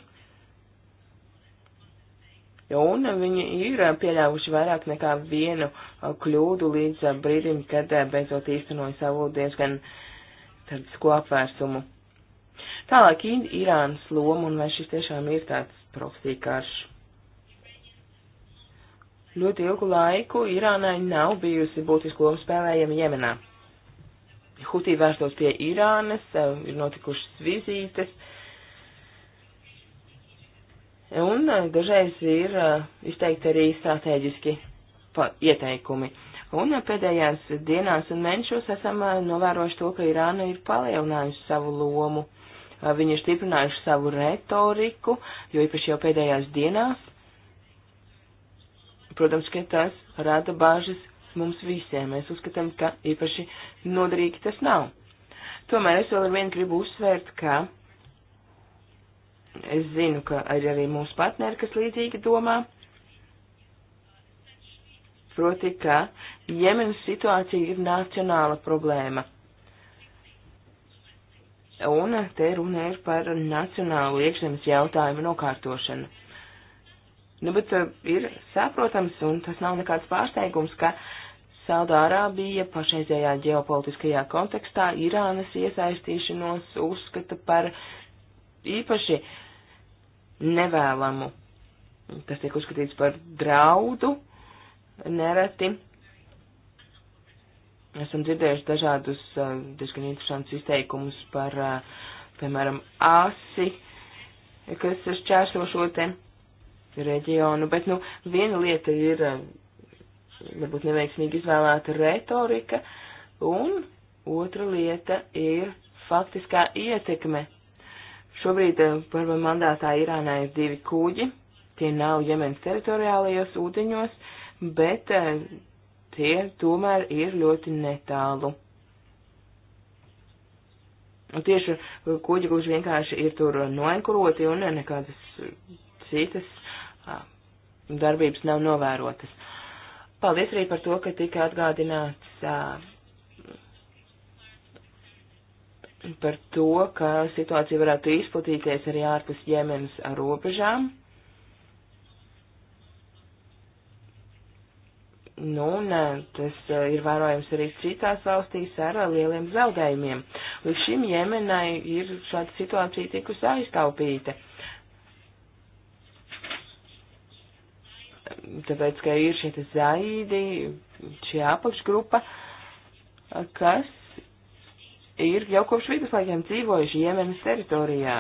un viņi ir pieļāvuši vairāk nekā vienu kļūdu līdz brīdim, kad beidzot īstenoja savu diezgan tādu skopvērsumu. Tālāk Irānas loma un vai šis tiešām ir tāds proksija karš. Ļoti ilgu laiku Irānai nav bijusi būtiski loma spēlējama Jemenā. Hutī vērstos pie Irānas, eh, ir notikušas vizītes, un eh, dažreiz ir eh, izteikti arī strateģiski ieteikumi. Un pēdējās dienās un mēnešos esam novērojuši to, ka Irāna ir palielinājusi savu lomu Viņi ir stiprinājuši savu retoriku, jo īpaši jau pēdējās dienās. Protams, ka tas rada bāžas mums visiem. Mēs uzskatām, ka īpaši noderīgi tas nav. Tomēr es vēl ar vienu gribu uzsvērt, ka es zinu, ka ir arī mūsu partneri, kas līdzīgi domā. Proti, ka Jemenas situācija ir nacionāla problēma un te runa ir par nacionālu iekšzemes jautājumu nokārtošanu. Nu, bet uh, ir saprotams, un tas nav nekāds pārsteigums, ka Saudārābija pašreizējā ģeopolitiskajā kontekstā Irānas iesaistīšanos uzskata par īpaši nevēlamu. Tas tiek uzskatīts par draudu nereti esam dzirdējuši dažādus diezgan interesantus izteikumus par, piemēram, asi, kas šķērso šo te reģionu, bet, nu, viena lieta ir varbūt neveiksmīgi izvēlēta retorika, un otra lieta ir faktiskā ietekme. Šobrīd parva mandātā Irānā ir divi kūģi, tie nav Jemens teritoriālajos ūdeņos, bet tie tomēr ir ļoti netālu. Un tieši kuģi, kurš vienkārši ir tur noenkuroti un nekādas citas darbības nav novērotas. Paldies arī par to, ka tika atgādināts par to, ka situācija varētu izplatīties arī ārpus ģimenes ar robežām. Nu, un eh, tas eh, ir vērojams arī citās valstīs ar eh, lieliem zaudējumiem. Līdz šim Jemenai ir šāda situācija tikusi aiztaupīta. Tāpēc, ka ir šie zaidi, šī apakšgrupa, kas ir jau kopš viduslaikiem dzīvojuši Jemenas teritorijā.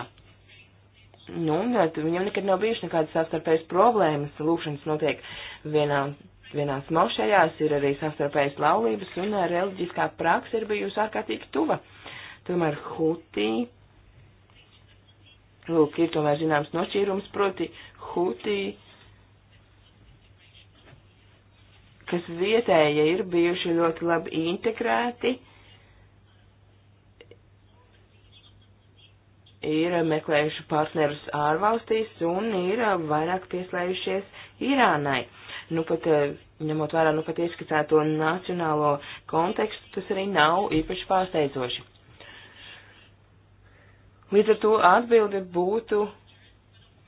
Nu, un viņam nekad nav bijuši nekādas savstarpējas problēmas, lūkšanas notiek vienā un vienās mošajās ir arī sastarpējas laulības un uh, reliģiskā praksa ir bijusi ārkārtīgi tuva. Tomēr Hutī, lūk, ir tomēr zināms nošķīrums, proti Hutī, kas vietēja ir bijuši ļoti labi integrēti, ir meklējuši partnerus ārvalstīs un ir uh, vairāk pieslējušies Irānai nu pat eh, ņemot vērā nu pat ieskicēto nacionālo kontekstu, tas arī nav īpaši pārsteidzoši. Līdz ar to atbilde būtu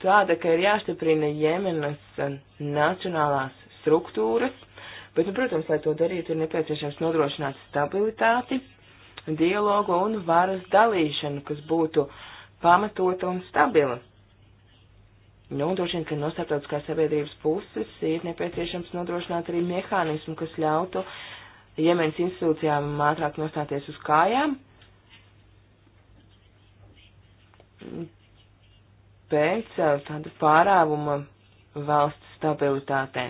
tāda, ka ir jāstiprina Jemenas eh, nacionālās struktūras, bet, nu, protams, lai to darītu, ir nepieciešams nodrošināt stabilitāti, dialogu un varas dalīšanu, kas būtu pamatota un stabila. Nu, droši vien, ka no starptautiskās sabiedrības puses ir nepieciešams nodrošināt arī mehānismu, kas ļautu Jemenas institūcijām ātrāk nostāties uz kājām. Pēc uh, tāda pārāvuma valsts stabilitātē.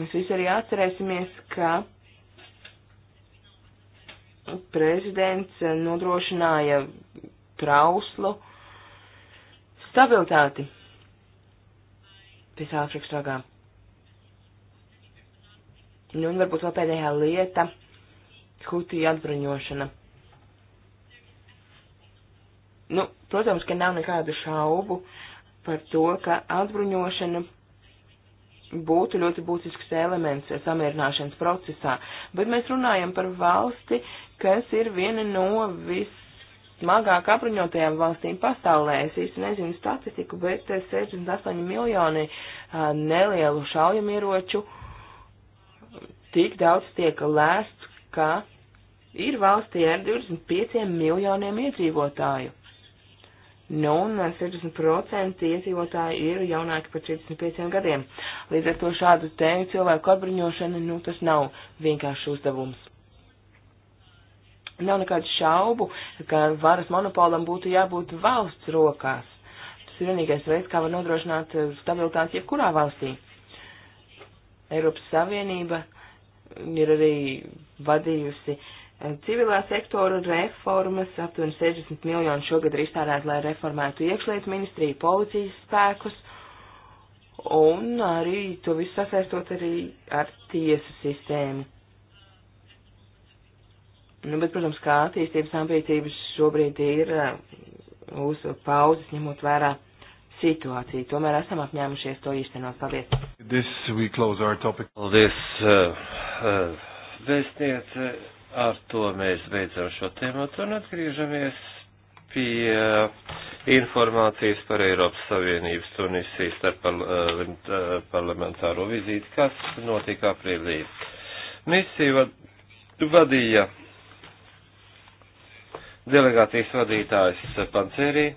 Mēs visi arī atcerēsimies, ka prezidents uh, nodrošināja trauslu stabilitāti visā Āfrikas ragā. Nu, un varbūt vēl pēdējā lieta - hutija atbruņošana. Nu, protams, ka nav nekādu šaubu par to, ka atbruņošana būtu ļoti būtisks elements samierināšanas procesā, bet mēs runājam par valsti, kas ir viena no vis smagāk apbruņotajām valstīm pasaulē. Es īsti nezinu statistiku, bet 68 eh, miljoni eh, nelielu šaujamieroču tik daudz tiek lēsts, ka ir valstī ar 25 miljoniem iedzīvotāju. Nu, un 60% eh, iedzīvotāji ir jaunāki par 45 gadiem. Līdz ar to šādu tēmu cilvēku apbruņošana, nu, tas nav vienkārši uzdevums. Nav nekādu šaubu, ka varas monopolam būtu jābūt valsts rokās. Tas ir vienīgais veids, kā var nodrošināt eh, stabilitāti jebkurā valstī. Eiropas Savienība ir arī vadījusi eh, civilā sektora reformas, aptuveni 60 miljonu šogad ir iztērēt, lai reformētu iekšlietu ministriju, policijas spēkus, un arī to visu sasaistot arī ar tiesu sistēmu Nu, bet, protams, kā attīstības ambīcijas šobrīd ir eh, uz pauzes, ņemot vērā situāciju. Tomēr esam apņēmušies to īstenot. Paldies! Paldies, eh, eh, vēstniece! Uh, uh, ar to mēs beidzam šo tematu un atgriežamies pie informācijas par Eiropas Savienības Tunisijas starpparlamentāro vizīti, kas notika aprīlī. Misiju vadīja delegācijas vadītājs Pancerī.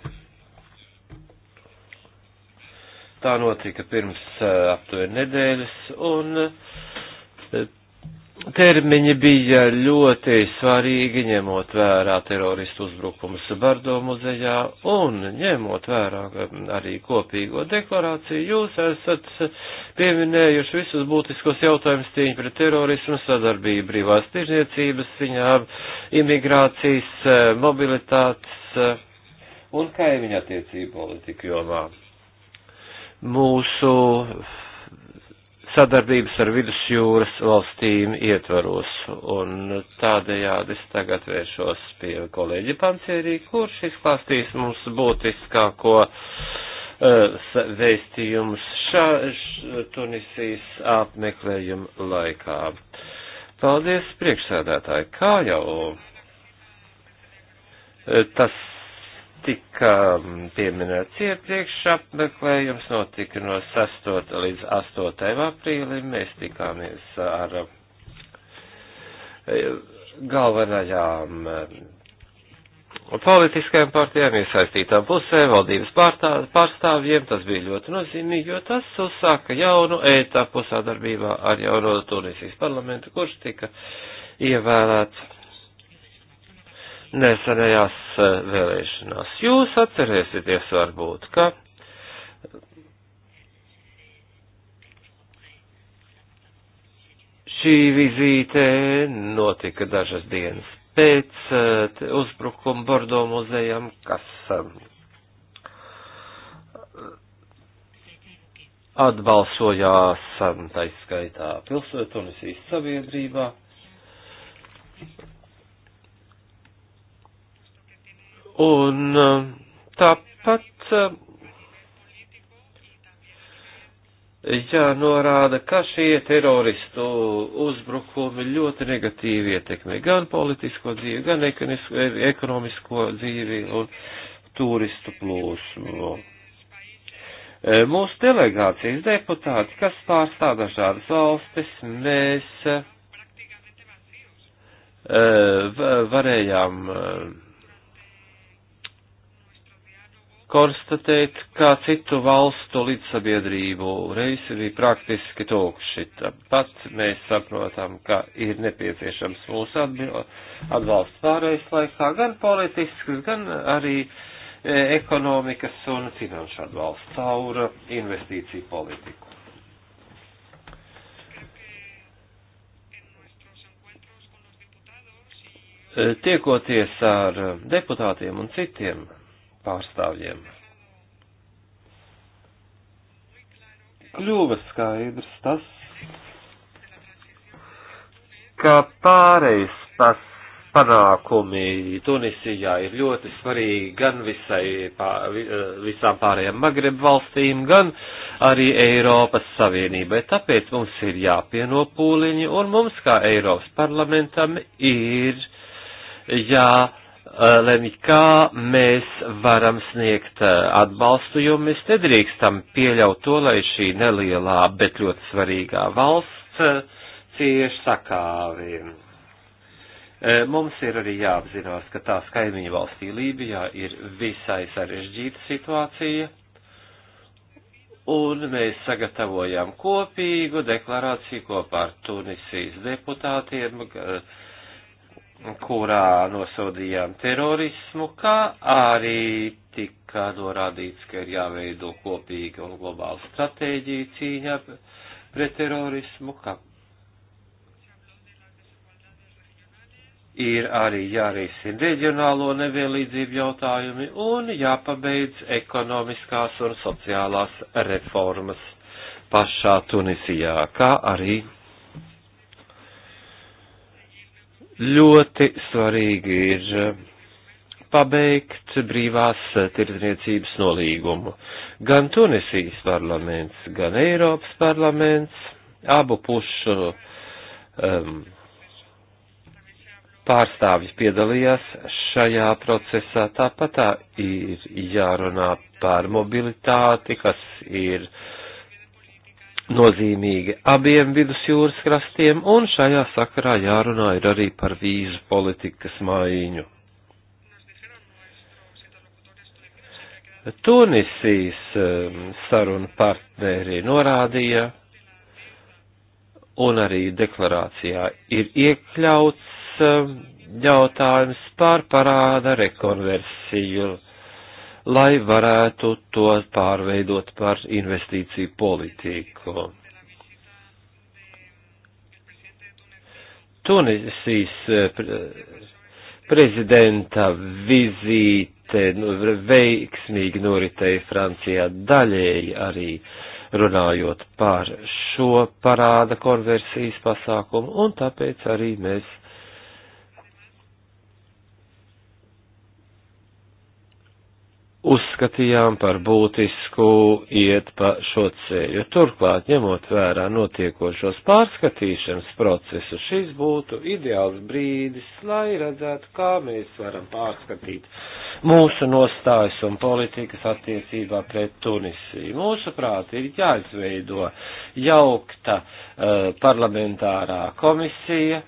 Tā notika pirms eh, aptuveni nedēļas, un uh, termiņi bija ļoti svarīgi, ņemot vērā teroristu uzbrukumus Bardo muzejā un ņemot vērā um, arī kopīgo deklarāciju. Jūs esat pieminējuši visus būtiskos jautājumus cīņu pret terorismu, sadarbību brīvās tirzniecības ziņā, imigrācijas, eh, mobilitātes eh, un kaimiņa attiecību politiku jomā. Mūsu sadarbības ar vidusjūras valstīm ietvaros. Un tādējādi es tagad vēršos pie kolēģi Pancierī, kurš izklāstīs mums būtiskāko uh, vēstījumus šā š, Tunisijas apmeklējuma laikā. Paldies, priekšsēdētāji, kā jau eh, tas tika mm, pieminēts iepriekš, apmeklējums notika no 6. līdz 8. aprīlim. Mēs tikāmies ar eh, galvenajām eh, politiskajām partijām, iesaistītām pusēm, valdības pārstāvjiem. Tas bija ļoti nozīmīgi, jo tas uzsāka jaunu etapu sadarbībā ar jauno Tunisijas parlamentu, kurš tika ievēlēts nesenajās e, vēlēšanās. Jūs atcerēsieties varbūt, ka šī vizīte notika dažas dienas pēc e, uzbrukuma Bordo muzejam, kas e, atbalsojās taiskaitā pilsētunisīs sabiedrībā. Un um, tāpat um, jānorāda, ka šie teroristu uzbrukumi ļoti negatīvi ietekmē gan politisko dzīvi, gan ekonomisko dzīvi un turistu plūsmu. E, mūsu delegācijas deputāti, kas pārstāv dažādas valstis, mēs e, varējām e, konstatēt, kā citu valstu līdzsabiedrību reisi bija praktiski tūkši. Pat mēs saprotam, ka ir nepieciešams mūsu atbalsts pārējais laikā, gan politisks, gan arī e, ekonomikas un finanšu atbalsts caur investīciju politiku. E, tiekoties ar deputātiem un citiem pārstāvjiem. Kļuva skaidrs tas, ka pārējais tas panākumi Tunisijā ir ļoti svarīgi gan visai, pār, eh, visām pārējām Magreb valstīm, gan arī Eiropas Savienībai. Tāpēc mums ir jāpieno pūliņi un mums kā Eiropas parlamentam ir jā Eh, lemj, kā mēs varam sniegt eh, atbalstu, jo mēs nedrīkstam pieļaut to, lai šī nelielā, bet ļoti svarīgā valsts eh, cieši sakāvi. Mums ir arī jāapzinās, ka tās kaimiņu valstī Lībijā ir visai sarežģīta situācija, un mēs sagatavojam kopīgu deklarāciju kopā ar Tunisijas deputātiem, uh, kurā nosodījām terorismu, kā arī tika norādīts, ka ir jāveido kopīga un globāla stratēģija cīņā pret terorismu, ka ir arī jārisina reģionālo nevienlīdzību jautājumi un jāpabeidz ekonomiskās un sociālās reformas pašā Tunisijā, kā arī Ļoti svarīgi ir eh, pabeigt brīvās eh, tirdzniecības nolīgumu. Gan Tunisijas parlaments, gan Eiropas parlaments, abu pušu um, pārstāvis piedalījās šajā procesā. Tāpat tā ir jārunā par mobilitāti, kas ir uh, nozīmīgi abiem vidusjūras krastiem, un šajā sakarā jārunā ir arī par vīzu politikas maiņu. Tunisijas um, saruna partneri norādīja, un arī deklarācijā ir iekļauts um, jautājums par parāda rekonversiju lai varētu to pārveidot par investīciju politiku. Tunisijas eh, prezidenta vizīte nu, veiksmīgi noritēja Francijā daļēji arī runājot par šo parāda konversijas pasākumu, un tāpēc arī mēs uzskatījām par būtisku iet pa šo ceļu. Turklāt, ņemot vērā notiekošos pārskatīšanas procesu, šis būtu ideāls brīdis, lai redzētu, kā mēs varam pārskatīt mūsu nostājas un politikas attiecībā pret Tunisiju. Mūsuprāt, ir jāizveido jaukta uh, parlamentārā komisija,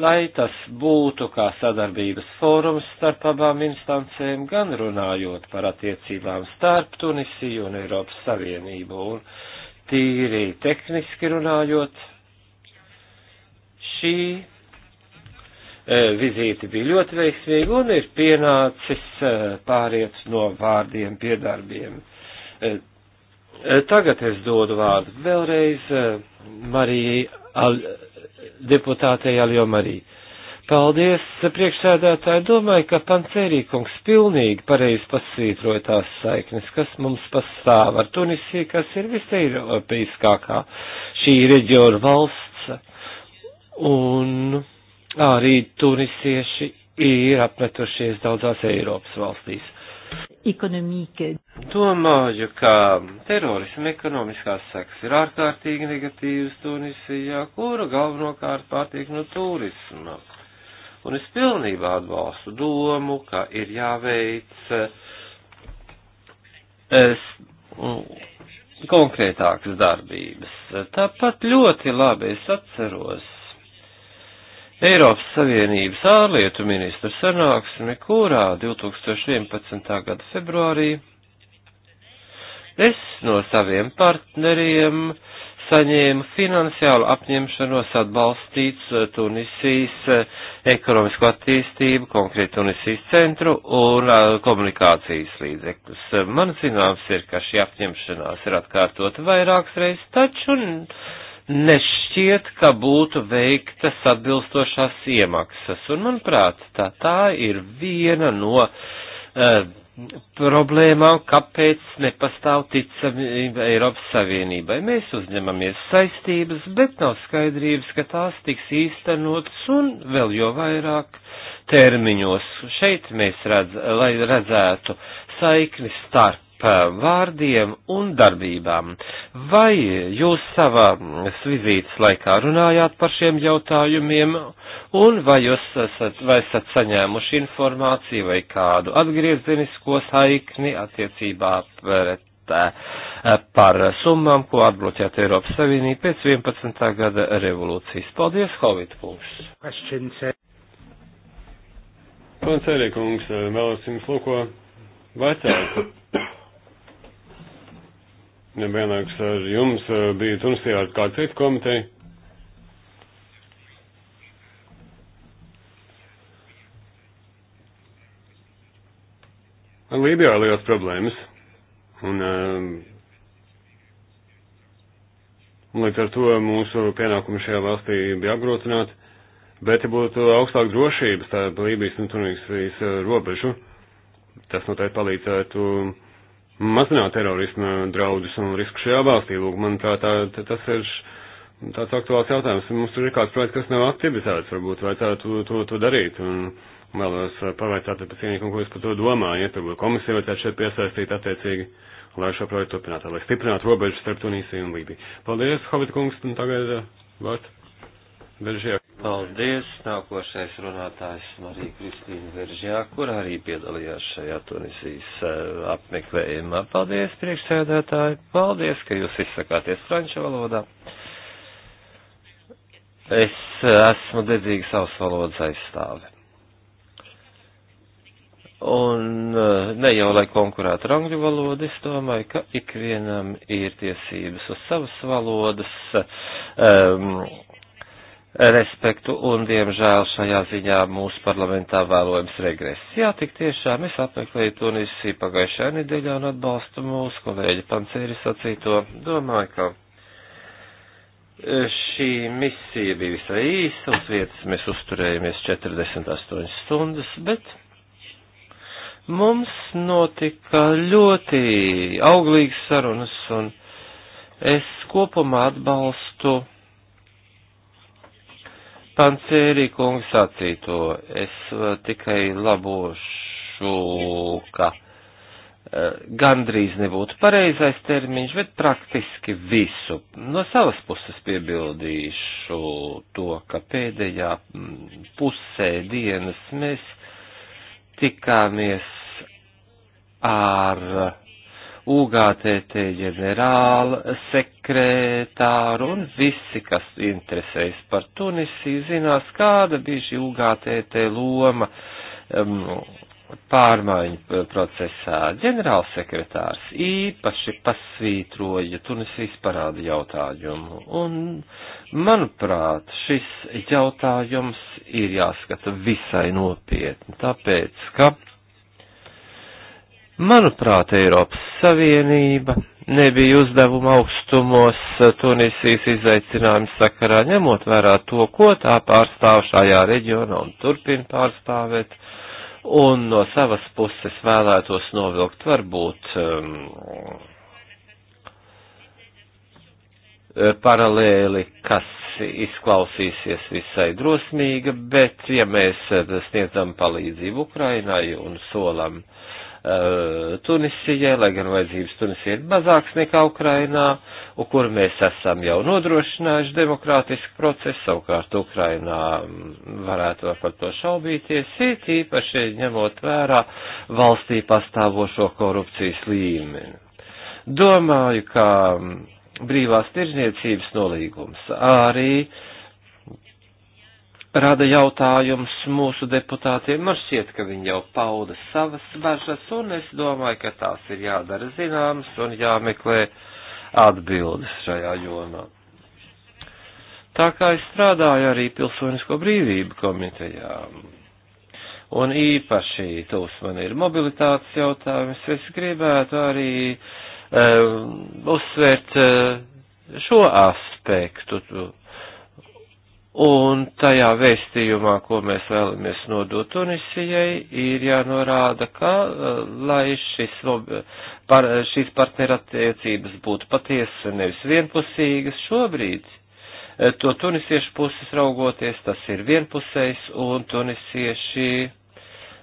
lai tas būtu kā sadarbības fórums starp abām instancēm, gan runājot par attiecībām starp Tunisiju un Eiropas Savienību. Un tīri tehniski runājot, šī e, vizīte bija ļoti veiksmīga un ir pienācis e, pāriet no vārdiem pie darbiem. E, tagad es dodu vārdu vēlreiz Marijai deputātei Aljo Marī. Paldies, priekšsēdētāji. Domāju, ka Pancerīkungs pilnīgi pareizi pasvītroja tās saiknes, kas mums pastāv ar Tunisiju, kas ir viseiropeiskākā šī reģiona valsts. Un arī tunisieši ir apmetušies daudzās Eiropas valstīs ekonomika. Domāju, ka terorisma ekonomiskās sekas ir ārkārtīgi negatīvas Tunisijā, kura galvenokārt pārtiek no turisma. Un es pilnībā atbalstu domu, ka ir jāveic es, mm, konkrētākas darbības. Tāpat ļoti labi es atceros Eiropas Savienības ārlietu ministra sanāksmi, kurā 2011. gada februārī es no saviem partneriem saņēmu finansiālu apņemšanos atbalstīt Tunisijas eh, ekonomisko attīstību, konkrēti Tunisijas centru un eh, komunikācijas līdzekļus. Man zināms ir, ka šī apņemšanās ir atkārtot vairākas reizes, taču. Un, nešķiet, ka būtu veiktas atbilstošās iemaksas. Un, manuprāt, tā, tā ir viena no uh, problēmām, kāpēc nepastāv ticamība Eiropas Savienībai. Mēs uzņemamies saistības, bet nav skaidrības, ka tās tiks īstenotas un vēl jo vairāk termiņos. Šeit mēs redz, lai redzētu saikni starp starp vārdiem un darbībām. Vai jūs savā vizītes laikā runājāt par šiem jautājumiem, un vai jūs esat, vai esat saņēmuši informāciju vai kādu atgriezenisko saikni attiecībā pret eh, par summām, ko atbloķēta Eiropas Savienība pēc 11. gada revolūcijas. Paldies, Hovita kungs! Pants Ēriekungs vēlas jums lūko vecāku vienlaikus ar jums eh, bija Tunisijā ar kādu citu komiteju. Ar Lībijā ir liels problēmas. Un, um, un līdz ar to mūsu pienākumi šajā valstī bija apgrūtināti, bet ja būtu augstāk drošības tā Lībijas un Tunisijas eh, robežu, tas noteikti palīdzētu. Uh, mazināt terorisma draudus un risku šajā valstī. Lūk, man tā, tā, tā, tas ir tāds aktuāls jautājums. Mums tur ir kāds projekts, kas nav aktivizēts, varbūt vajadzētu to, to, to darīt. Un vēlos uh, pavaicāt par cienīgumu, ko jūs par to domājat. Varbūt komisija vajadzētu šeit piesaistīt attiecīgi, lai šo projektu turpinātu, lai stiprinātu robežu starp Tunīsiju un Lībiju. Paldies, Hovita kungs, un tagad uh, vārds. Veržjā. Paldies. Nākošais runātājs Marija Kristīna Veržjā, kur arī piedalījās šajā Tunisijas eh, apmeklējumā. Paldies, priekšsēdētāji. Paldies, ka jūs izsakāties franču valodā. Es eh, esmu dedzīgi savas valodas aizstāve. Un eh, ne jau lai konkurētu ar angļu valodu, es domāju, ka ikvienam ir tiesības uz savas valodas um, respektu, un, diemžēl, šajā ziņā mūsu parlamentā vēlojams regress. Jā, tik tiešām es apmeklēju Tunisiju pagājušajā nedēļā un atbalstu mūsu kolēģi Pancēri sacīto. Domāju, ka e, šī misija bija visai īsa, uz vietas mēs uzturējamies 48 stundas, bet mums notika ļoti auglīgas sarunas, un es kopumā atbalstu Pancēri kungs sacīto, es eh, tikai labošu, ka eh, gandrīz nebūtu pareizais termiņš, bet praktiski visu. No savas puses piebildīšu to, ka pēdējā mm, pusē dienas mēs tikāmies ar UGTT ģenerāla sekretāru un visi, kas interesējas par Tunisiju, zinās, kāda bija šī UGTT loma um, pārmaiņu procesā. Ģenerāls sekretārs īpaši pasvītroja Tunisijas parādu jautājumu un, manuprāt, šis jautājums ir jāskata visai nopietni, tāpēc, ka Manuprāt, Eiropas Savienība nebija uzdevuma augstumos Tunisijas izaicinājuma sakarā, ņemot vērā to, ko tā pārstāv šajā reģionā un turpina pārstāvēt. Un no savas puses vēlētos novilkt varbūt um, paralēli, kas izklausīsies visai drosmīga, bet ja mēs sniedzam palīdzību Ukrainai un solam uh, Eh, Tunisijai, lai gan vajadzības Tunisijai ir mazāks nekā Ukrainā, un kur mēs esam jau nodrošinājuši demokrātisku procesu, savukārt Ukrainā mm, varētu par to šaubīties, it īpaši ņemot vērā valstī pastāvošo korupcijas līmeni. Domāju, ka mm, brīvās tirzniecības nolīgums arī uh, rada jautājums mūsu deputātiem. Man šķiet, ka viņi jau pauda savas bažas, un es domāju, ka tās ir jādara zināmas un jāmeklē atbildes šajā jomā. Tā kā es strādāju arī Pilsonisko brīvību komitejā, un īpaši tūs man ir mobilitātes jautājums, es gribētu arī um, uzsvērt uh, šo aspektu. Tu, Un tajā vēstījumā, ko mēs vēlamies nodot Tunisijai, ir jānorāda, ka, eh, lai šis, par, šīs partnerattiecības būtu patiesas un nevis vienpusīgas, šobrīd eh, to tunisiešu puses raugoties, tas ir vienpusējs, un tunisieši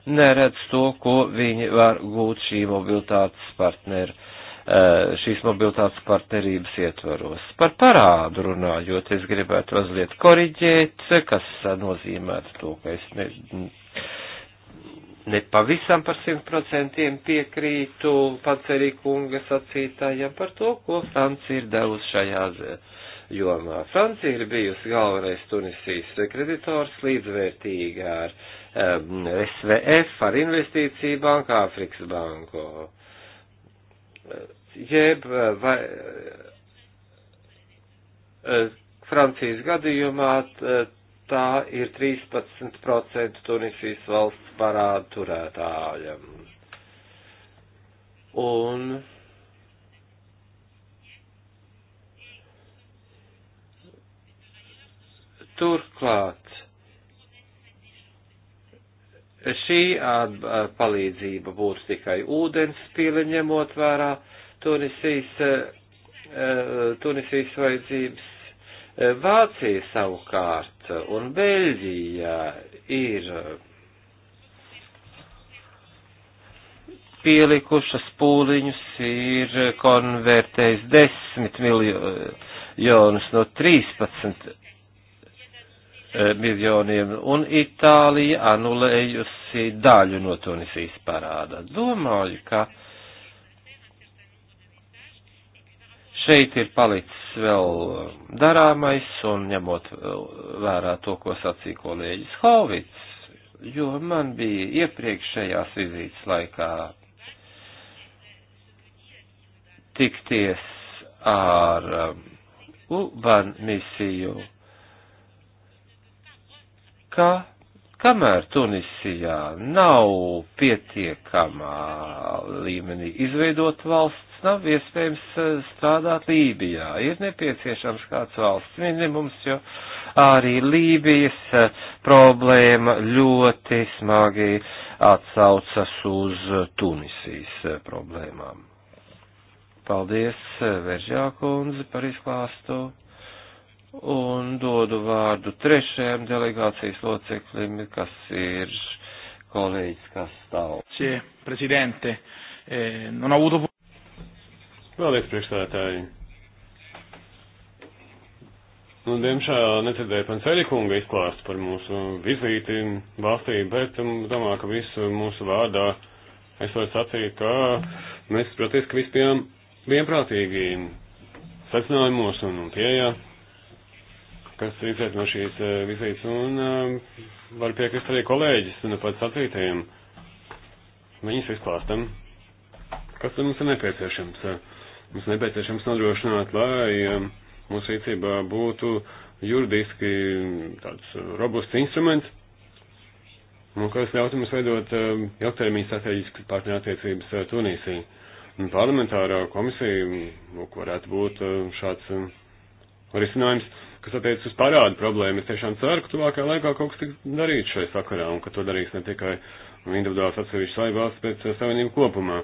neredz to, ko viņi var gūt šī mobilitātes partneru Eh, šīs mobilitātes partnerības ietvaros. Par parādu runājot, es gribētu mazliet koriģēt, kas nozīmētu to, ka es ne, ne pavisam par simt procentiem piekrītu pacerī kunga sacītājiem par to, ko Francija ir devusi šajā jomā. Francija ir bijusi galvenais Tunisijas kreditors līdzvērtīgi ar um, SVF, ar investīciju banku, Āfrikas banku. Uh, jeb eh, vai, eh, eh, Francijas gadījumā tā ir 13% Tunisijas valsts parādu turētājiem. Un turklāt Šī palīdzība būtu tikai ūdens pili ņemot vērā Tunisijas, eh, eh, Tunisijas vajadzības. Eh, Vācija savukārt un Beļģija ir pielikušas pūliņus, ir konvertējis 10 miljonus no 13 Eh, miljoniem, un Itālija anulējusi daļu no Tunisijas parāda. Domāju, ka šeit ir palicis vēl darāmais, un ņemot vērā to, ko sacīja kolēģis Hovits, jo man bija iepriekšējās vizītes laikā tikties ar Uban um, misiju ka kamēr Tunisijā nav pietiekamā līmenī izveidot valsts, nav iespējams eh, strādāt Lībijā. Ir nepieciešams kāds valsts minimums, jo arī Lībijas eh, problēma ļoti smagi atsaucas uz Tunisijas eh, problēmām. Paldies, Veržākundze, par izklāstu un dodu vārdu trešajam delegācijas loceklim, kas ir kolēģis Kastāv. Cie, prezidente, e, eh, non ho avuto... Vēlreiz priekšstādātāji. Nu, diemžēl nedzirdēju Panceļa kunga izklāstu par mūsu vizīti valstī, bet um, domāju, ka visu mūsu vārdā es varu sacīt, ka mēs, protams, ka visi bijām vienprātīgi secinājumos un pieejā kas izriet no šīs eh, vizītes, un eh, var piekrist arī kolēģis un nu, pats sacītajiem. Viņus izklāstam, kas mums ir nepieciešams. Eh? Mums nepieciešams nodrošināt, lai mūsu rīcībā būtu juridiski tāds robusts instruments, un nu, kas ļautu mums veidot ilgtermiņa strateģiskas partnerattiecības ar Tunīsiju. Un parlamentārā komisija, lūk, varētu būt šāds risinājums. Uh, Kas attiecas uz parādu problēmu, es tiešām ceru, ka tuvākajā laikā kaut kas tiks darīts šai sakarā un ka to darīs ne tikai individuāls atsevišķi saimvalsts, bet uh, savienību kopumā.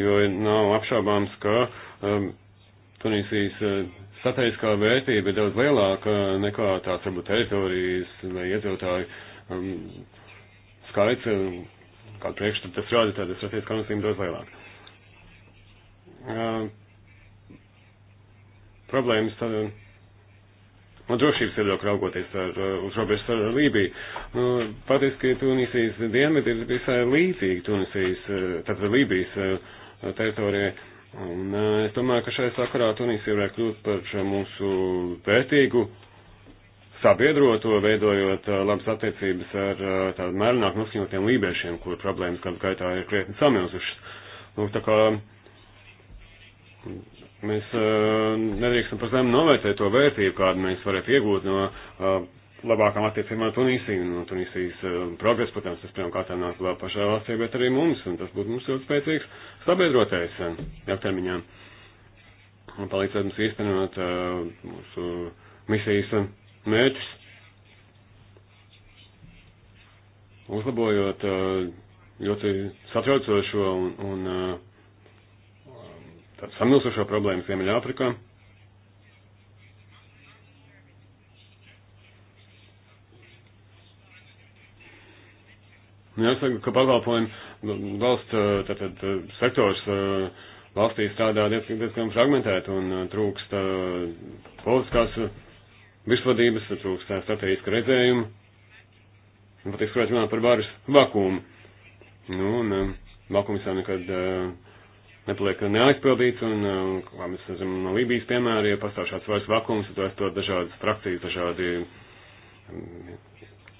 Jo nav apšābāms, ka um, Tunīsijas uh, sataiskā vērtība ir daudz lielāka nekā tās varbūt teritorijas vai iedzīvotāju um, skaits, um, kā priekšstats tas rāda, tad tas rasies kanosīm daudz lielāk. Uh, problēmas tad, no drošības viedokļa raugoties ar, uh, uz robežas ar Lībiju. Nu, patiesībā Tunisijas dienvidi ir visai līdzīgi Tunisijas, uh, tātad Lībijas uh, teritorijai. Un es domāju, ka šai sakarā Tunisija varētu kļūt par mūsu vērtīgu sabiedroto, veidojot labas attiecības ar tādu mērenāk noskaņotiem lībiešiem, kur problēmas gadu gaitā ir krietni samilzušas. Nu, tā kā Mēs uh, nedrīkstam par zemu novērtēt to vērtību, kādu mēs varētu iegūt no uh, labākām attiecībām ar Tunīsiju. No Tunīsijas uh, progresa, protams, tas pirmkārt nāk vēl pašā valstī, bet arī mums, un tas būtu mums ļoti spēcīgs sabiedrotais uh, ilgtermiņā. Un palīdzēt mums īstenot uh, mūsu misijas uh, mērķus. Uzlabojot uh, ļoti satraucošo un, un uh, tādu samilsušo problēmu Ziemeļāfrikā. Jāsaka, ka pakalpojumu nu, valsts tātad, sektors valstī strādā diezgan, diezgan fragmentēt un trūkst politiskās virsvadības, trūkst strateģiska redzējuma. Patiesībā runā par varas vakumu. Nu, un vakuums jau nekad uh, nepaliek neaizpildīts, un, kā mēs zinām, no Lībijas piemēra, ja pastāv šāds vairs vakums, tad es to dažādas frakcijas, dažādi mm,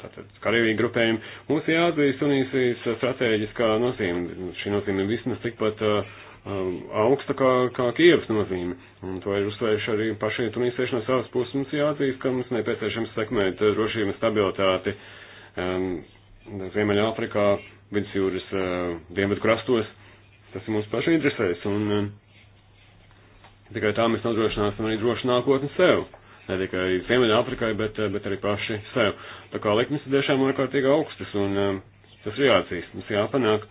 tātad karavīgi grupējumi. Mums jāatzīst Tunīsijas strateģiskā nozīme. Šī nozīme vismaz tikpat uh, um, augsta kā, kā Kievas nozīme. Un to ir uzsvērši arī paši tunīsieši no savas puses. Mums jāatzīst, ka mums nepieciešams sekmēt drošības stabilitāti um, Ziemeļa Afrikā, vidusjūras uh, dienvidu krastos Tas ir mūsu pašu interesēs, un um, tikai tā mēs nodrošināsim arī drošu nākotni sev. Ne tikai Ziemeļa Afrikai, bet, uh, bet arī paši sev. Tā kā likmes ir tiešām ārkārtīgi augstas, un um, tas ir jāatzīst. Mums jāpanāk,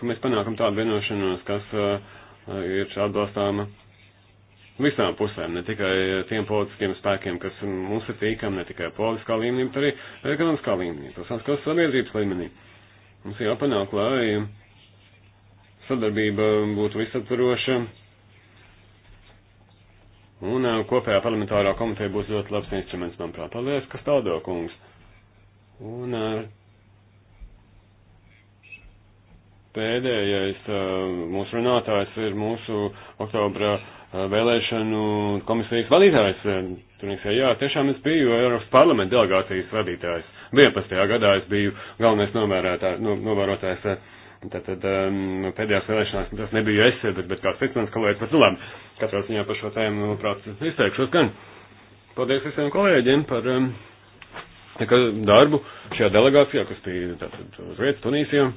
ka mēs panākam tādu vienošanos, kas uh, uh ir atbalstāma visām pusēm, ne tikai uh, tiem politiskiem spēkiem, kas mums ir tīkam, ne tikai politiskā līmenī, bet arī ekonomiskā līmenī, tas atkal sabiedrības līmenī. Mums jāpanāk, lai um, sadarbība būtu visaptvaroša. Un kopējā parlamentārā komiteja būs ļoti labs instruments, manuprāt. Paldies, kas tādo, kungs. Un pēdējais mūsu runātājs ir mūsu oktobra vēlēšanu komisijas vadītājs. Tuniks, jā, tiešām es biju Eiropas parlamenta delegācijas vadītājs. 11. gadā es biju galvenais novērotājs Tātad um, nu, pēdējās vēlēšanās nu, tas nebija es, bet, bet kāds cits mans kolēģis, bet nu labi, katrā ziņā par šo tēmu, manuprāt, izteikšos gan. Paldies visiem kolēģiem par um, darbu šajā delegācijā, kas bija tātad uz vietas Tunīsijā.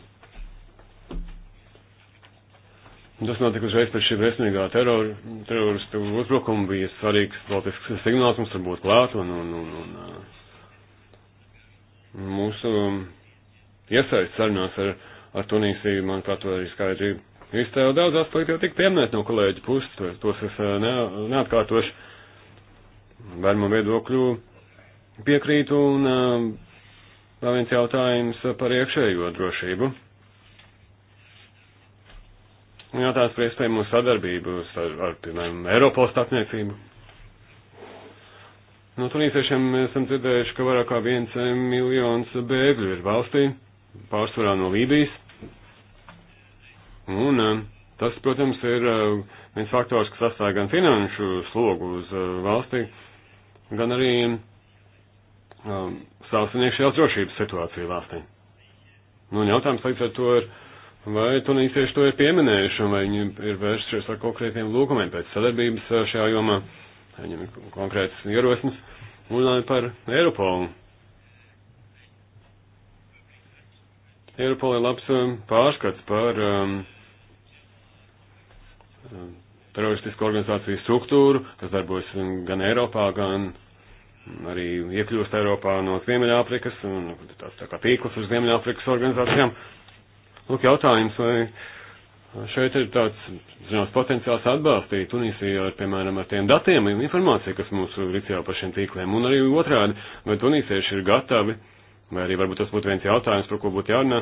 Tas notika uzreiz pēc šī briesmīgā teror, teroristu uzbrukuma, bija svarīgs politisks signāls mums tur būt klāt un, un, un, un, un uh, mūsu um, iesaists sarunās ar. ar ar Tunīsiju, manuprāt, to arī skaidri izcēla daudz aspektu, jau tik pieminēt no kolēģi puses, tos, tos es ne, neatkārtošu. Vērmu viedokļu piekrītu un vēl viens jautājums par iekšējo drošību. Jautājums par iespējamo sadarbību ar, ar piemēram, Eiropas starpniecību. No tunīsiešiem esam dzirdējuši, ka vairāk kā viens miljons bēgļu ir valstī, pārsvarā no Lībijas. Un eh, tas, protams, ir eh, viens faktors, kas atstāja gan finanšu slogu uz eh, valstī, gan arī um, sāsiniekšējās drošības situāciju valstī. Nu, un jautājums līdz ar to ir, vai tunīsieši to ir pieminējuši, un vai viņi ir vēršies ar konkrētiem lūgumiem pēc sadarbības šajā jomā, viņam ir konkrētas ierosmes, un par Eiropolu. Eiropola ir labs pārskats par um, teroristisku organizāciju struktūru, kas darbojas gan Eiropā, gan arī iekļūst Eiropā no Ziemeļāfrikas, un nu, tāds tā kā tīkls uz Ziemeļāfrikas organizācijām. Lūk, jautājums, vai šeit ir tāds, zināms, potenciāls atbalstīt Tunisiju ar, piemēram, ar tiem datiem un informāciju, kas mūsu rīcībā par šiem tīkliem, un arī otrādi, vai tunisieši ir gatavi, vai arī varbūt tas būtu viens jautājums, par ko būtu jārunā,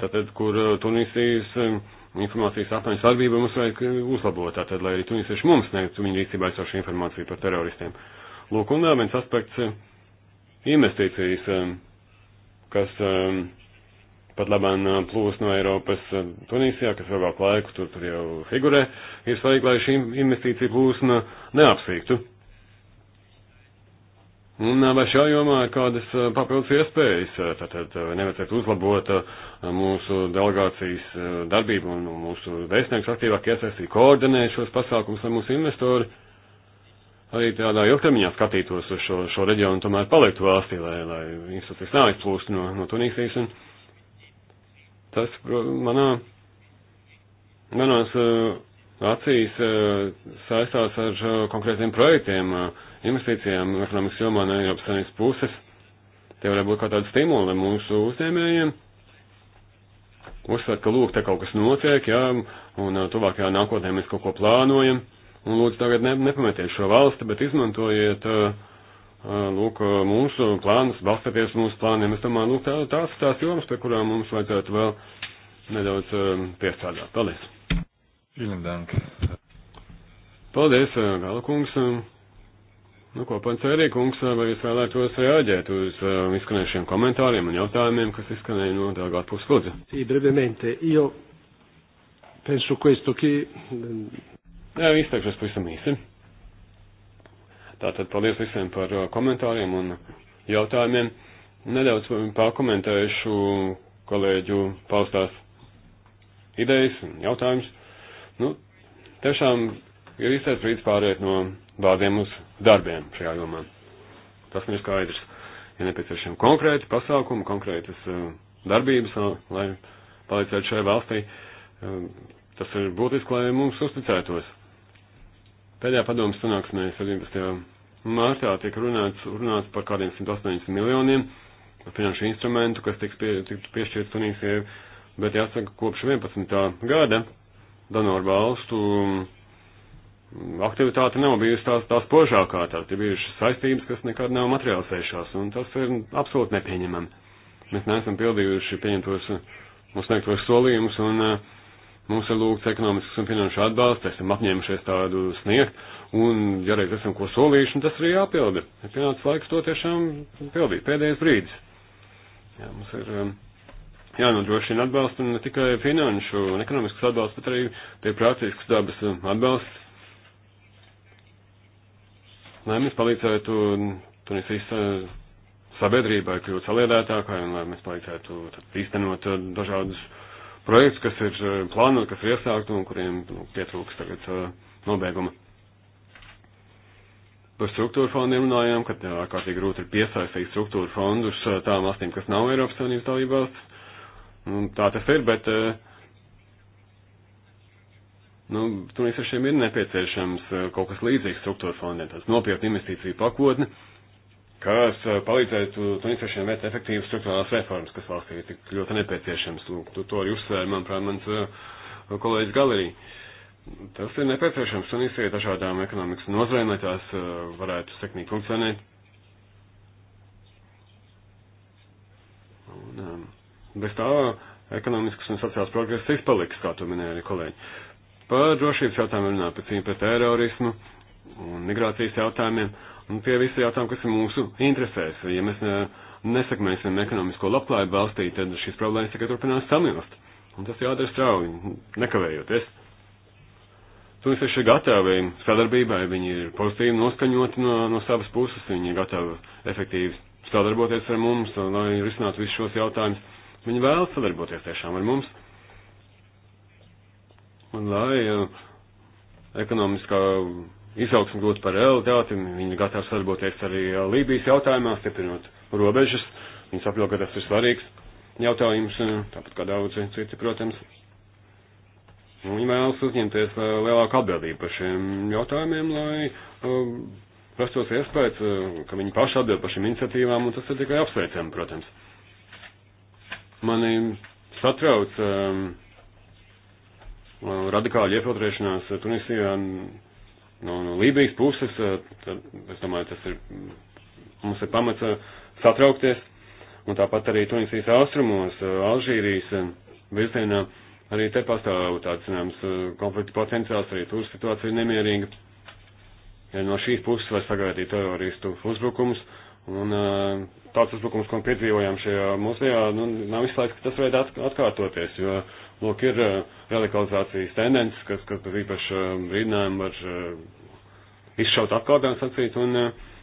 tātad, kur uh, Tunisijas um, informācijas apmaiņas sadarbību mums vajag uzlabot, tātad, lai arī tunisieši mums sniegtu viņu rīcībā esošu informāciju par teroristiem. Lūk, un vēl viens aspekts eh, - investīcijas, eh, kas eh, pat labāk plūst no Eiropas Tunisijā, kas vēl vēl laiku tur, tur jau figurē, ir svarīgi, lai šī investīcija plūsma neapsīktu. Un vai šajā jomā ir kādas eh, papildus iespējas, eh, tātad eh, nevajadzētu uzlabot mūsu delegācijas darbību un mūsu vēstniekus aktīvāk iesaistīt, koordinēt šos pasākumus, lai mūsu investori arī tādā ilgtermiņā skatītos uz šo, šo reģionu, tomēr paliktu valstī, lai, lai institūcijas nav izplūst no, no Tunīsijas. Un tas manā, manās acīs saistās ar konkrētiem projektiem. Uh, investīcijām ekonomikas jomā no Eiropas Savienības puses. Tie varētu būt kā tādi stimuli mūsu uzņēmējiem. Uzsvērt, ka lūk, te kaut kas notiek, jā, un uh, tuvākajā nākotnē mēs kaut ko plānojam. Un lūdzu, tagad ne, nepametiet šo valsti, bet izmantojiet, uh, uh, lūk, mūsu plānus, balstoties mūsu plāniem. Es domāju, lūk, tā, tās ir tās jomas, pie kurām mums vajadzētu vēl nedaudz um, piestrādāt. Paldies! Vielen Dank. Paldies, Galakungs. Nu, ko pats arī kungs, vai jūs vēlētos reaģēt uz uh, izskanējušiem komentāriem un jautājumiem, kas izskanēja no delegāta puses lūdzu? Sī, brevemente, jo pensu questo, ki... Mm, Jā, izteikšos pavisam īsi. Tātad paldies visiem par uh, komentāriem un jautājumiem. Nedaudz pārkomentēšu kolēģu paustās idejas un jautājumus. Nu, tiešām ir īstais brīdis pāriet no vārdiem uz darbiem šajā jomā. Tas ir skaidrs. Ir ja nepieciešami konkrēti pasākumi, konkrētas uh, darbības, lai palīdzētu šai valstī. Uh, tas ir būtiski, lai mums uzticētos. Pēdējā padomas sanāksmē 17. martā tiek runāts, runāts par kādiem 180 miljoniem finanšu instrumentu, kas tiks pie, piešķirts Tunīsijai, bet jāsaka, kopš 11. gada donoru valstu aktivitāte nav bijusi tās, tās požākā, tā ir bijušas saistības, kas nekad nav materializējušās, un tas ir absolūti nepieņemami. Mēs neesam pildījuši pieņemtos mums sniegtos solījumus, un uh, mums ir lūgts ekonomisks un finanšu atbalsts, esam apņēmušies tādu sniegt, un, ja reiz esam ko solījuši, tas arī jāpilda. Ir pienācis laiks to tiešām pildīt, pēdējais brīdis. Jā, mums ir um, jānodrošina atbalsts, un ne tikai finanšu un ekonomisks atbalsts, bet arī tie prātīgas dabas eh, atbalsts lai mēs palīdzētu Tunisijas eh, sabiedrībai kļūt saliedētākai un lai mēs palīdzētu īstenot eh, dažādus projektus, kas ir eh, plānoti, kas ir iesākti un kuriem nu, pietrūks tagad nobeiguma. Par struktūra fondiem runājām, ka ārkārtīgi grūti ir piesaistīt struktūra fondus tām valstīm, kas nav Eiropas Savienības dalībās. Tā tas ir, bet uh, Nu, tunisiešiem ir nepieciešams eh, kaut kas līdzīgs struktūra fondiem, tāds nopietni investīciju pakotne, kas eh, palīdzētu tunisiešiem veikt efektīvas struktūrālās reformas, kas valstī ir tik ļoti nepieciešams. Lūk, to arī uzsvēra, manuprāt, mans eh, kolēģis Galerija. Tas ir nepieciešams Tunisijai dažādām ekonomikas nozarēm, lai tās varētu sekmīgi funkcionēt. Un, bez tā ekonomiskas un sociālas progresas izpaliks, kā to minēja arī kolēģi. Par drošības jautājumiem runā par cīņu pret terorismu un migrācijas jautājumiem. Un tie visi jautājumi, kas ir mūsu interesēs. Ja mēs ne, nesakmēsim ekonomisko labklājību valstī, tad šīs problēmas tikai turpinās samilst. Un tas jādara strauji, nekavējoties. Tunisieši ir gatavi sadarbībai, viņi ir pozitīvi noskaņoti no, no savas puses, viņi ir gatavi efektīvi sadarboties ar mums, lai risinātu visus šos jautājumus. Viņi vēlas sadarboties tiešām ar mums un lai uh, ekonomiskā izaugsme kļūtu par realitāti, viņi ir gatavi sadarboties arī uh, Lībijas jautājumā, stiprinot robežas, viņi saprot, ka tas ir svarīgs jautājums, uh, tāpat kā daudzi citi, protams. Viņi vēlas uzņemties lielāku atbildību par šiem jautājumiem, lai rastos iespējas, ka viņi paši atbild par šīm iniciatīvām, un tas ir tikai apsveicami, protams. Mani satrauc um, Eh, radikāļu iefiltrēšanās eh, Tunisijā no, no Lībijas puses, eh, tad, es domāju, tas ir, mm, mums ir pamats satraukties. Un tāpat arī Tunisijas austrumos, Alžīrijas virzienā, arī te pastāv tāds, zināms, konflikta potenciāls, arī tur situācija ir nemierīga. Ja no šīs puses var sagaidīt teroristu uzbrukums, un tāds uzbrukums, ko piedzīvojām šajā mūsējā, nu, nav izslēgts, ka tas varētu atkārtoties, jo uh, Lūk, ir eh, radikalizācijas tendences, kas, kas bez īpaša brīdinājuma eh, var eh, izšaut apkaltēm sacīt, un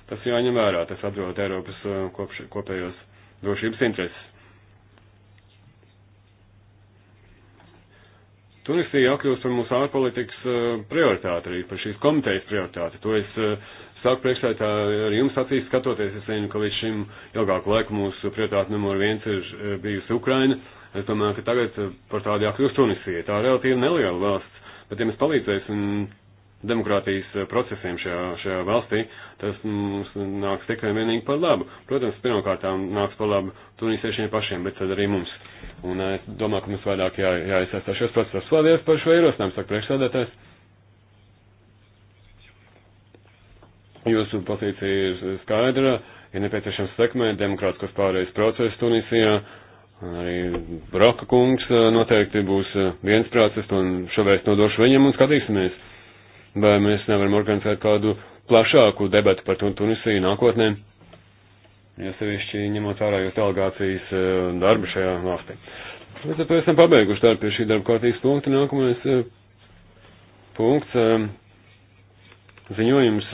tas jāņem vērā, tas atdot Eiropas kopš, kopējos drošības intereses. Tunisija jākļūst par mūsu ārpolitikas prioritāti, arī par šīs komitejas prioritāti. To es saku priekšētā ar jums acīs skatoties. Es zinu, ka līdz šim ilgāku laiku mūsu prioritāte numur viens ir bijusi Ukraina. Es domāju, ka tagad eh, par tādu jākļūst Tunisija. Tā ir relatīvi neliela valsts, bet ja mēs palīdzēsim demokrātijas eh, procesiem šajā, šajā valstī, tas mums nāks tikai un vienīgi par labu. Protams, pirmkārt nāks par labu tunisiešiem pašiem, bet tad arī mums. Un eh, es domāju, ka mums vairāk jā, jāiesaistās šos procesos. Paldies par šo ierosinājumu, saka priekšsēdētājs. Jūsu pozīcija ir skaidra, ir nepieciešams sekmēt demokrātiskos pārējais procesus Tunisijā Un arī Broka kungs eh, noteikti būs eh, viensprātis, un šoreiz nodošu viņam un skatīsimies, vai mēs nevaram organizēt kādu plašāku debatu par Tunisiju nākotnē, jo sevišķi ņemot vērā jūs delegācijas eh, darbu šajā valstī. Mēs tad esam pabeiguši darbu pie šī darba kārtības punkta. Nākamais punkts ziņojums.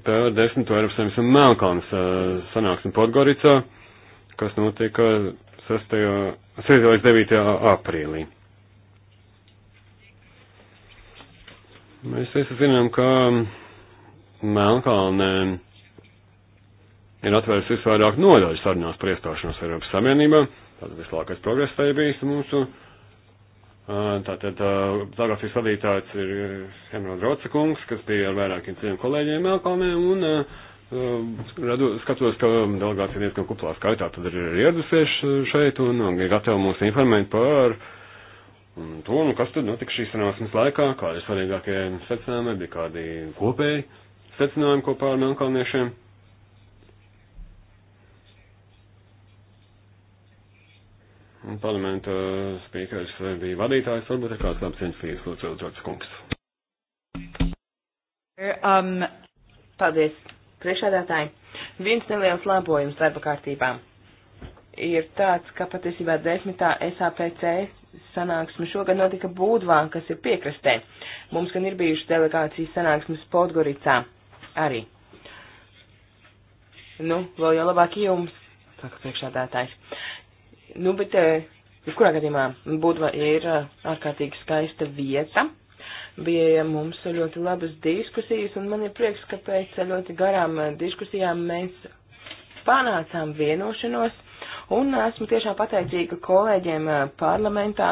par 10. Eiropas Savienības un Melnkalnas sanāksmi Podgoricā, kas notika 6. līdz 9. aprīlī. Mēs visi zinām, ka Melnkalnē ir atvērts visvairāk nodaļu sarunās par iestāšanos Eiropas Savienībā, tātad vislākais progress tai bijis mūsu. Uh, Tātad Zagafijas vadītājs ir Emrod Rocakungs, kas bija ar vairākiem citiem kolēģiem Melkalnē, un uh, redu, skatos, ka delegācija diezgan kuplā skaitā tad ir ieradusies šeit un, un gatavi mūs informēt par to, nu, kas tad notika šīs sanāksmes laikā, kādi ir svarīgākie secinājumi, bija kādi kopēji secinājumi kopā ar Melkalniešiem. Parlamenta spīkers bija vadītājs, varbūt ir kāds labs institūts, lūdzu, Džordžs Kungs. Er, um, paldies, priekšādātāji. Viens neliels labojums darba kārtībā ir tāds, ka patiesībā desmitā SAPC sanāksme šogad notika Būdvā, kas ir piekrastē. Mums gan ir bijušas delegācijas sanāksmes Podgoricā arī. Nu, vēl jau labāk jums, saka priekšādātājs. Nu, bet, eh, jebkurā gadījumā, Budva ir eh, ārkārtīgi skaista vieta. Bija mums ļoti labas diskusijas, un man ir prieks, ka pēc ļoti garām eh, diskusijām mēs panācām vienošanos. Un esmu tiešām pateicīga kolēģiem parlamentā,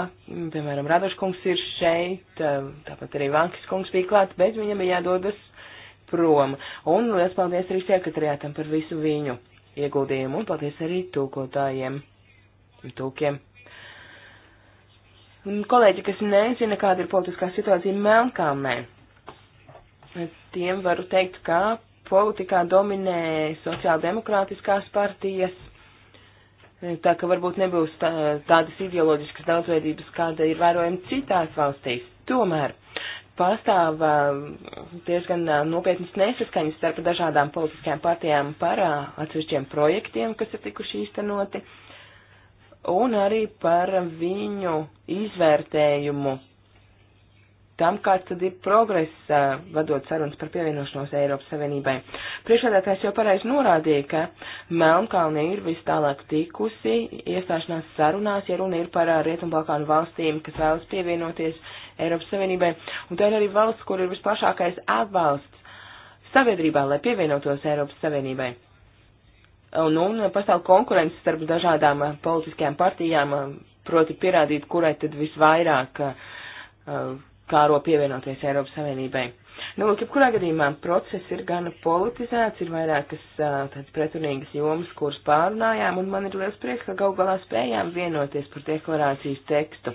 piemēram, Radoškungs ir šeit, tāpat arī Vankis kungs bija klāt, bet viņam bija jādodas prom. Un liels paldies arī sekretariātam par visu viņu ieguldījumu, un paldies arī tūkotājiem tūkiem. Un kolēģi, kas nezina, kāda ir politiskā situācija Melnkalnē, tiem varu teikt, ka politikā dominē sociāldemokrātiskās partijas, tā ka varbūt nebūs tā, tādas ideoloģiskas daudzveidības, kāda ir vērojama citās valstīs. Tomēr pastāv um, diezgan uh, nopietnas nesaskaņas starp dažādām politiskajām partijām par uh, atsevišķiem projektiem, kas ir tikuši īstenoti. Uh, un arī par viņu izvērtējumu tam, kāds tad ir progress vadot sarunas par pievienošanos Eiropas Savienībai. Priekšādātājs jau pareizi norādīja, ka Melnkalne ir vis tālāk tikusi iestāšanās sarunās, ja runa ir par Rietumbalkānu valstīm, kas vēlas pievienoties Eiropas Savienībai, un tā ir arī valsts, kur ir visplašākais atbalsts sabiedrībā, lai pievienotos Eiropas Savienībai. Un, un pastāv konkurence starp dažādām eh, politiskajām partijām, eh, proti pierādīt, kurai tad visvairāk eh, kāro pievienoties Eiropas Savienībai. Nu, lūk, jebkurā gadījumā process ir gana politizēts, ir vairākas tādas pretrunīgas jomas, kuras pārunājām, un man ir liels prieks, ka gal galā spējām vienoties par deklarācijas tekstu.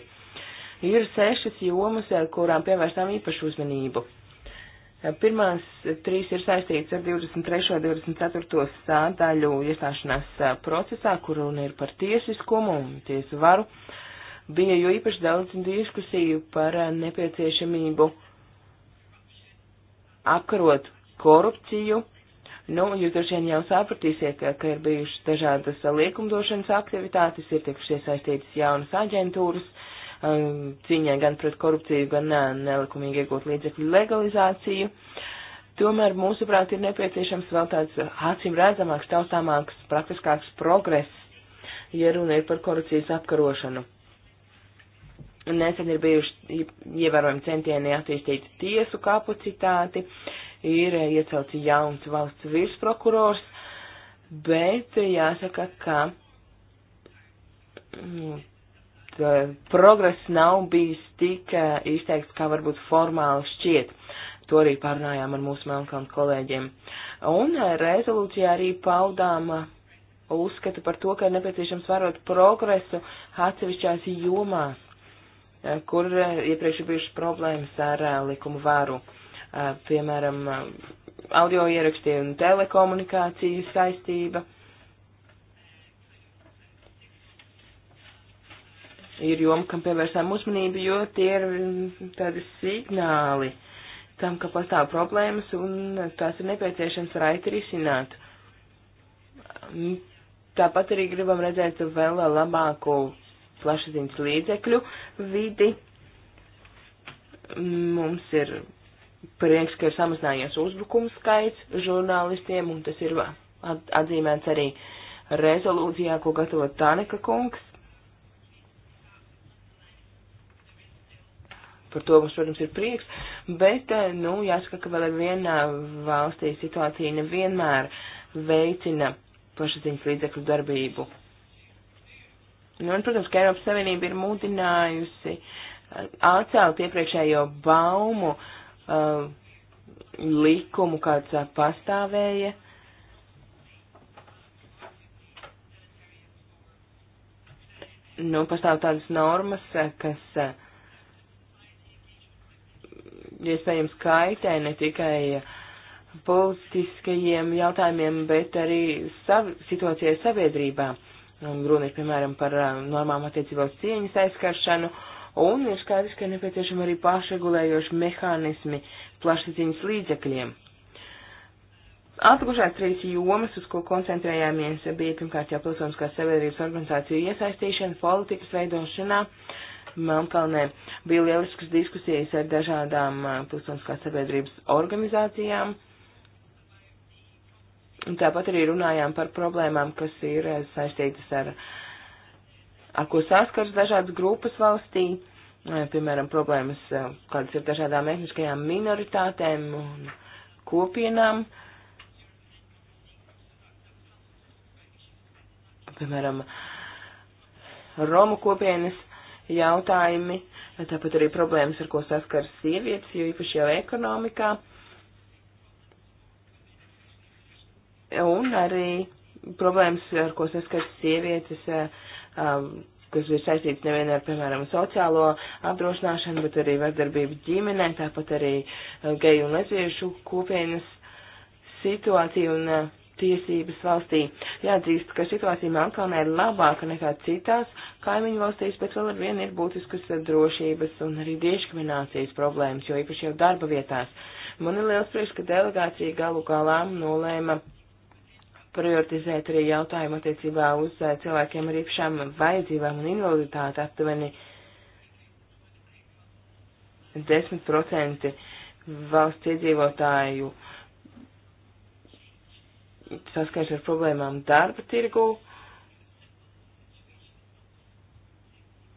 Ir sešas jomas, kurām pievērstām īpašu uzmanību. Pirmās trīs ir saistītas ar 23. un 24. sādaļu iestāšanās procesā, kur runa ir par tiesiskumu un tiesu varu. Bija jo īpaši daudz diskusiju par nepieciešamību apkarot korupciju. Nu, jūs droši vien jau sapratīsiet, ka, ka ir bijušas dažādas likumdošanas aktivitātes, ir tikušas iesaistītas jaunas aģentūras, uh, Um, cīņai gan pret korupciju, gan uh, nelikumīgi iegūt līdzekļu legalizāciju. Tomēr, mūsuprāt, ir nepieciešams vēl tāds acīm redzamāks, taustāmāks, praktiskāks progress, ja runa ir par korupcijas apkarošanu. Nesen ir bijuši ievērojami centieni attīstīt tiesu kapacitāti, ir iecelts jauns valsts virsprokurors, bet jāsaka, ka mm, progress nav bijis tik eh, izteikts, kā varbūt formāli šķiet. To arī pārnājām ar mūsu Melnkalnu kolēģiem. Un eh, rezolūcijā arī paudām eh, uzskatu par to, ka ir nepieciešams vērot progresu atsevišķās jomās, kur iepriekš ir bijušas problēmas ar likumu varu. Piemēram, audio ierakstie un telekomunikāciju saistība ir joma, kam pievērsām uzmanību, jo tie ir mm, tādi signāli tam, ka pastāv problēmas un tās ir nepieciešams raiti risināt. Mm, tāpat arī gribam redzēt vēl labāku plašsaziņas līdzekļu vidi. Mums ir prieks, ka ir samazinājies uzbrukumu skaits žurnālistiem, un tas ir atzīmēts arī rezolūcijā, ko gatavo Taneka kungs. par to mums, protams, ir prieks, bet, eh, nu, jāsaka, ka vēl ar vienā eh, valstī situācija nevienmēr veicina plašsaziņas līdzekļu darbību. Nu, un, protams, ka Eiropas Savienība ir mudinājusi eh, atcelt iepriekšējo baumu uh, likumu, kāds uh, pastāvēja. Nu, pastāv tādas normas, kas uh, iespējams kaitē ne tikai politiskajiem jautājumiem, bet arī sav, situācijai sabiedrībā. Runa ir, piemēram, par normām attiecībā uz cieņas aizskaršanu, un ir skaidrs, ka ir nepieciešami arī pašregulējoši mehānismi plašsaziņas līdzekļiem. Atlikušās trīs jomas, uz ko koncentrējāmies, bija pirmkārt jau pilsoniskās sabiedrības organizāciju iesaistīšana, politikas veidošanā, uh, Melnkalnē bija lieliskas diskusijas ar dažādām pilsoniskās sabiedrības organizācijām. Un tāpat arī runājām par problēmām, kas ir saistītas ar, ar ko saskars dažādas grupas valstī, piemēram, problēmas, kādas ir dažādām etniskajām minoritātēm un kopienām. Piemēram, Romu kopienas jautājumi, tāpat arī problēmas, ar ko saskaras sievietes, jo īpaši jau ekonomikā. Un arī problēmas, ar ko saskaras sievietes, um, kas ir saistīts nevien ar, piemēram, sociālo apdrošināšanu, bet arī vardarbību ģimenē, tāpat arī uh, geju un lesbiešu kopienas situāciju un uh, tiesības valstī. Jāatzīst, ka situācija Melkalnē ir labāka nekā citās kaimiņu valstīs, bet vēl ar vienu ir būtiskas drošības un arī dieškriminācijas problēmas, jo īpaši jau darba vietās. Man ir liels prieks, ka delegācija galu galā nolēma prioritizēt arī jautājumu attiecībā uz eh, cilvēkiem ar īpašām vajadzībām un invaliditāti aptuveni 10% valsts iedzīvotāju uh, saskars ar problēmām darba tirgu.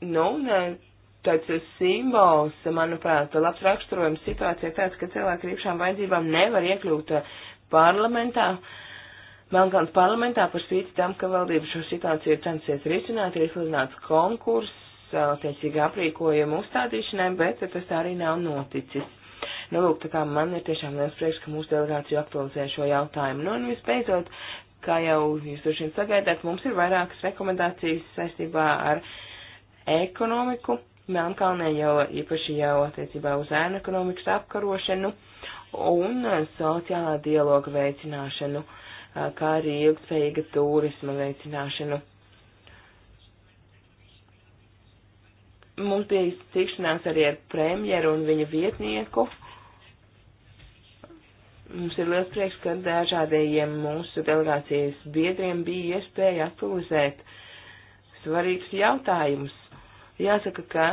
Nu, un e, tāds simbols, manuprāt, labs raksturojums situācijai tāds, ka cilvēki ar īpašām vajadzībām nevar iekļūt e, parlamentā. Melnkalns parlamentā par spīti tam, ka valdība šo situāciju ir censies risināt, ir izsludināts konkurss, e, attiecīgi aprīkojumu uzstādīšanai, bet tas tā arī nav noticis. Nu, lūk, tā kā man ir tiešām liels prieks, ka mūsu delegācija aktualizē šo jautājumu. Nu, un visbeidzot, kā jau jūs droši vien sagaidāt, mums ir vairākas rekomendācijas saistībā ar ekonomiku. Melnkalnē jau īpaši jau attiecībā uz ēnu ekonomikas apkarošanu un sociālā dialoga veicināšanu, kā arī ilgspējīga turisma veicināšanu. Mums bija tikšanās arī ar premjeru un viņa vietnieku. Mums ir liels prieks, ka dažādajiem mūsu delegācijas biedriem bija iespēja aktualizēt svarīgus jautājumus. Jāsaka, ka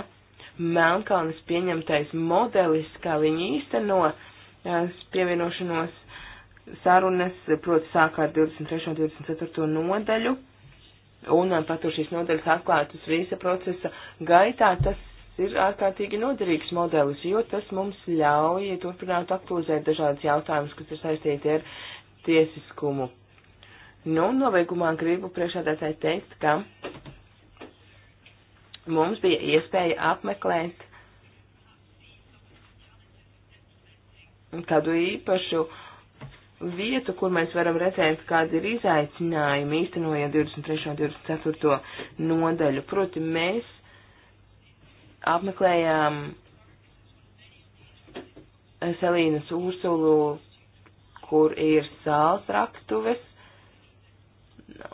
Melnkalnes pieņemtais modelis, kā viņi īsteno eh, pievienošanos sarunas, proti sāk ar 23. un 24. nodaļu un um, patur šīs nodaļas atklātas visa procesa gaitā, tas ir ārkārtīgi noderīgs modelis, jo tas mums ļauj turpināt aktualizēt dažādas jautājumas, kas ir saistīti ar tiesiskumu. Nu, nobeigumā gribu priekšādātāji teikt, ka mums bija iespēja apmeklēt kādu īpašu uh, vietu, kur mēs varam redzēt, kādi ir izaicinājumi īstenojot 23. un 24. nodaļu. Proti, mēs apmeklējām Selīnas Ursulu, kur ir sāls raktuves,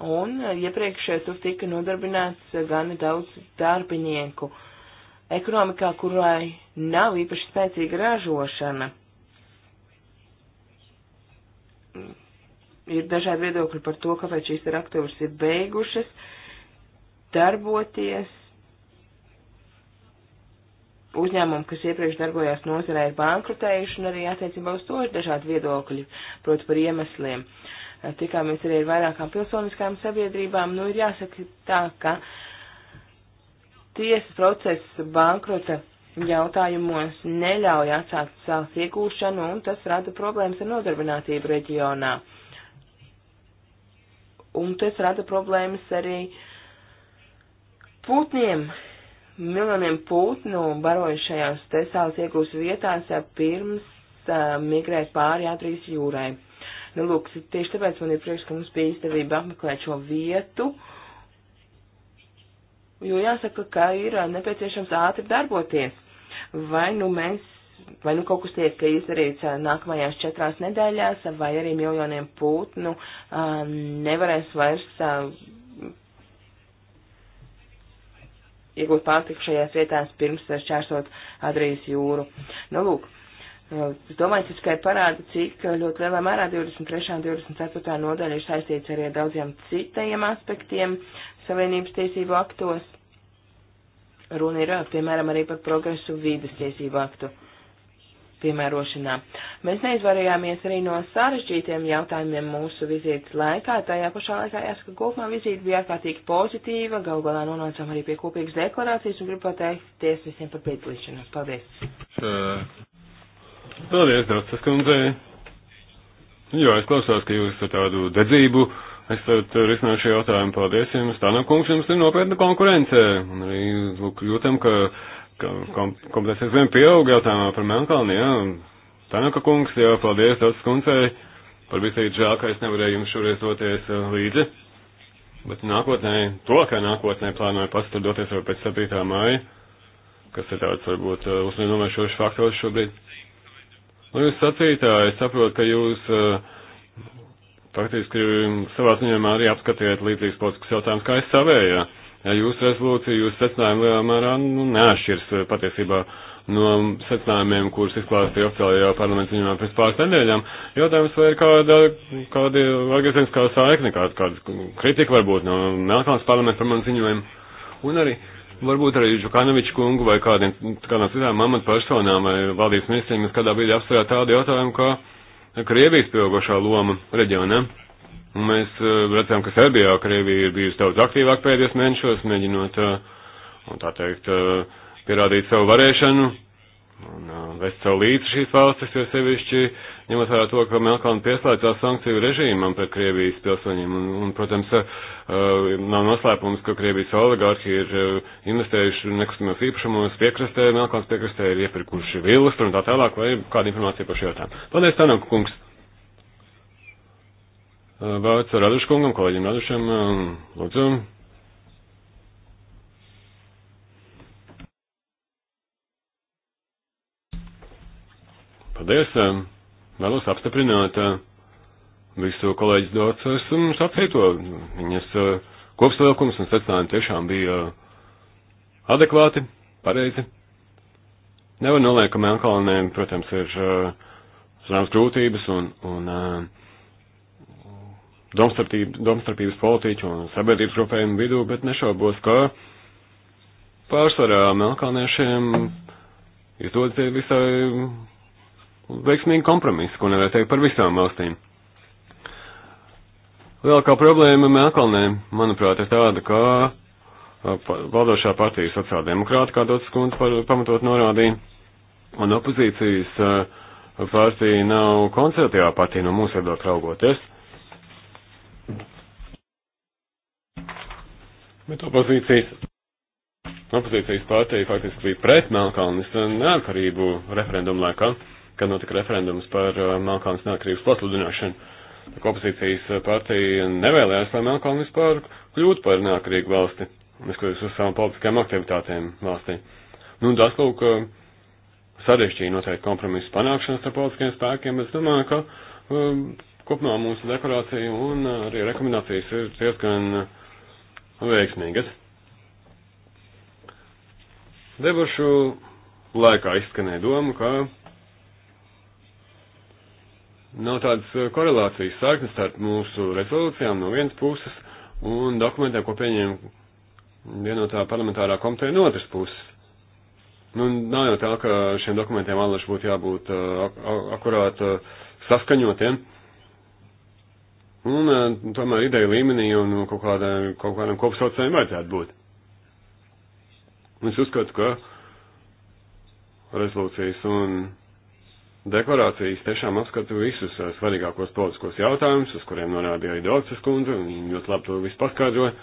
un iepriekš tur tika nodarbināts gana daudz darbinieku ekonomikā, kurai nav īpaši spēcīga ražošana ir dažādi viedokļi par to, kāpēc šīs reaktoras ir beigušas darboties. Uzņēmumi, kas iepriekš darbojās nozarē, ir bankrutējuši, un arī attiecībā uz to ir dažādi viedokļi, proti par iemesliem. Tikāmies arī ar vairākām pilsoniskām sabiedrībām, nu ir jāsaka tā, ka tiesas process bankrota jautājumos neļauj atsākt savas iegūšanu, un tas rada problēmas ar nodarbinātību reģionā un tas rada problēmas arī putniem. Miljoniem putnu barojušajās te sāls iegūs vietās pirms uh, migrē pāri Adrijas jūrai. Nu, lūk, tieši tāpēc man ir prieks, ka mums bija izdevība apmeklēt šo vietu, jo jāsaka, ka ir nepieciešams ātri darboties. Vai nu mēs vai nu kaut kas tiek izdarīts nākamajās četrās nedēļās, vai arī miljoniem putnu nevarēs vairs iegūt pārtiku šajās vietās pirms šķērsot Adrijas jūru. Nu, lūk, es domāju, tas tikai parāda, cik ļoti lielā mērā 23. un 24. nodaļa ir saistīts arī ar daudziem citajiem aspektiem Savienības tiesību aktos. Runa ir, piemēram, arī par progresu vīdas tiesību aktu. Uh, piemērošanā. Mēs neizvarējāmies arī no sarežģītiem jautājumiem mūsu vizītes laikā. Tajā pašā laikā jāsaka, kopumā vizīte bija ārkārtīgi pozitīva. Galu galā nonācām arī pie kopīgas deklarācijas un gribu pateikties visiem par piedalīšanos. Paldies! Paldies, Dārcis Kundzei! Jā, es klausos, ka jūs ar tādu dedzību esat risinājuši jautājumu. Paldies jums! Tā nav kungs, jums ir nopietna konkurence. Un arī lūk, jūtam, ka kom, kompetences vien pieaug jautājumā par Melnkalni, jā. Tanaka kungs, jā, paldies tautas kundzei. Par visai žēl, ka es nevarēju jums šoreiz doties eh, līdzi. Bet nākotnē, to, ka nākotnē plānoju pastur doties jau pēc 7. māja, kas ir tāds varbūt eh, uzmanīgākošs faktors šobrīd. Nu, jūs sacītā, es saprotu, ka jūs uh, faktiski savā ziņā arī apskatiet līdzīgas politiskas jautājumas, kā es savējā. Ja. Jūsu rezolūcija, jūsu secinājumi lielā mērā nu, neatšķirs eh, patiesībā no secinājumiem, kurus izklāstīja oficiālajā parlamenta ziņojumā pirms pāris nedēļām. Jautājums, vai ir kāda, kāda agresiskā saikne, kāda, kāda kritika varbūt no nākamās parlamenta par manu ziņojumu. Un arī varbūt arī Žukanoviču kungu vai kādiem, kādām citām amatpersonām vai valdības ministriem, kas kādā brīdī apsvērā tādu jautājumu, kā Krievijas pieaugošā loma reģionā. Ne? Un mēs eh, redzam, ka Serbijā Krievija ir bijusi daudz aktīvāk pēdējos mēnešos, mēģinot, eh, un tā teikt, eh, pierādīt savu varēšanu un vest savu līdzi šīs valstis, jo sevišķi ņemot vērā to, ka Melkalna pieslēdzās sankciju režīmam pret Krievijas pilsoņiem. Un, un protams, nav noslēpums, ka Krievijas oligārhi ir investējuši nekustamos īpašumos piekrastē, Melkalns piekrastē ir iepirkuši vilas un tā tālāk, vai kāda informācija par šo jautājumu. Paldies, Tanaka kungs! Vārds Raduškungam, kolēģim Radušam, um, lūdzu. Paldies. Um, vēlos apstiprināt uh, visu kolēģis Dārcis un sacīto. Viņas uh, kopsavilkums un secinājumi tiešām bija uh, adekvāti, pareizi. Nevar noliekt, ka Melnkalnē, protams, ir zināmas grūtības un, un uh, domstarpības politiķu un sabiedrības grupējumu vidū, bet nešaubos, ka pārsvarā melkāniešiem izdodas visai veiksmīgi kompromisi, ko nevar teikt par visām valstīm. Lielākā problēma Melkalnē, manuprāt, ir tāda, ka uh, valdošā partija sociāldemokrāta, kā dots kundze pamatot norādīja, un opozīcijas uh, partija nav koncertajā partija no mūsu iedot raugoties. Bet opozīcijas, opozīcijas pārteja faktiski bija pret Melkalnis neatkarību referendumu laikā, kad notika referendums par uh, Melkalnis neatkarības pasludināšanu. Opozīcijas partija nevēlējās, lai Melkalnis par kļūtu par neatkarīgu valsti, neskatoties uz savām politiskajām aktivitātēm valstī. Nu, tas lūk, uh, sarežģīja noteikti kompromisu panākšanas ar politiskiem spēkiem, bet es domāju, ka um, kopumā mūsu deklarācija un uh, arī rekomendācijas ir diezgan uh, veiksmīgas. Debašu laikā izskanēja doma, ka nav tādas eh, korelācijas saiknes starp mūsu rezolūcijām no vienas puses un dokumentiem, ko pieņem vienotā parlamentārā komiteja no otras puses. Nu, nav jau tā, ka šiem dokumentiem allaž būtu jābūt uh, akurāt uh, saskaņotiem. Ja? Nu, un eh, tomēr ideja līmenī un kaut, kādā, kaut kādam kopsaucējiem vajadzētu būt. Es uzskatu, ka rezolūcijas un deklarācijas tiešām apskatu visus eh, svarīgākos politiskos jautājumus, uz kuriem norādīja arī Dārcis Kundze, un viņi ļoti labi to visu paskaidroja.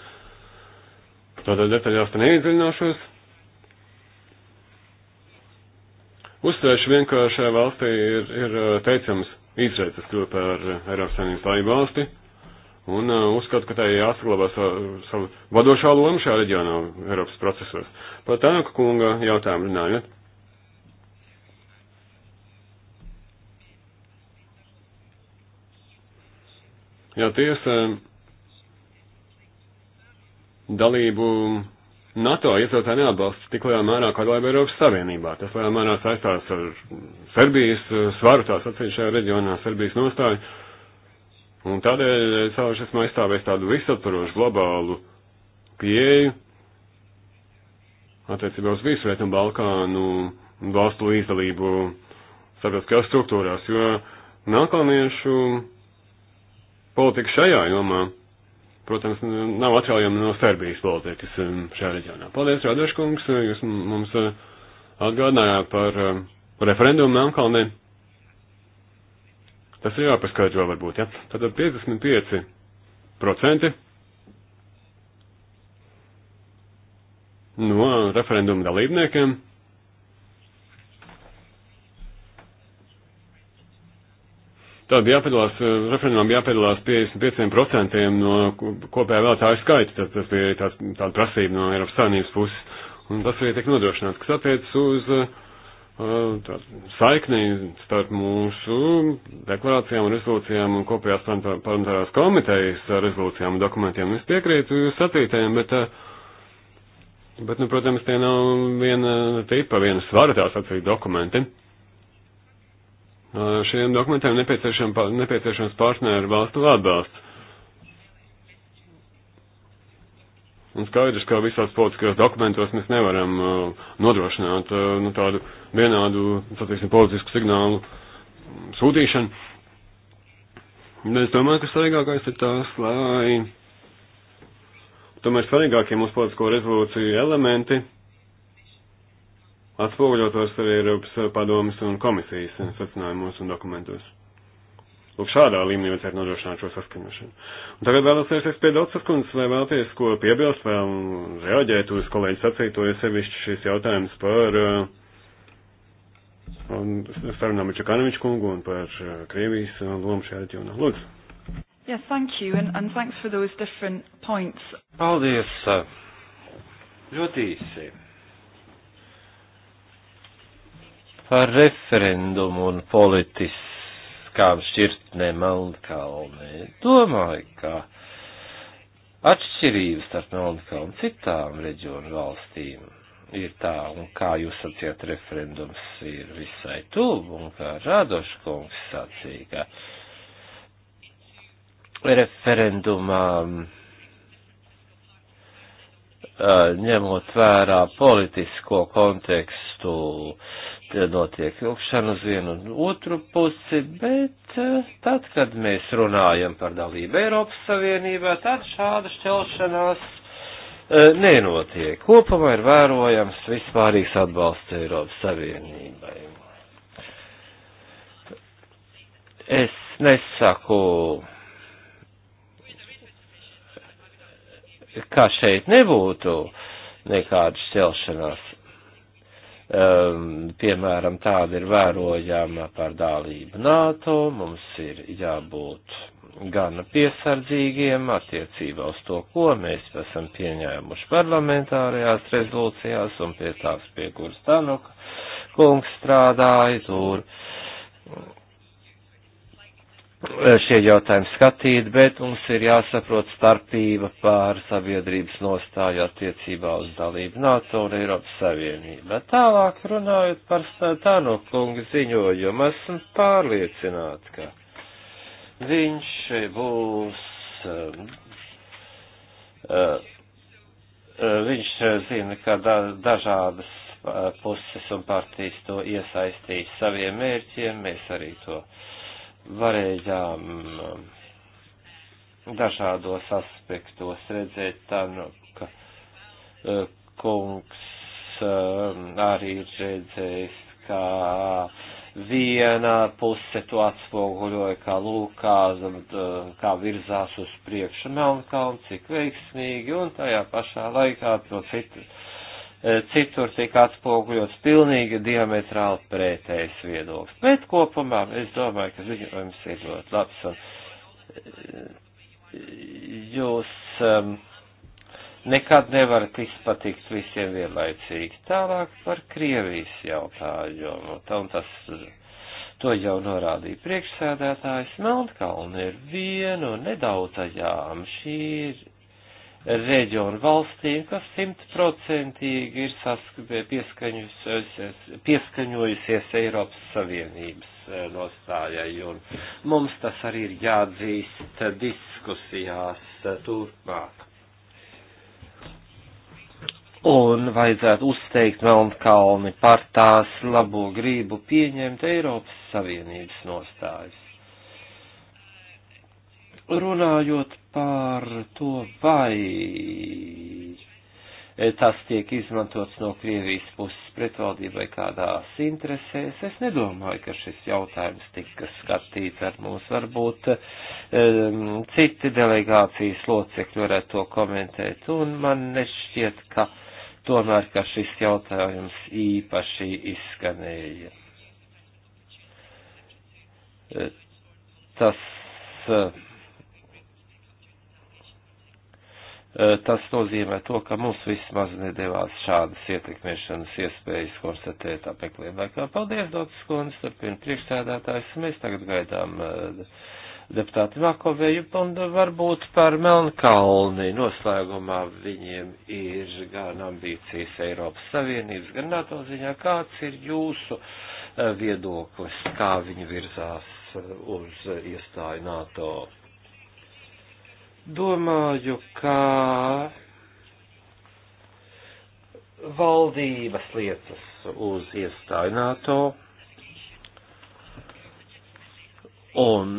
Tātad detaļās te neiedziļināšos. Uzsvēršu vien, ka šajā valstī ir, ir eh, teicams Izraels, kas kļūst par eh, Eiropas Savienības dalību valsti, un uh, uzskatu, ka tā ir jāsaglabā savu, savu vadošā lomu šajā reģionā Eiropas procesos. Par Tanaka kunga jautājumu runājot. Jā, tiesa dalību NATO iedzīvotāji neatbalsta tik lielā mērā, kā laiba Eiropas Savienībā. Tas lielā mērā saistās ar Serbijas eh, svaru tās atsevišķajā reģionā, Serbijas nostāju. Un tādēļ savus esmu aizstāvējis tādu visaptvarošu globālu pieeju attiecībā uz visu Rietumu Balkānu valstu līdzdalību starptautiskajās struktūrās, jo nākamiešu politika šajā jomā protams, nav atļaujama no Serbijas politikas um, šajā reģionā. Paldies, Radoškungs, jūs mums uh, atgādinājāt par um, referendumu Melnkalnē. Tas ir jāpaskaidro varbūt, ja? Tātad 55% no referendumu dalībniekiem Tad jāpiedalās, eh, referendumam jāpiedalās 55% no kopējā vēlētāju skaita, tad tas bija tāds, tāda prasība no Eiropas Savienības puses, un tas arī tiek nodrošināts, kas attiecas uz uh, saikni starp mūsu deklarācijām un rezolūcijām un kopējās parlamentārās komitejas rezolūcijām un dokumentiem. Es piekrītu jūs sacītējiem, bet uh, Bet, nu, protams, tie nav viena tipa, viena svara tā sacīt dokumenti. Šiem dokumentiem nepieciešams, nepieciešams partneru valstu atbalsts. Un skaidrs, ka visās politiskajos dokumentos mēs nevaram uh, nodrošināt uh, nu, tādu vienādu, sacīksim, politisku signālu sūtīšanu. Bet es domāju, ka svarīgākais ir tās, lai tomēr svarīgākie mūsu politisko rezolūciju elementi atspoguļotos arī Eiropas padomas un komisijas secinājumos un dokumentos. Lūk, šādā līmenī vajadzētu nodrošināt šo saskaņošanu. Un tagad vēlos vērsties pie Dotsas kundzes, vai vēlties ko piebilst, vēl reaģēt uz kolēģi sacīto, ja sevišķi šis jautājums par uh, sarunām ar Čakanoviču kungu un par uh, Krievijas uh, lomu šajā reģionā. Lūdzu. Yeah, thank you, and, and thanks for those different points. Paldies. Ļoti īsi par referendumu un politiskām šķirtnēm Melnkalnē. Domāju, ka atšķirības starp Melnkalnu citām reģionu valstīm ir tā, un kā jūs sacījāt, referendums ir visai tuvu, un kā Rādoškungs sacīja, ka referendumā ņemot vērā politisko kontekstu, notiek vilkšana uz vienu un otru pusi, bet eh, tad, kad mēs runājam par dalību Eiropas Savienībā, tad šāda šķelšanās eh, nenotiek. Kopumā ir vērojams vispārīgs atbalsts Eiropas Savienībai. Es nesaku, ka šeit nebūtu nekāda šķelšanās um, piemēram, tāda ir vērojama par dālību NATO, mums ir jābūt gan piesardzīgiem attiecībā uz to, ko mēs esam pieņēmuši parlamentārajās rezolūcijās un pie tās, pie kuras Tanuka kungs strādāja tur. Eh, šie jautājumi skatīt, bet mums ir jāsaprot starpība pār sabiedrības nostāju attiecībā uz dalību NATO un Eiropas Savienībā. Tālāk runājot par Tāno kungu ziņojumu, esmu pārliecināts, ka viņš būs. Eh, eh, viņš zina, ka dažādas puses un partijas to iesaistīs saviem mērķiem, mēs arī to uh, varējām mm, dažādos aspektos redzēt Tanuka e, kungs e, arī redzējis, kā viena puse to atspoguļoja, kā lūkā, e, kā virzās uz priekšu Melnkalnu, cik veiksmīgi, un tajā pašā laikā no citas Eh, citur tika atspoguļots pilnīgi diametrāli pretējs viedoklis. Bet kopumā es domāju, ka ziņojums ir ļoti labs un eh, jūs um, nekad nevarat izpatikt visiem vienlaicīgi. Tālāk par Krievijas jautājumu. Tā un tas, to jau norādīja priekšsēdētājs. Melnkalna ir viena no nedaudzajām. Šī ir reģionu valstīm, kas simtprocentīgi ir pieskaņojusies Eiropas Savienības eh, nostājai, un mums tas arī ir jāatzīst diskusijās eh, turpmāk. Un vajadzētu uzteikt Melnkalni par tās labo grību pieņemt Eiropas Savienības nostājas runājot par to, vai tas tiek izmantots no Krievijas puses pretvaldībai kādās interesēs. Es nedomāju, ka šis jautājums tika skatīts ar mums. Varbūt um, citi delegācijas locekļi varētu to komentēt, un man nešķiet, ka tomēr, ka šis jautājums īpaši izskanēja. Eh, tas uh, Eh, tas nozīmē to, ka mums vismaz nedēvās šādas ietekmēšanas iespējas konstatēt apmeklējuma laikā. Paldies, Dotas Kundze, turpina priekšsēdētājs. Mēs tagad gaidām eh, deputāti Makovēju un varbūt par Melnkalni. Noslēgumā viņiem ir gan ambīcijas Eiropas Savienības, gan NATO ziņā. Kāds ir jūsu eh, viedoklis, kā viņi virzās uz iestāju NATO? Domāju, ka valdības liecas uz iestāju NATO un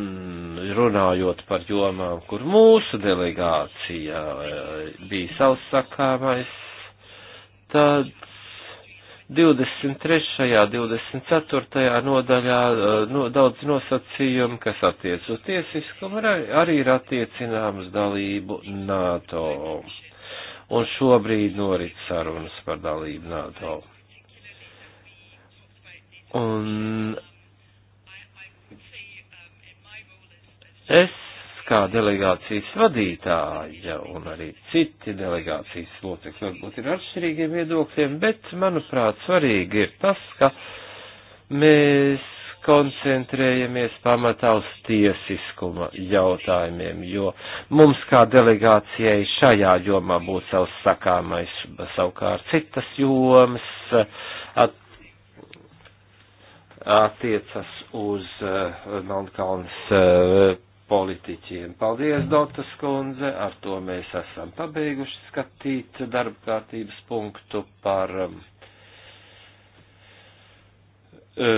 runājot par jomām, kur mūsu delegācija eh, bija savs sakāmais, tad 23. 24. nodaļā eh, no, daudz nosacījumu, kas attiec uz tiesiskumu, arī, arī ir attiecināms dalību NATO. Un šobrīd norit sarunas par dalību NATO. Un es kā delegācijas vadītāja un arī citi delegācijas locekļi varbūt ir atšķirīgiem viedokļiem, bet, manuprāt, svarīgi ir tas, ka mēs koncentrējamies pamatā uz tiesiskuma jautājumiem, jo mums kā delegācijai šajā jomā būtu savs sakāmais, savukārt citas jomas at, attiecas uz uh, Melnkalnes uh, politiķiem. Paldies, Dotas kundze, ar to mēs esam pabeiguši skatīt darba kārtības punktu par um, e,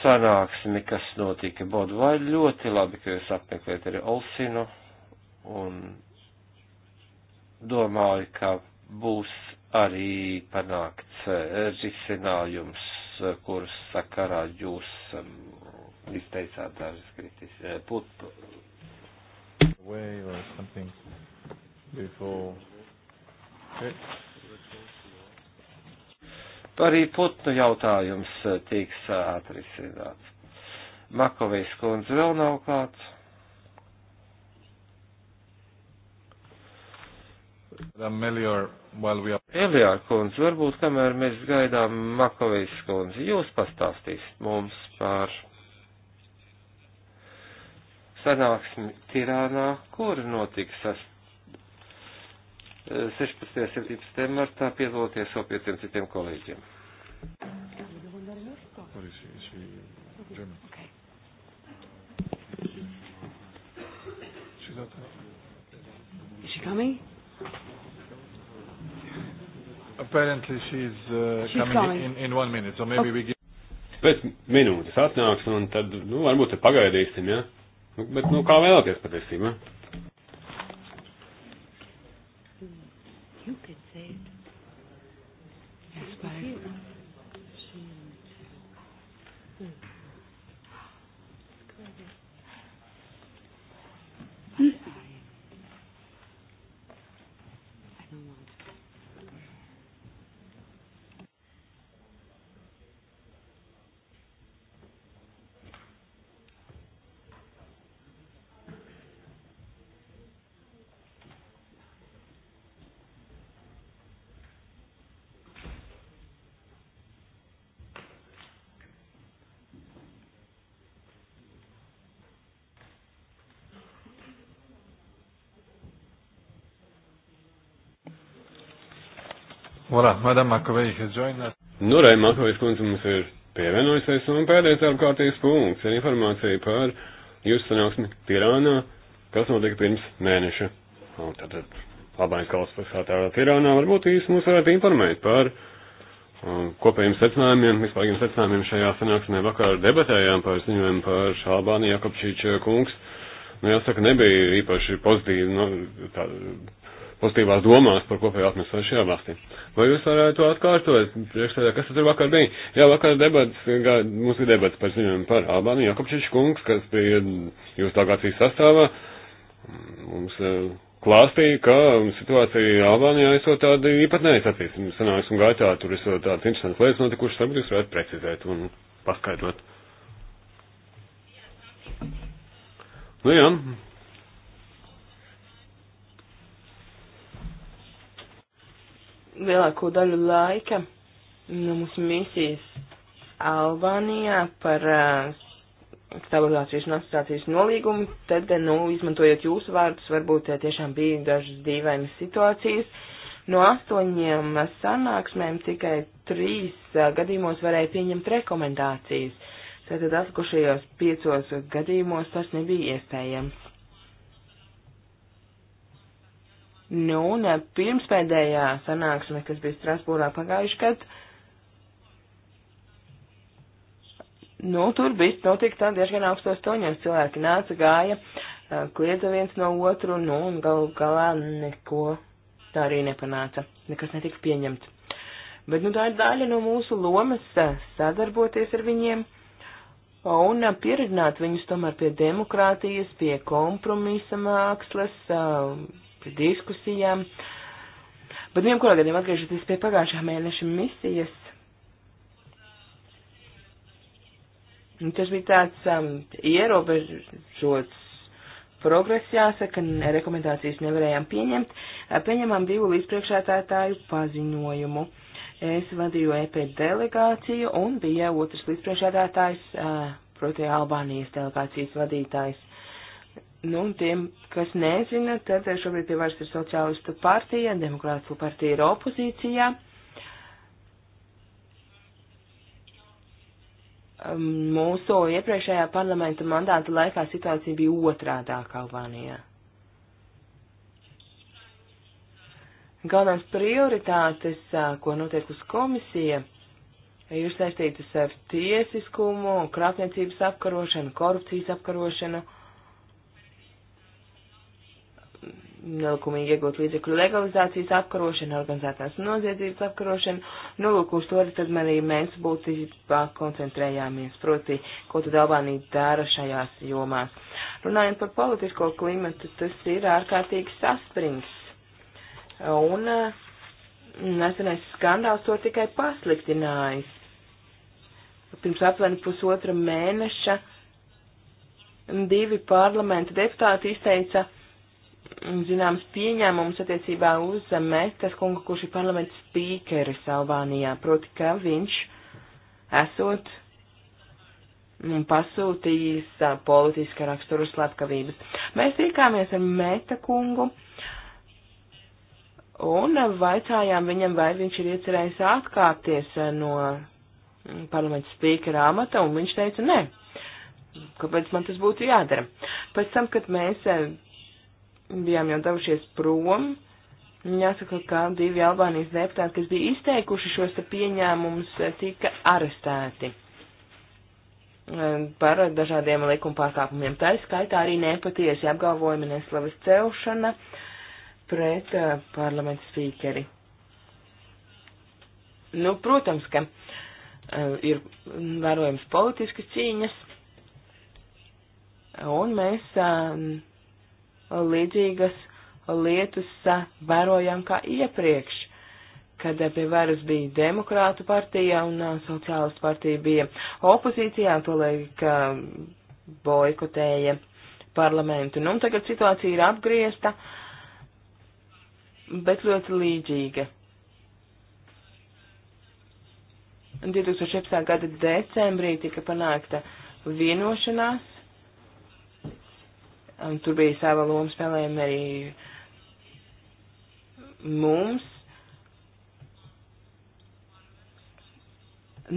sanāksmi, kas notika Bodvai. Ļoti labi, ka jūs apmeklējat arī Olsinu un domāju, ka būs arī panākts e, risinājums, e, kuras sakarā jūs um, izteicāt dažas kritis, put, away or something before. Okay. Arī putnu jautājums eh, tiks eh, atrisināts. Makovejs kundze vēl nav klāts. Eliār kundze, varbūt kamēr mēs gaidām Makovejs kundzi, jūs pastāstīsiet mums par sanāksmi Tirānā, kur notiks 16. un 17. martā piedaloties vēl pieciem citiem kolēģiem. Is she coming? Apparently she's, uh, she's coming, coming. In, in one minute, so maybe okay. we oh. give... Pēc minūtes atnāks un tad, nu, varbūt te pagaidīsim, ja? Nu, bet, nu, kā vēlaties patiesībā? Voilà, Madame Makavei has joined us. Nu, Rai Makavei skundze mums ir pievienojusies un pēdējais darba kārtības punkts ir informācija par jūsu sanāksmi Tirānā, kas notika pirms mēneša. Un nu, tad labais kalspasātā Tirānā varbūt īsti mūs varētu informēt par um, kopējiem secinājumiem, vispārīgiem secinājumiem šajā sanāksmē vakar debatējām par ziņojumu par Šābāni Jakobčīča kungs. Nu, jāsaka, nebija īpaši pozitīvi, nu, tā, pozitīvās domās par kopēju atmosfēru šajā valstī. Vai jūs varētu atkārtot priekšstādā, kas tur vakar bija? Jā, vakar debats, mums bija debats par ziņojumu par Albāniju Jakobčiču kungs, kas bija jūsu delegācijas sastāvā. Mums e, klāstīja, ka situācija Albānijā esot tāda īpatnēja, sacīsim, sanāksim gaitā, tur esot tādas interesantas lietas notikušas, varbūt jūs varētu precizēt un paskaidrot. Nu jā, lielāko daļu laika no mūsu misijas Albānijā par uh, stabilizācijas un asociācijas nolīgumu, tad, uh, nu, izmantojot jūsu vārdus, varbūt uh, tiešām bija dažas dīvainas situācijas. No astoņiem sanāksmēm tikai trīs uh, gadījumos varēja pieņemt rekomendācijas. Tātad atlikušajos piecos gadījumos tas nebija iespējams. Nu, un eh, pirmspēdējā sanāksme, kas bija Strasbūrā pagājuši gadu, nu, tur viss notika tā diezgan augstos toņos. Cilvēki nāca, gāja, eh, kliedza viens no otru, nu, un gal galā neko tā arī nepanāca. Nekas netika pieņemts. Bet nu, tā ir daļa no mūsu lomas eh, sadarboties ar viņiem un pieredzināt viņus tomēr pie demokrātijas, pie kompromisa mākslas, pie diskusijām. Bet vienkurā gadījumā atgriežoties pie pagājušā mēneša misijas, tas bija tāds um, ierobežots progress, jāsaka, rekomendācijas nevarējām pieņemt. Uh, Pieņemām divu līdzpriekšētātāju paziņojumu. Es vadīju EP delegāciju un bija otrs līdzpriekšētātājs, uh, proti Albānijas delegācijas vadītājs. Nu, un tiem, kas nezina, tad šobrīd pie varas ir sociālistu partija, demokrātu partija ir opozīcijā. Um, mūsu iepriekšējā parlamenta mandāta laikā situācija bija otrādāk Albānijā. Galvenās prioritātes, ko noteikusi komisija, ir saistītas ar tiesiskumu, krāpniecības apkarošanu, korupcijas apkarošanu. nelikumīgi iegūt līdzekļu legalizācijas apkarošana, organizētās noziedzības apkarošana. Nolūk, nu, uz to tad arī mēs būtībā koncentrējāmies, proti, ko tad Albānija dara šajās jomās. Runājot par politisko klimatu, tas ir ārkārtīgi saspringts. Un eh, nesenais skandāls to tikai pasliktinājis. Pirms apmēram pusotra mēneša divi parlamenta deputāti izteica zināms pieņēmums attiecībā uz Metas kungu, kurš ir parlaments spīkeris Albānijā, proti, ka viņš esot pasūtījis politiska rakstura slepkavības. Mēs tikāmies ar Meta kungu un vaicājām viņam, vai viņš ir iecerējis atkāpties no parlamenta spīkera amata, un viņš teica, nē, kāpēc man tas būtu jādara. Pēc tam, kad mēs bijām jau devušies prom. Jāsaka, ka divi Albānijas deputāti, kas bija izteikuši šos pieņēmumus, tika arestēti e, par dažādiem likuma pārkāpumiem. Tā ir skaitā arī nepatiesi apgalvojumi neslavas celšana pret uh, e, parlamentu spīkeri. Nu, protams, ka uh, ir vērojams politiskas cīņas, un mēs uh, līdzīgas lietas vērojām kā iepriekš, kad eh, pie varas bija demokrātu partija un eh, sociālistu partija bija opozīcijā, to laik eh, boikotēja parlamentu. Nu, tagad situācija ir apgriezta, bet ļoti līdzīga. 2017. gada decembrī tika panākta vienošanās Un tur bija sava loma spēlējuma arī mums.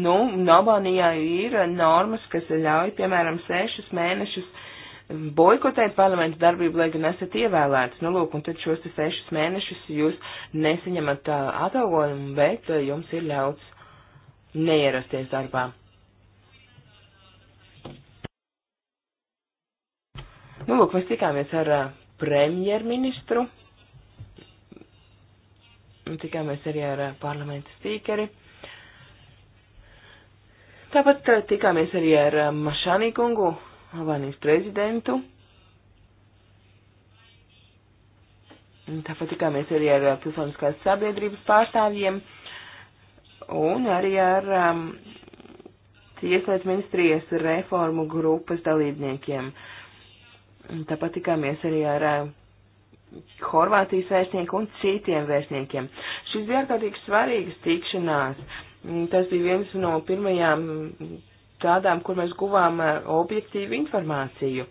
Nu, Albānijā ir normas, kas ļauj, piemēram, sešus mēnešus boikotēt parlamentu darbību, lai gan esat ievēlēts. Nu, lūk, un tad šos te sešus mēnešus jūs nesaņemat uh, atalgojumu, bet uh, jums ir ļauts neierasties darbā. Nu, lūk, mēs tikāmies ar premjerministru, tikāmies arī ar parlamentu spīkeri. Tāpat tikāmies arī ar Mašanī kungu, Albānijas prezidentu. Tāpat tikāmies arī ar pilsoniskās sabiedrības pārstāvjiem un arī ar um, tieslietu ministrijas reformu grupas dalībniekiem. Uh, Tāpat tikāmies arī ar eh, Horvātijas vēstnieku un citiem vēstniekiem. Šis bija ārkārtīgi svarīgas tikšanās. Mm, tas bija viens no pirmajām mm, tādām, kur mēs guvām eh, objektīvu informāciju.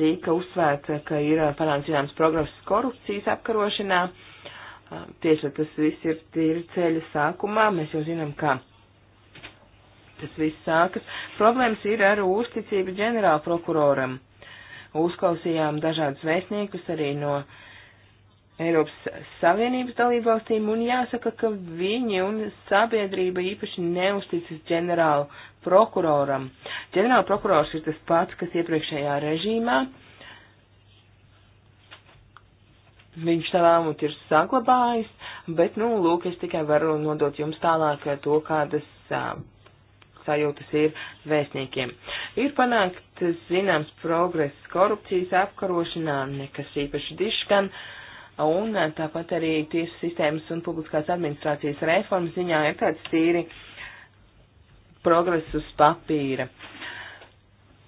Tika uzsvērts, eh, ka ir panāks zināms progress korupcijas apkarošanā. Ah, tieši tas viss ir tīri ceļa sākumā. Mēs jau zinām, kā tas viss sākas. Problēmas ir ar uzticību ģenerālprokuroram. prokuroram Uzklausījām dažādus vēstniekus arī no Eiropas Savienības dalībvalstīm, un jāsaka, ka viņi un sabiedrība īpaši neusticas ģenerālu prokuroram. Ģenerāla prokurors ir tas pats, kas iepriekšējā režīmā. Viņš savā mut ir saglabājis, bet, nu, lūk, es tikai varu nodot jums tālāk to, kādas sajūtas ir vēstniekiem. Ir panākt Eh, zināms progress korupcijas apkarošanā, nekas īpaši diškan, un eh, tāpat arī tiesu sistēmas un publiskās administrācijas reformas ziņā ir tāds tīri progress uz papīra.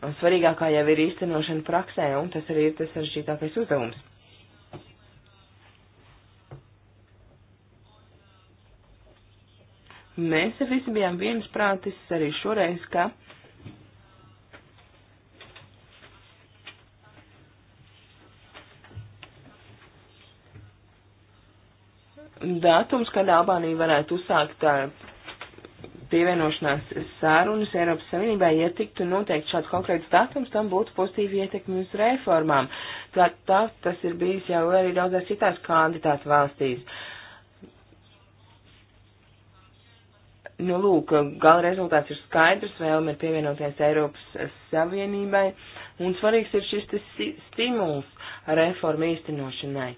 Un svarīgākā jau ir īstenošana praksē, un tas arī ir tas sarežģītākais uzdevums. Mēs visi bijām viensprātis arī šoreiz, ka datums, kad Albānija varētu uzsākt pievienošanās sārunas Eiropas Savienībai, ja tiktu noteikti šāds konkrēts datums, tam būtu pozitīva ietekme uz reformām. Tā, tā tas ir bijis jau arī daudzās citās kandidātu valstīs. Nu, lūk, gala rezultāts ir skaidrs, vēlme ir pievienoties Eiropas Savienībai, un svarīgs ir šis stimuls reformu īstenošanai.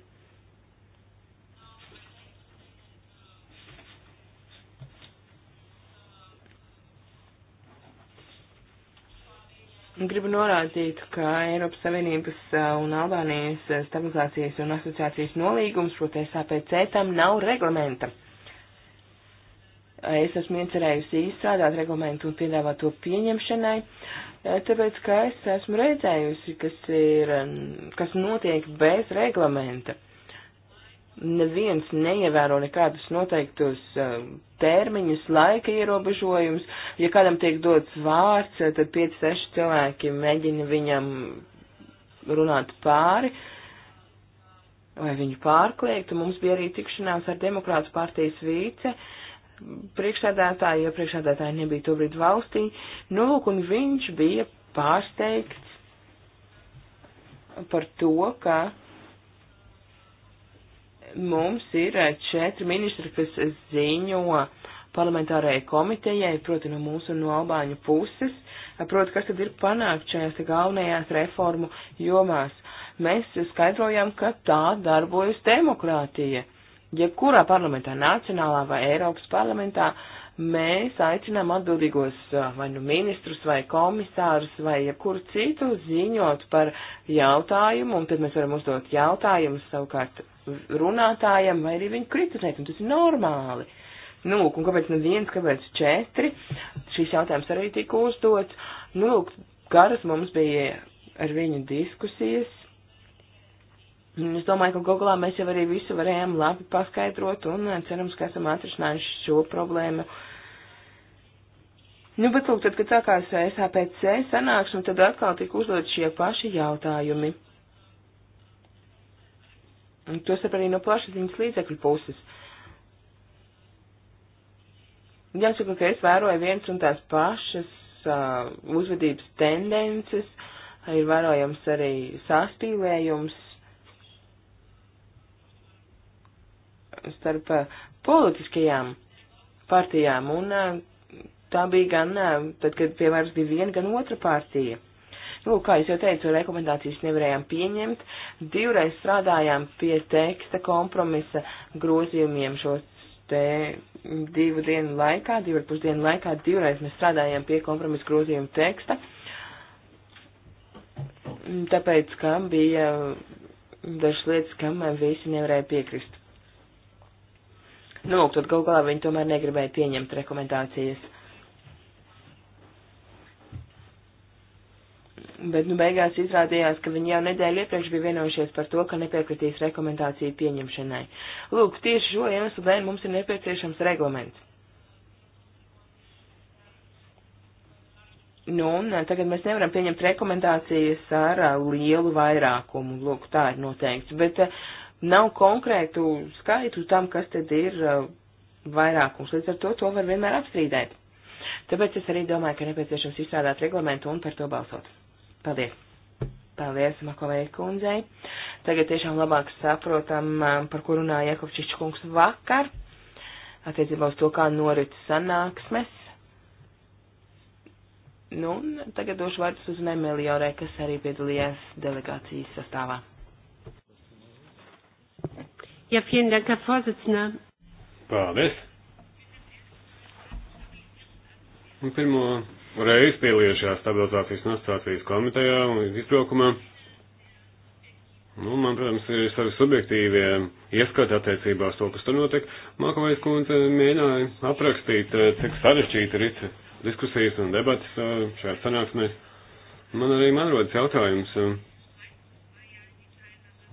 Gribu norādīt, ka Eiropas Savienības uh, un Albānijas uh, stabilizācijas un asociācijas nolīgums, proti SAPC, tam nav reglamenta. Uh, es esmu iecerējusi izstrādāt reglamentu un piedāvāt to pieņemšanai, tāpēc, ka es esmu redzējusi, kas ir, um, kas notiek bez reglamenta neviens neievēro nekādus noteiktus eh, termiņus, laika ierobežojumus. Ja kādam tiek dots vārds, eh, tad 5-6 cilvēki mēģina viņam runāt pāri vai viņu pārkliegt. Mums bija arī tikšanās ar Demokrātu partijas vīce priekšsēdētāju, jo priekšsēdētāji nebija tobrīd valstī. Nolūk, nu, un viņš bija pārsteigts par to, ka mums ir eh, četri ministri, kas ziņo parlamentārajai komitejai, proti no mūsu un no Albāņu puses, eh, proti, kas tad ir panākt šajās galvenajās reformu jomās. Mēs skaidrojam, ka tā darbojas demokrātija. Jebkurā ja parlamentā, nacionālā vai Eiropas parlamentā, mēs aicinām atbildīgos eh, vai nu ministrus vai komisārus vai jebkuru citu ziņot par jautājumu, un tad mēs varam uzdot jautājumus savukārt runātājam, vai arī viņu kritizēt, un tas ir normāli. Nu, lūk, un kāpēc ne viens, kāpēc četri? Šīs jautājums arī tika uzdots. Nu, lūk, garas mums bija ar viņu diskusijas. Un es domāju, ka Googlā mēs jau arī visu varējām labi paskaidrot un eh, cerams, ka esam atrisinājuši šo problēmu. Nu, bet lūk, tad, kad sākās SAPC sanāksme, tad atkal tika uzdot šie paši jautājumi. Un tos arī no plašsaziņas līdzekļu puses. Jāsaka, ka es vēroju viens un tās pašas uh, uzvedības tendences, ir vērojams arī sāspīlējums starp uh, politiskajām partijām, un uh, tā bija gan, uh, tad, kad piemērs bija viena, gan otra partija. Nu, kā jau teicu, rekomendācijas nevarējām pieņemt. Divreiz strādājām pie teksta kompromisa grozījumiem šos te divu dienu laikā, divu ar pus dienu laikā, divreiz mēs strādājām pie kompromisa grozījuma teksta. Tāpēc, ka bija dažas lietas, kam visi nevarēja piekrist. Nu, tad gal galā viņi tomēr negribēja pieņemt rekomendācijas. Bet, nu, beigās izrādījās, ka viņi jau nedēļu iepriekš bija vienojušies par to, ka nepiekritīs rekomendāciju pieņemšanai. Lūk, tieši šo iemeslu dēļ mums ir nepieciešams reglaments. Nu, un eh, tagad mēs nevaram pieņemt rekomendācijas ar eh, lielu vairākumu, lūk, tā ir noteikts, bet eh, nav konkrētu skaitu tam, kas tad ir vairākums, līdz ar to to var vienmēr apstrīdēt. Tāpēc es arī domāju, ka nepieciešams izstrādāt reglamentu un par to balsot. Paldies! Paldies, Makovei kundzei. Tagad tiešām labāk saprotam, par ko runāja Jakovčiča kungs vakar, attiecībā uz to, kā norit sanāksmes. Nu, un tagad došu vārdus uz Nemeliorai, kas arī piedalījās delegācijas sastāvā. Ja, vielen Dank, Herr Vorsitzender. Paldies. Un pirmo reiz pieliežās stabilizācijas un asociācijas komitejā un izbraukumā. Nu, man, protams, ir savi subjektīvie ieskati attiecībā uz to, kas tur notiek. Mākamais kundze mēģināja aprakstīt, eh, cik sarežģīti ir diskusijas un debatas eh, šajā sanāksmē. Man arī man rodas jautājums eh,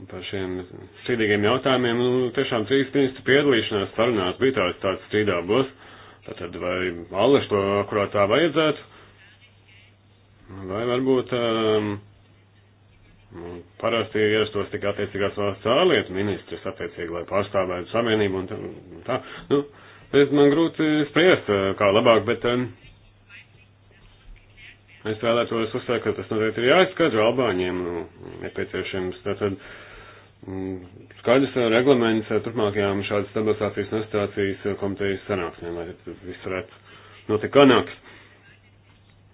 par šiem strīdīgiem jautājumiem. Nu, tiešām trīs ministru piedalīšanās sarunās bija tāds, tāds strīdābos. Uh, Tātad vai allaž to akurātā vajadzētu, vai varbūt um, nu, parasti ierastos tikai attiecīgās valsts ārlietu ministrs attiecīgi, lai pārstāvētu savienību un tā. Un tā. Nu, es man grūti spriest, uh, kā labāk, bet um, es vēlētos uzsvērt, ka tas noteikti ir jāizskatra Albāņiem, nu, nepieciešams. Tātad, uh, skaidrs reglaments eh, turpmākajām šādas stabilizācijas un asociācijas eh, komitejas sanāksmēm, lai viss varētu notikt ganāks.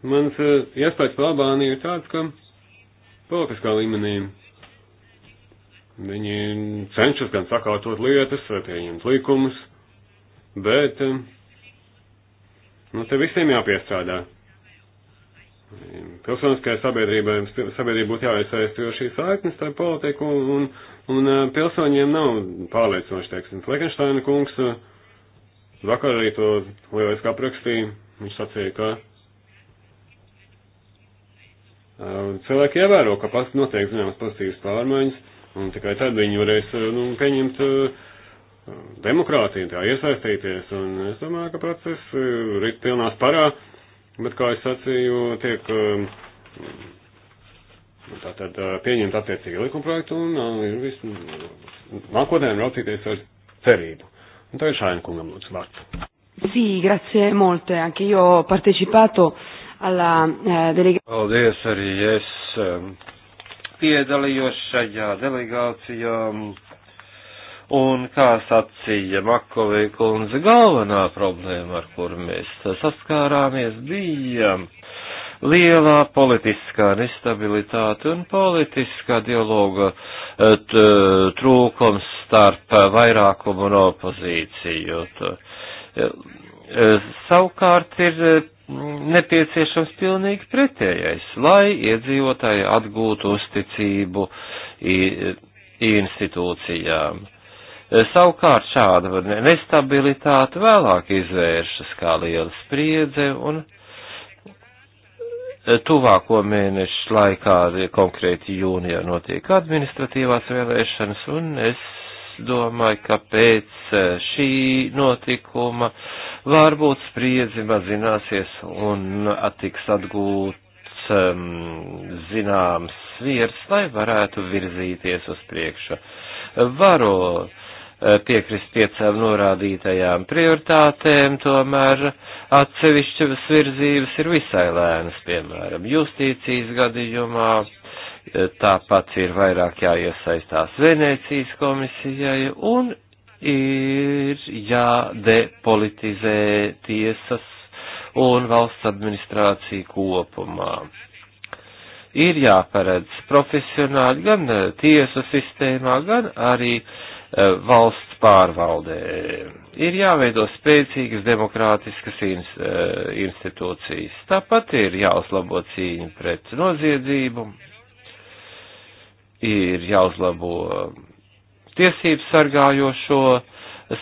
Mans eh, iespējas par Albāniju ir tāds, ka politiskā līmenī viņi cenšas gan sakārtot lietas, vai pieņemt likumus, bet, nu, te visiem jāpiestrādā pilsoniskajai sabiedrībai, sabiedrībai būtu jāiesaist, jo šī saiknes starp politiku un, un, un uh, pilsoņiem nav pārliecinoši, teiksim. Fleckensteina kungs uh, vakar arī to lieliski aprakstīja, viņš sacīja, ka uh, cilvēki ievēro, ka pats notiek zināmas pozitīvas pārmaiņas, un tikai tad viņi varēs, uh, nu, pieņemt uh, demokrātiju, tā iesaistīties, un es domāju, ka process uh, rit pilnās parā, Bet, kā es sacīju, tiek um, tātad uh, pieņemt attiecīgi likumprojektu un uh, ir visu nu, nākotnē raucīties ar cerību. Un tā ir Šāina kungam lūdzu vārds. Sì, grazie molte. Anche io ho partecipato alla eh, delegazione. Paldies arī es um, piedalījos šajā delegācijā. Um, Un, kā sacīja Makovī kundze, galvenā problēma, ar kuru mēs saskārāmies, bija lielā politiskā nestabilitāte un politiskā dialoga e, trūkums starp vairākumu un opozīciju. E, e, savukārt ir nepieciešams pilnīgi pretējais, lai iedzīvotāji atgūtu uzticību institūcijām. E, savukārt šāda nestabilitāte vēlāk izvēršas kā liela spriedze un e, tuvāko mēnešu laikā, konkrēti jūnijā, notiek administratīvās vēlēšanas, un es domāju, ka pēc e, šī notikuma varbūt spriedzi mazināsies un attiks atgūts um, zināms sviers, lai varētu virzīties uz priekšu. Varo Eh, piekrist piecām norādītajām prioritātēm, tomēr atsevišķas virzības ir visai lēnas, piemēram, justīcijas gadījumā, eh, tāpat ir vairāk jāiesaistās Venēcijas komisijai un ir jādepolitizē tiesas un valsts administrācija kopumā ir jāparedz profesionāli gan eh, tiesu sistēmā, gan arī Eh, valsts pārvaldē. Ir jāveido spēcīgas demokrātiskas eh, institūcijas. Tāpat ir jāuzlabo cīņa pret noziedzību, ir jāuzlabo tiesību sargājošo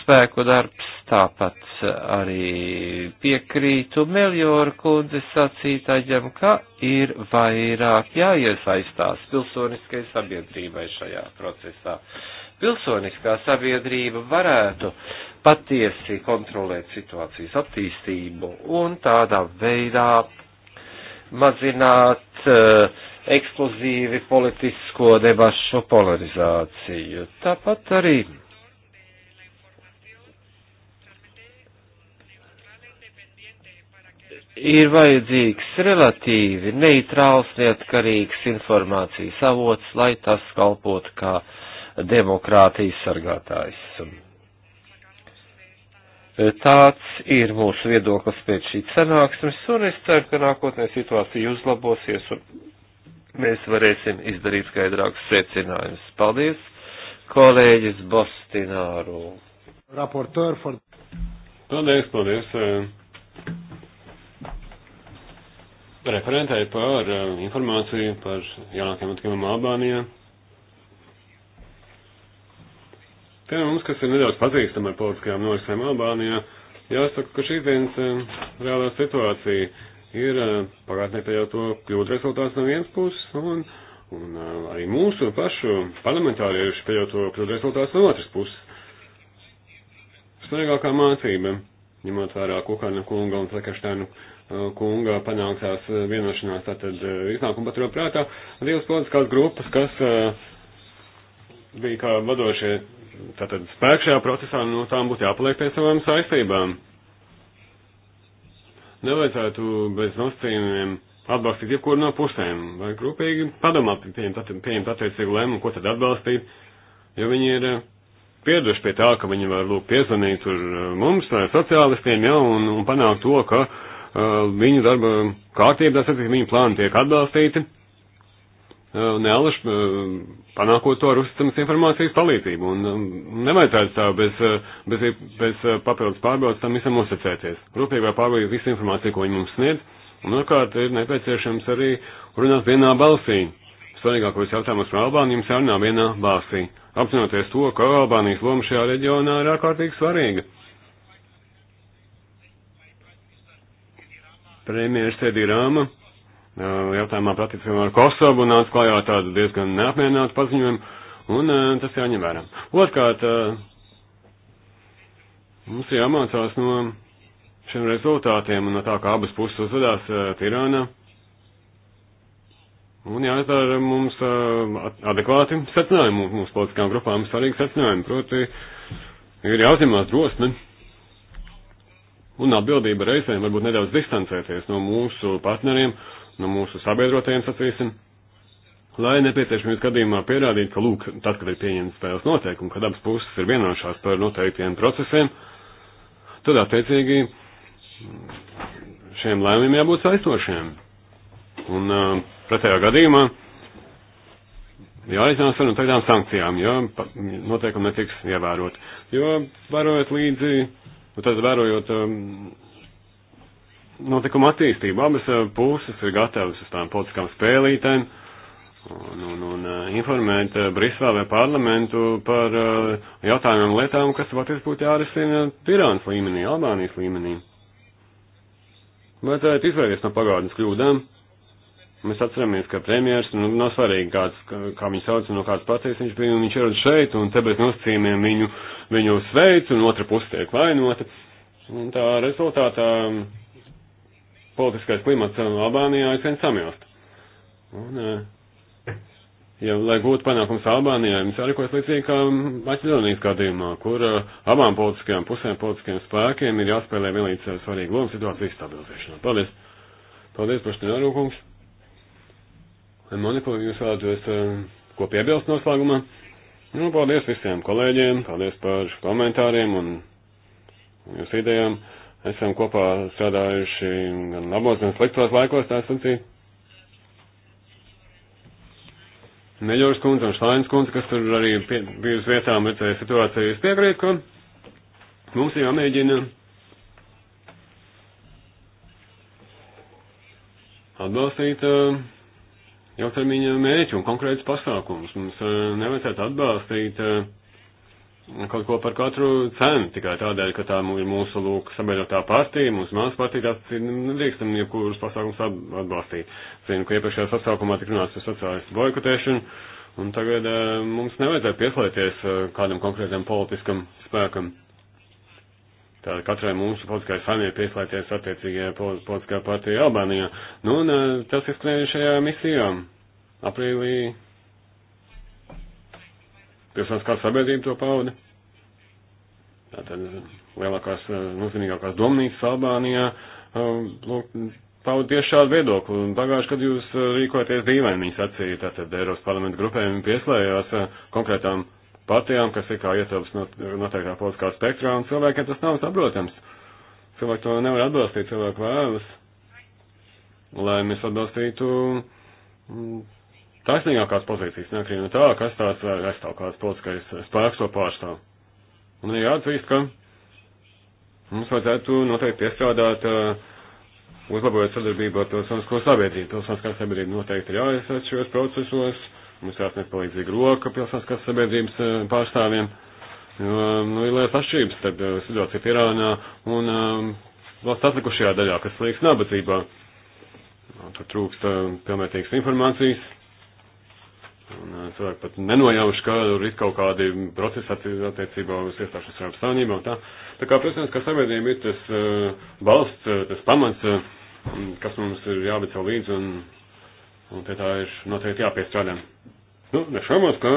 spēku darbs, tāpat arī piekrītu Meljoru kundze sacītājam, ka ir vairāk jāiesaistās pilsoniskai sabiedrībai šajā procesā. Uh, pilsoniskā sabiedrība varētu patiesi kontrolēt situācijas attīstību un tādā veidā mazināt uh, eh, ekskluzīvi politisko debašu polarizāciju. Tāpat arī ir vajadzīgs relatīvi neitrāls, neatkarīgs informācijas avots, lai tas kalpot kā ka demokrātijas sargātājs. Tāds ir mūsu viedoklis pēc šī sanāksmes, un es ceru, ka nākotnē situācija uzlabosies, un mēs varēsim izdarīt skaidrākus secinājumus. Paldies, kolēģis Bostināru. Raportēr for. Paldies, paldies. Eh, Referentēji par eh, informāciju par jaunākiem notikumiem Albānijā. Te mums, kas ir nedaudz pazīstama ar politiskajām norisēm Albānijā, jāsaka, ka šīs dienas eh, reālā situācija ir eh, pagātnē pie jau to kļūdu rezultāts no vienas puses, un, un eh, arī mūsu pašu parlamentārieši pie jau to kļūdu rezultāts no otras puses. Svarīgākā mācība, ņemot vērā Kukana kunga un Flekerštēnu kunga panāktās vienošanās, tātad iznākuma paturot prātā, divas politiskās grupas, kas bija kā vadošie tātad spēk šajā procesā, no nu, tām būtu jāpaliek pie savām saistībām. Nevajadzētu bez nosacījumiem atbalstīt jebkuru no pusēm, vai rūpīgi padomāt, pieņemt, pieņemt attiecīgu lēmumu, ko tad atbalstīt, jo viņi ir eh, pieraduši pie tā, ka viņi var lūk piezvanīt uz eh, mums, vai eh, sociālistiem, jau, un, un panākt to, ka uh, viņu darba kārtība, tas ir, viņu plāni tiek atbalstīti. Eh, nealaž eh, panākot to ar uzticamas informācijas palīdzību. Un um, nevajadzētu tā bez, eh, bez, bez papildus pārbaudas tam visam uzticēties. Rūpīgā pārbaudīt visu informāciju, ko viņi mums sniedz. Un, otrkārt, ir nepieciešams arī runāt vienā balsī. Svarīgākos jautājumus par Albāniju jums jārunā vienā balsī. Apzinoties to, ka Albānijas loma šajā reģionā ir ārkārtīgi svarīga. Premjeras Edi Rāma jautājumā par attiecībām ar Kosovu nāca klajā tādu diezgan neapmierinātu paziņojumu, un tas jāņem vērā. Otkārt, mums jāmācās no šiem rezultātiem un no tā, kā abas puses uzvedās Tirānā. Un jāizdara mums adekvāti secinājumi, mums politiskām grupām svarīgi secinājumi, proti ir jāuzņemās drosme un atbildība reizēm varbūt nedaudz distancēties no mūsu partneriem, uh, no nu, mūsu sabiedrotajiem sacīsim, lai nepieciešamības gadījumā pierādītu, ka, lūk, tad, kad ir pieņemts spēles noteikumi, kad abas puses ir vienojušās par noteiktiem procesiem, tad attiecīgi šiem lēmumiem jābūt saistošiem. Un uh, pretējā gadījumā jāiznās ar tādām sankcijām, jo noteikumi netiks ievērot. Jo vērojot līdzi, nu, tad vērojot um, notikuma attīstību. Abas eh, puses ir gatavas uz tām politiskām spēlītēm un, un, un eh, informēt eh, Briselē parlamentu par jautājumiem lietām, kas patiesībā būtu jārisina Tirānas līmenī, Albānijas līmenī. Vajadzētu izvairīties no pagātnes kļūdām. Mēs atceramies, ka premjers, nu, nav svarīgi, kāds, kā viņu sauc un no kādas partijas viņš bija, un viņš ierod šeit, un te bez nosacījumiem viņu, viņu sveic, un otra puse tiek vainota. Un tā rezultātā politiskais klimats Albānijā ir vien samilst. Un, eh, ja, lai gūtu panākums Albānijā, jums jārīkojas līdzīgi kā Maķedonijas gadījumā, kur eh, abām politiskajām pusēm, politiskajiem spēkiem ir jāspēlē vienlīdz svarīga loma situācijas stabilizēšanā. Paldies! Paldies, Paštināru kungs! Manipul, jūs vēlētos eh, ko piebilst noslēgumā? Nu, paldies visiem kolēģiem, paldies par komentāriem un jūsu idejām. Esam kopā strādājuši gan labos, gan sliktos laikos, tā sacīt. Neļoras kundze un Šlainas kundze, kas tur arī bija uz vietām, bet eh, situācija es piekrītu, ka mums jāmēģina atbalstīt eh, ilgtermiņa mērķi un konkrētus pasākumus. Mums eh, nevajadzētu atbalstīt uh, kaut ko par katru cenu, tikai tādēļ, ka tā ir mūsu lūk sabiedrotā partija, mūsu mājas partija, tās nu, nedrīkstam jebkurus pasākums atbalstīt. Zinu, ka iepriekšējā sasaukumā tik runāts par sociālistu boikotēšanu, un tagad mums nevajadzētu pieslēgties kādam konkrētam politiskam spēkam. Tātad katrai mūsu politiskajai saimniei pieslēgties attiecīgajai politiskajai partijai Albānijā. Nu, un tas izskanēja šajā misijā aprīlī pilsoniskā sabiedrība to pauda. Tātad eh, lielākās, eh, nozīmīgākās domnīcas Albānijā eh, lūk, pauda tieši šādu viedokli. Un pagājuši, kad jūs rīkojaties dīvaini, viņi sacīja, tātad Eiropas parlamenta grupējumi pieslējās konkrētām partijām, kas ir kā ietilps noteiktā politiskā spektrā, un cilvēkiem tas nav saprotams. Cilvēki to nevar atbalstīt, cilvēku vēlas, lai mēs atbalstītu mm, taisnīgākās pozīcijas, neatkarīgi no tā, kas tās aizstāv, kāds politiskais spēks to pārstāv. Un ir jāatzīst, ka mums vajadzētu noteikti iestrādāt, uh, uzlabojot sadarbību ar pilsonisko sabiedrību. Pilsoniskā sabiedrība noteikti ir jāiesaist šajos procesos, mums jāsniedz palīdzīga roka pilsoniskās sabiedrības uh, pārstāvjiem, jo, nu, ir liels atšķirības starp uh, situāciju Irānā un um, valsts atlikušajā daļā, kas liekas nabadzībā. Tur trūkst um, pilnvērtīgas informācijas Un es uh, varu pat nenojaušu, ka tur ir kaut kādi procesi attiecībā uz iestāšanos Eiropas Savienībā un tā. Tā kā, protams, ka sabiedrība ir tas uh, balsts, uh, tas pamats, uh, kas mums ir jābeidz jau līdzi un, un pie tā ir noteikti jāpiestrādā. Nu, nešaubos, ka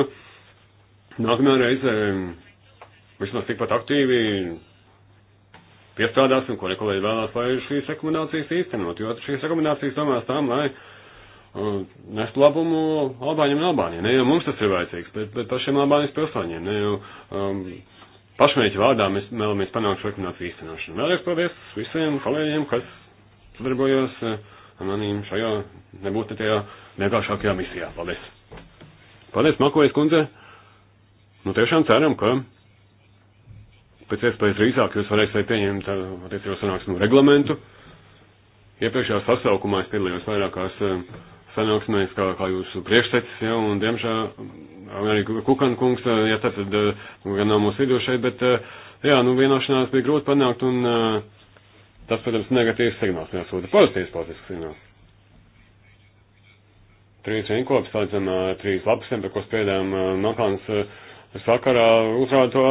nākamajā reizē um, vismaz tikpat aktīvi piestrādāsim, ko rekolēģi vēlās, lai šīs rekomendācijas īstenot, jo šīs rekomendācijas domās tām, lai. Uh, nest labumu Albāņiem un Albānijai. Ne jau mums tas ir vajadzīgs, bet, bet pašiem Albānijas pilsoņiem. Ne jau um, pašmērķi vārdā mēs vēlamies panākt šo rekomendāciju īstenošanu. Vēlreiz paldies visiem kolēģiem, kas sadarbojos uh, ar manīm šajā nebūtu tajā vienkāršākajā misijā. Paldies! Paldies, Makojas kundze! Nu, tiešām ceram, ka pēc iespējas drīzāk jūs varēsiet pieņemt uh, attiecībā sanāksmu reglamentu. Iepriekšējā sasaukumā es piedalījos vairākās uh, sanāksmēs, kā, kā jūsu priekštecis, ja, un diemžēl arī Kukan kungs, ja tad, tad eh, gan nav mūsu vidū šeit, bet, eh, jā, nu vienošanās bija grūti panākt, un eh, tas, protams, negatīvs signāls, jāsūta pozitīvs politisks signāls. Trīs vienkopis, salīdzinām ar trīs lapusiem, par ko spēdām Nokāns sakarā, uzrāda to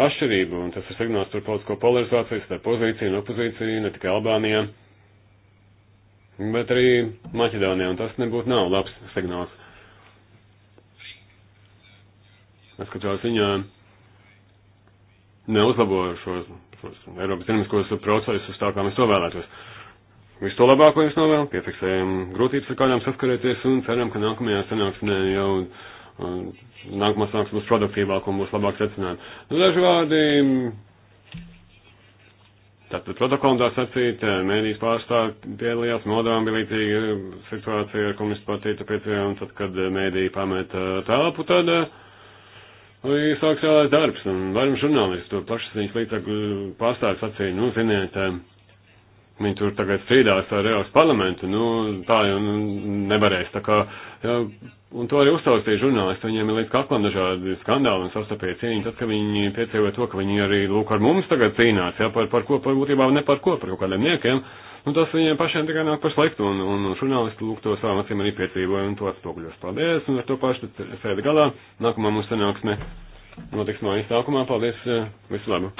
atšķirību, un tas ir signāls par politisko polarizāciju, starp pozīciju un opozīciju, ne tikai Albānijā bet arī Maķedānijā, un tas nebūtu nav labs signāls. Es katrā ziņā neuzlaboju šos, šos Eiropas dinamiskos procesus tā, kā mēs to vēlētos. Visu to labāko jums novēlu, piefiksējam grūtības, ar kādām saskarēties, un ceram, ka nākamajā sanāksmē jau nākamā sanāksme būs produktīvāka un būs labāk secinājumi. Nu, daži vārdi Tātad protokolā sacīt, eh, mēdīs pārstāv piedalījās Moldām, bija līdzīga eh, situācija ar komunistu partiju, tāpēc, eh, un tad, kad mēdī pameta telpu, tad sāks jālais darbs, un varam žurnālisti to pašas viņas līdzekļu pārstāvis sacīja, nu, ziniet, tā, Viņi tur tagad strīdās ar Eiropas parlamentu, nu, tā jau nu, nevarēs. Tā kā, jā, un to arī uztaustīja žurnālisti, viņiem ir līdz kaklam dažādi skandāli un sastapie cīņi, tad, ka viņi piedzīvo to, ka viņi arī, lūk, ar mums tagad cīnās, jā, par, par ko, par būtībā ne par ko, par kaut kādiem niekiem, nu, tas viņiem pašiem tikai nāk par sliktu, un, un žurnālisti, lūk, to savām acīm arī piedzīvoja, un to atspoguļos. Paldies, un ar to pašu sēdi galā, nākamā mūsu sanāksme notiks mājas sākumā, paldies, visu labu!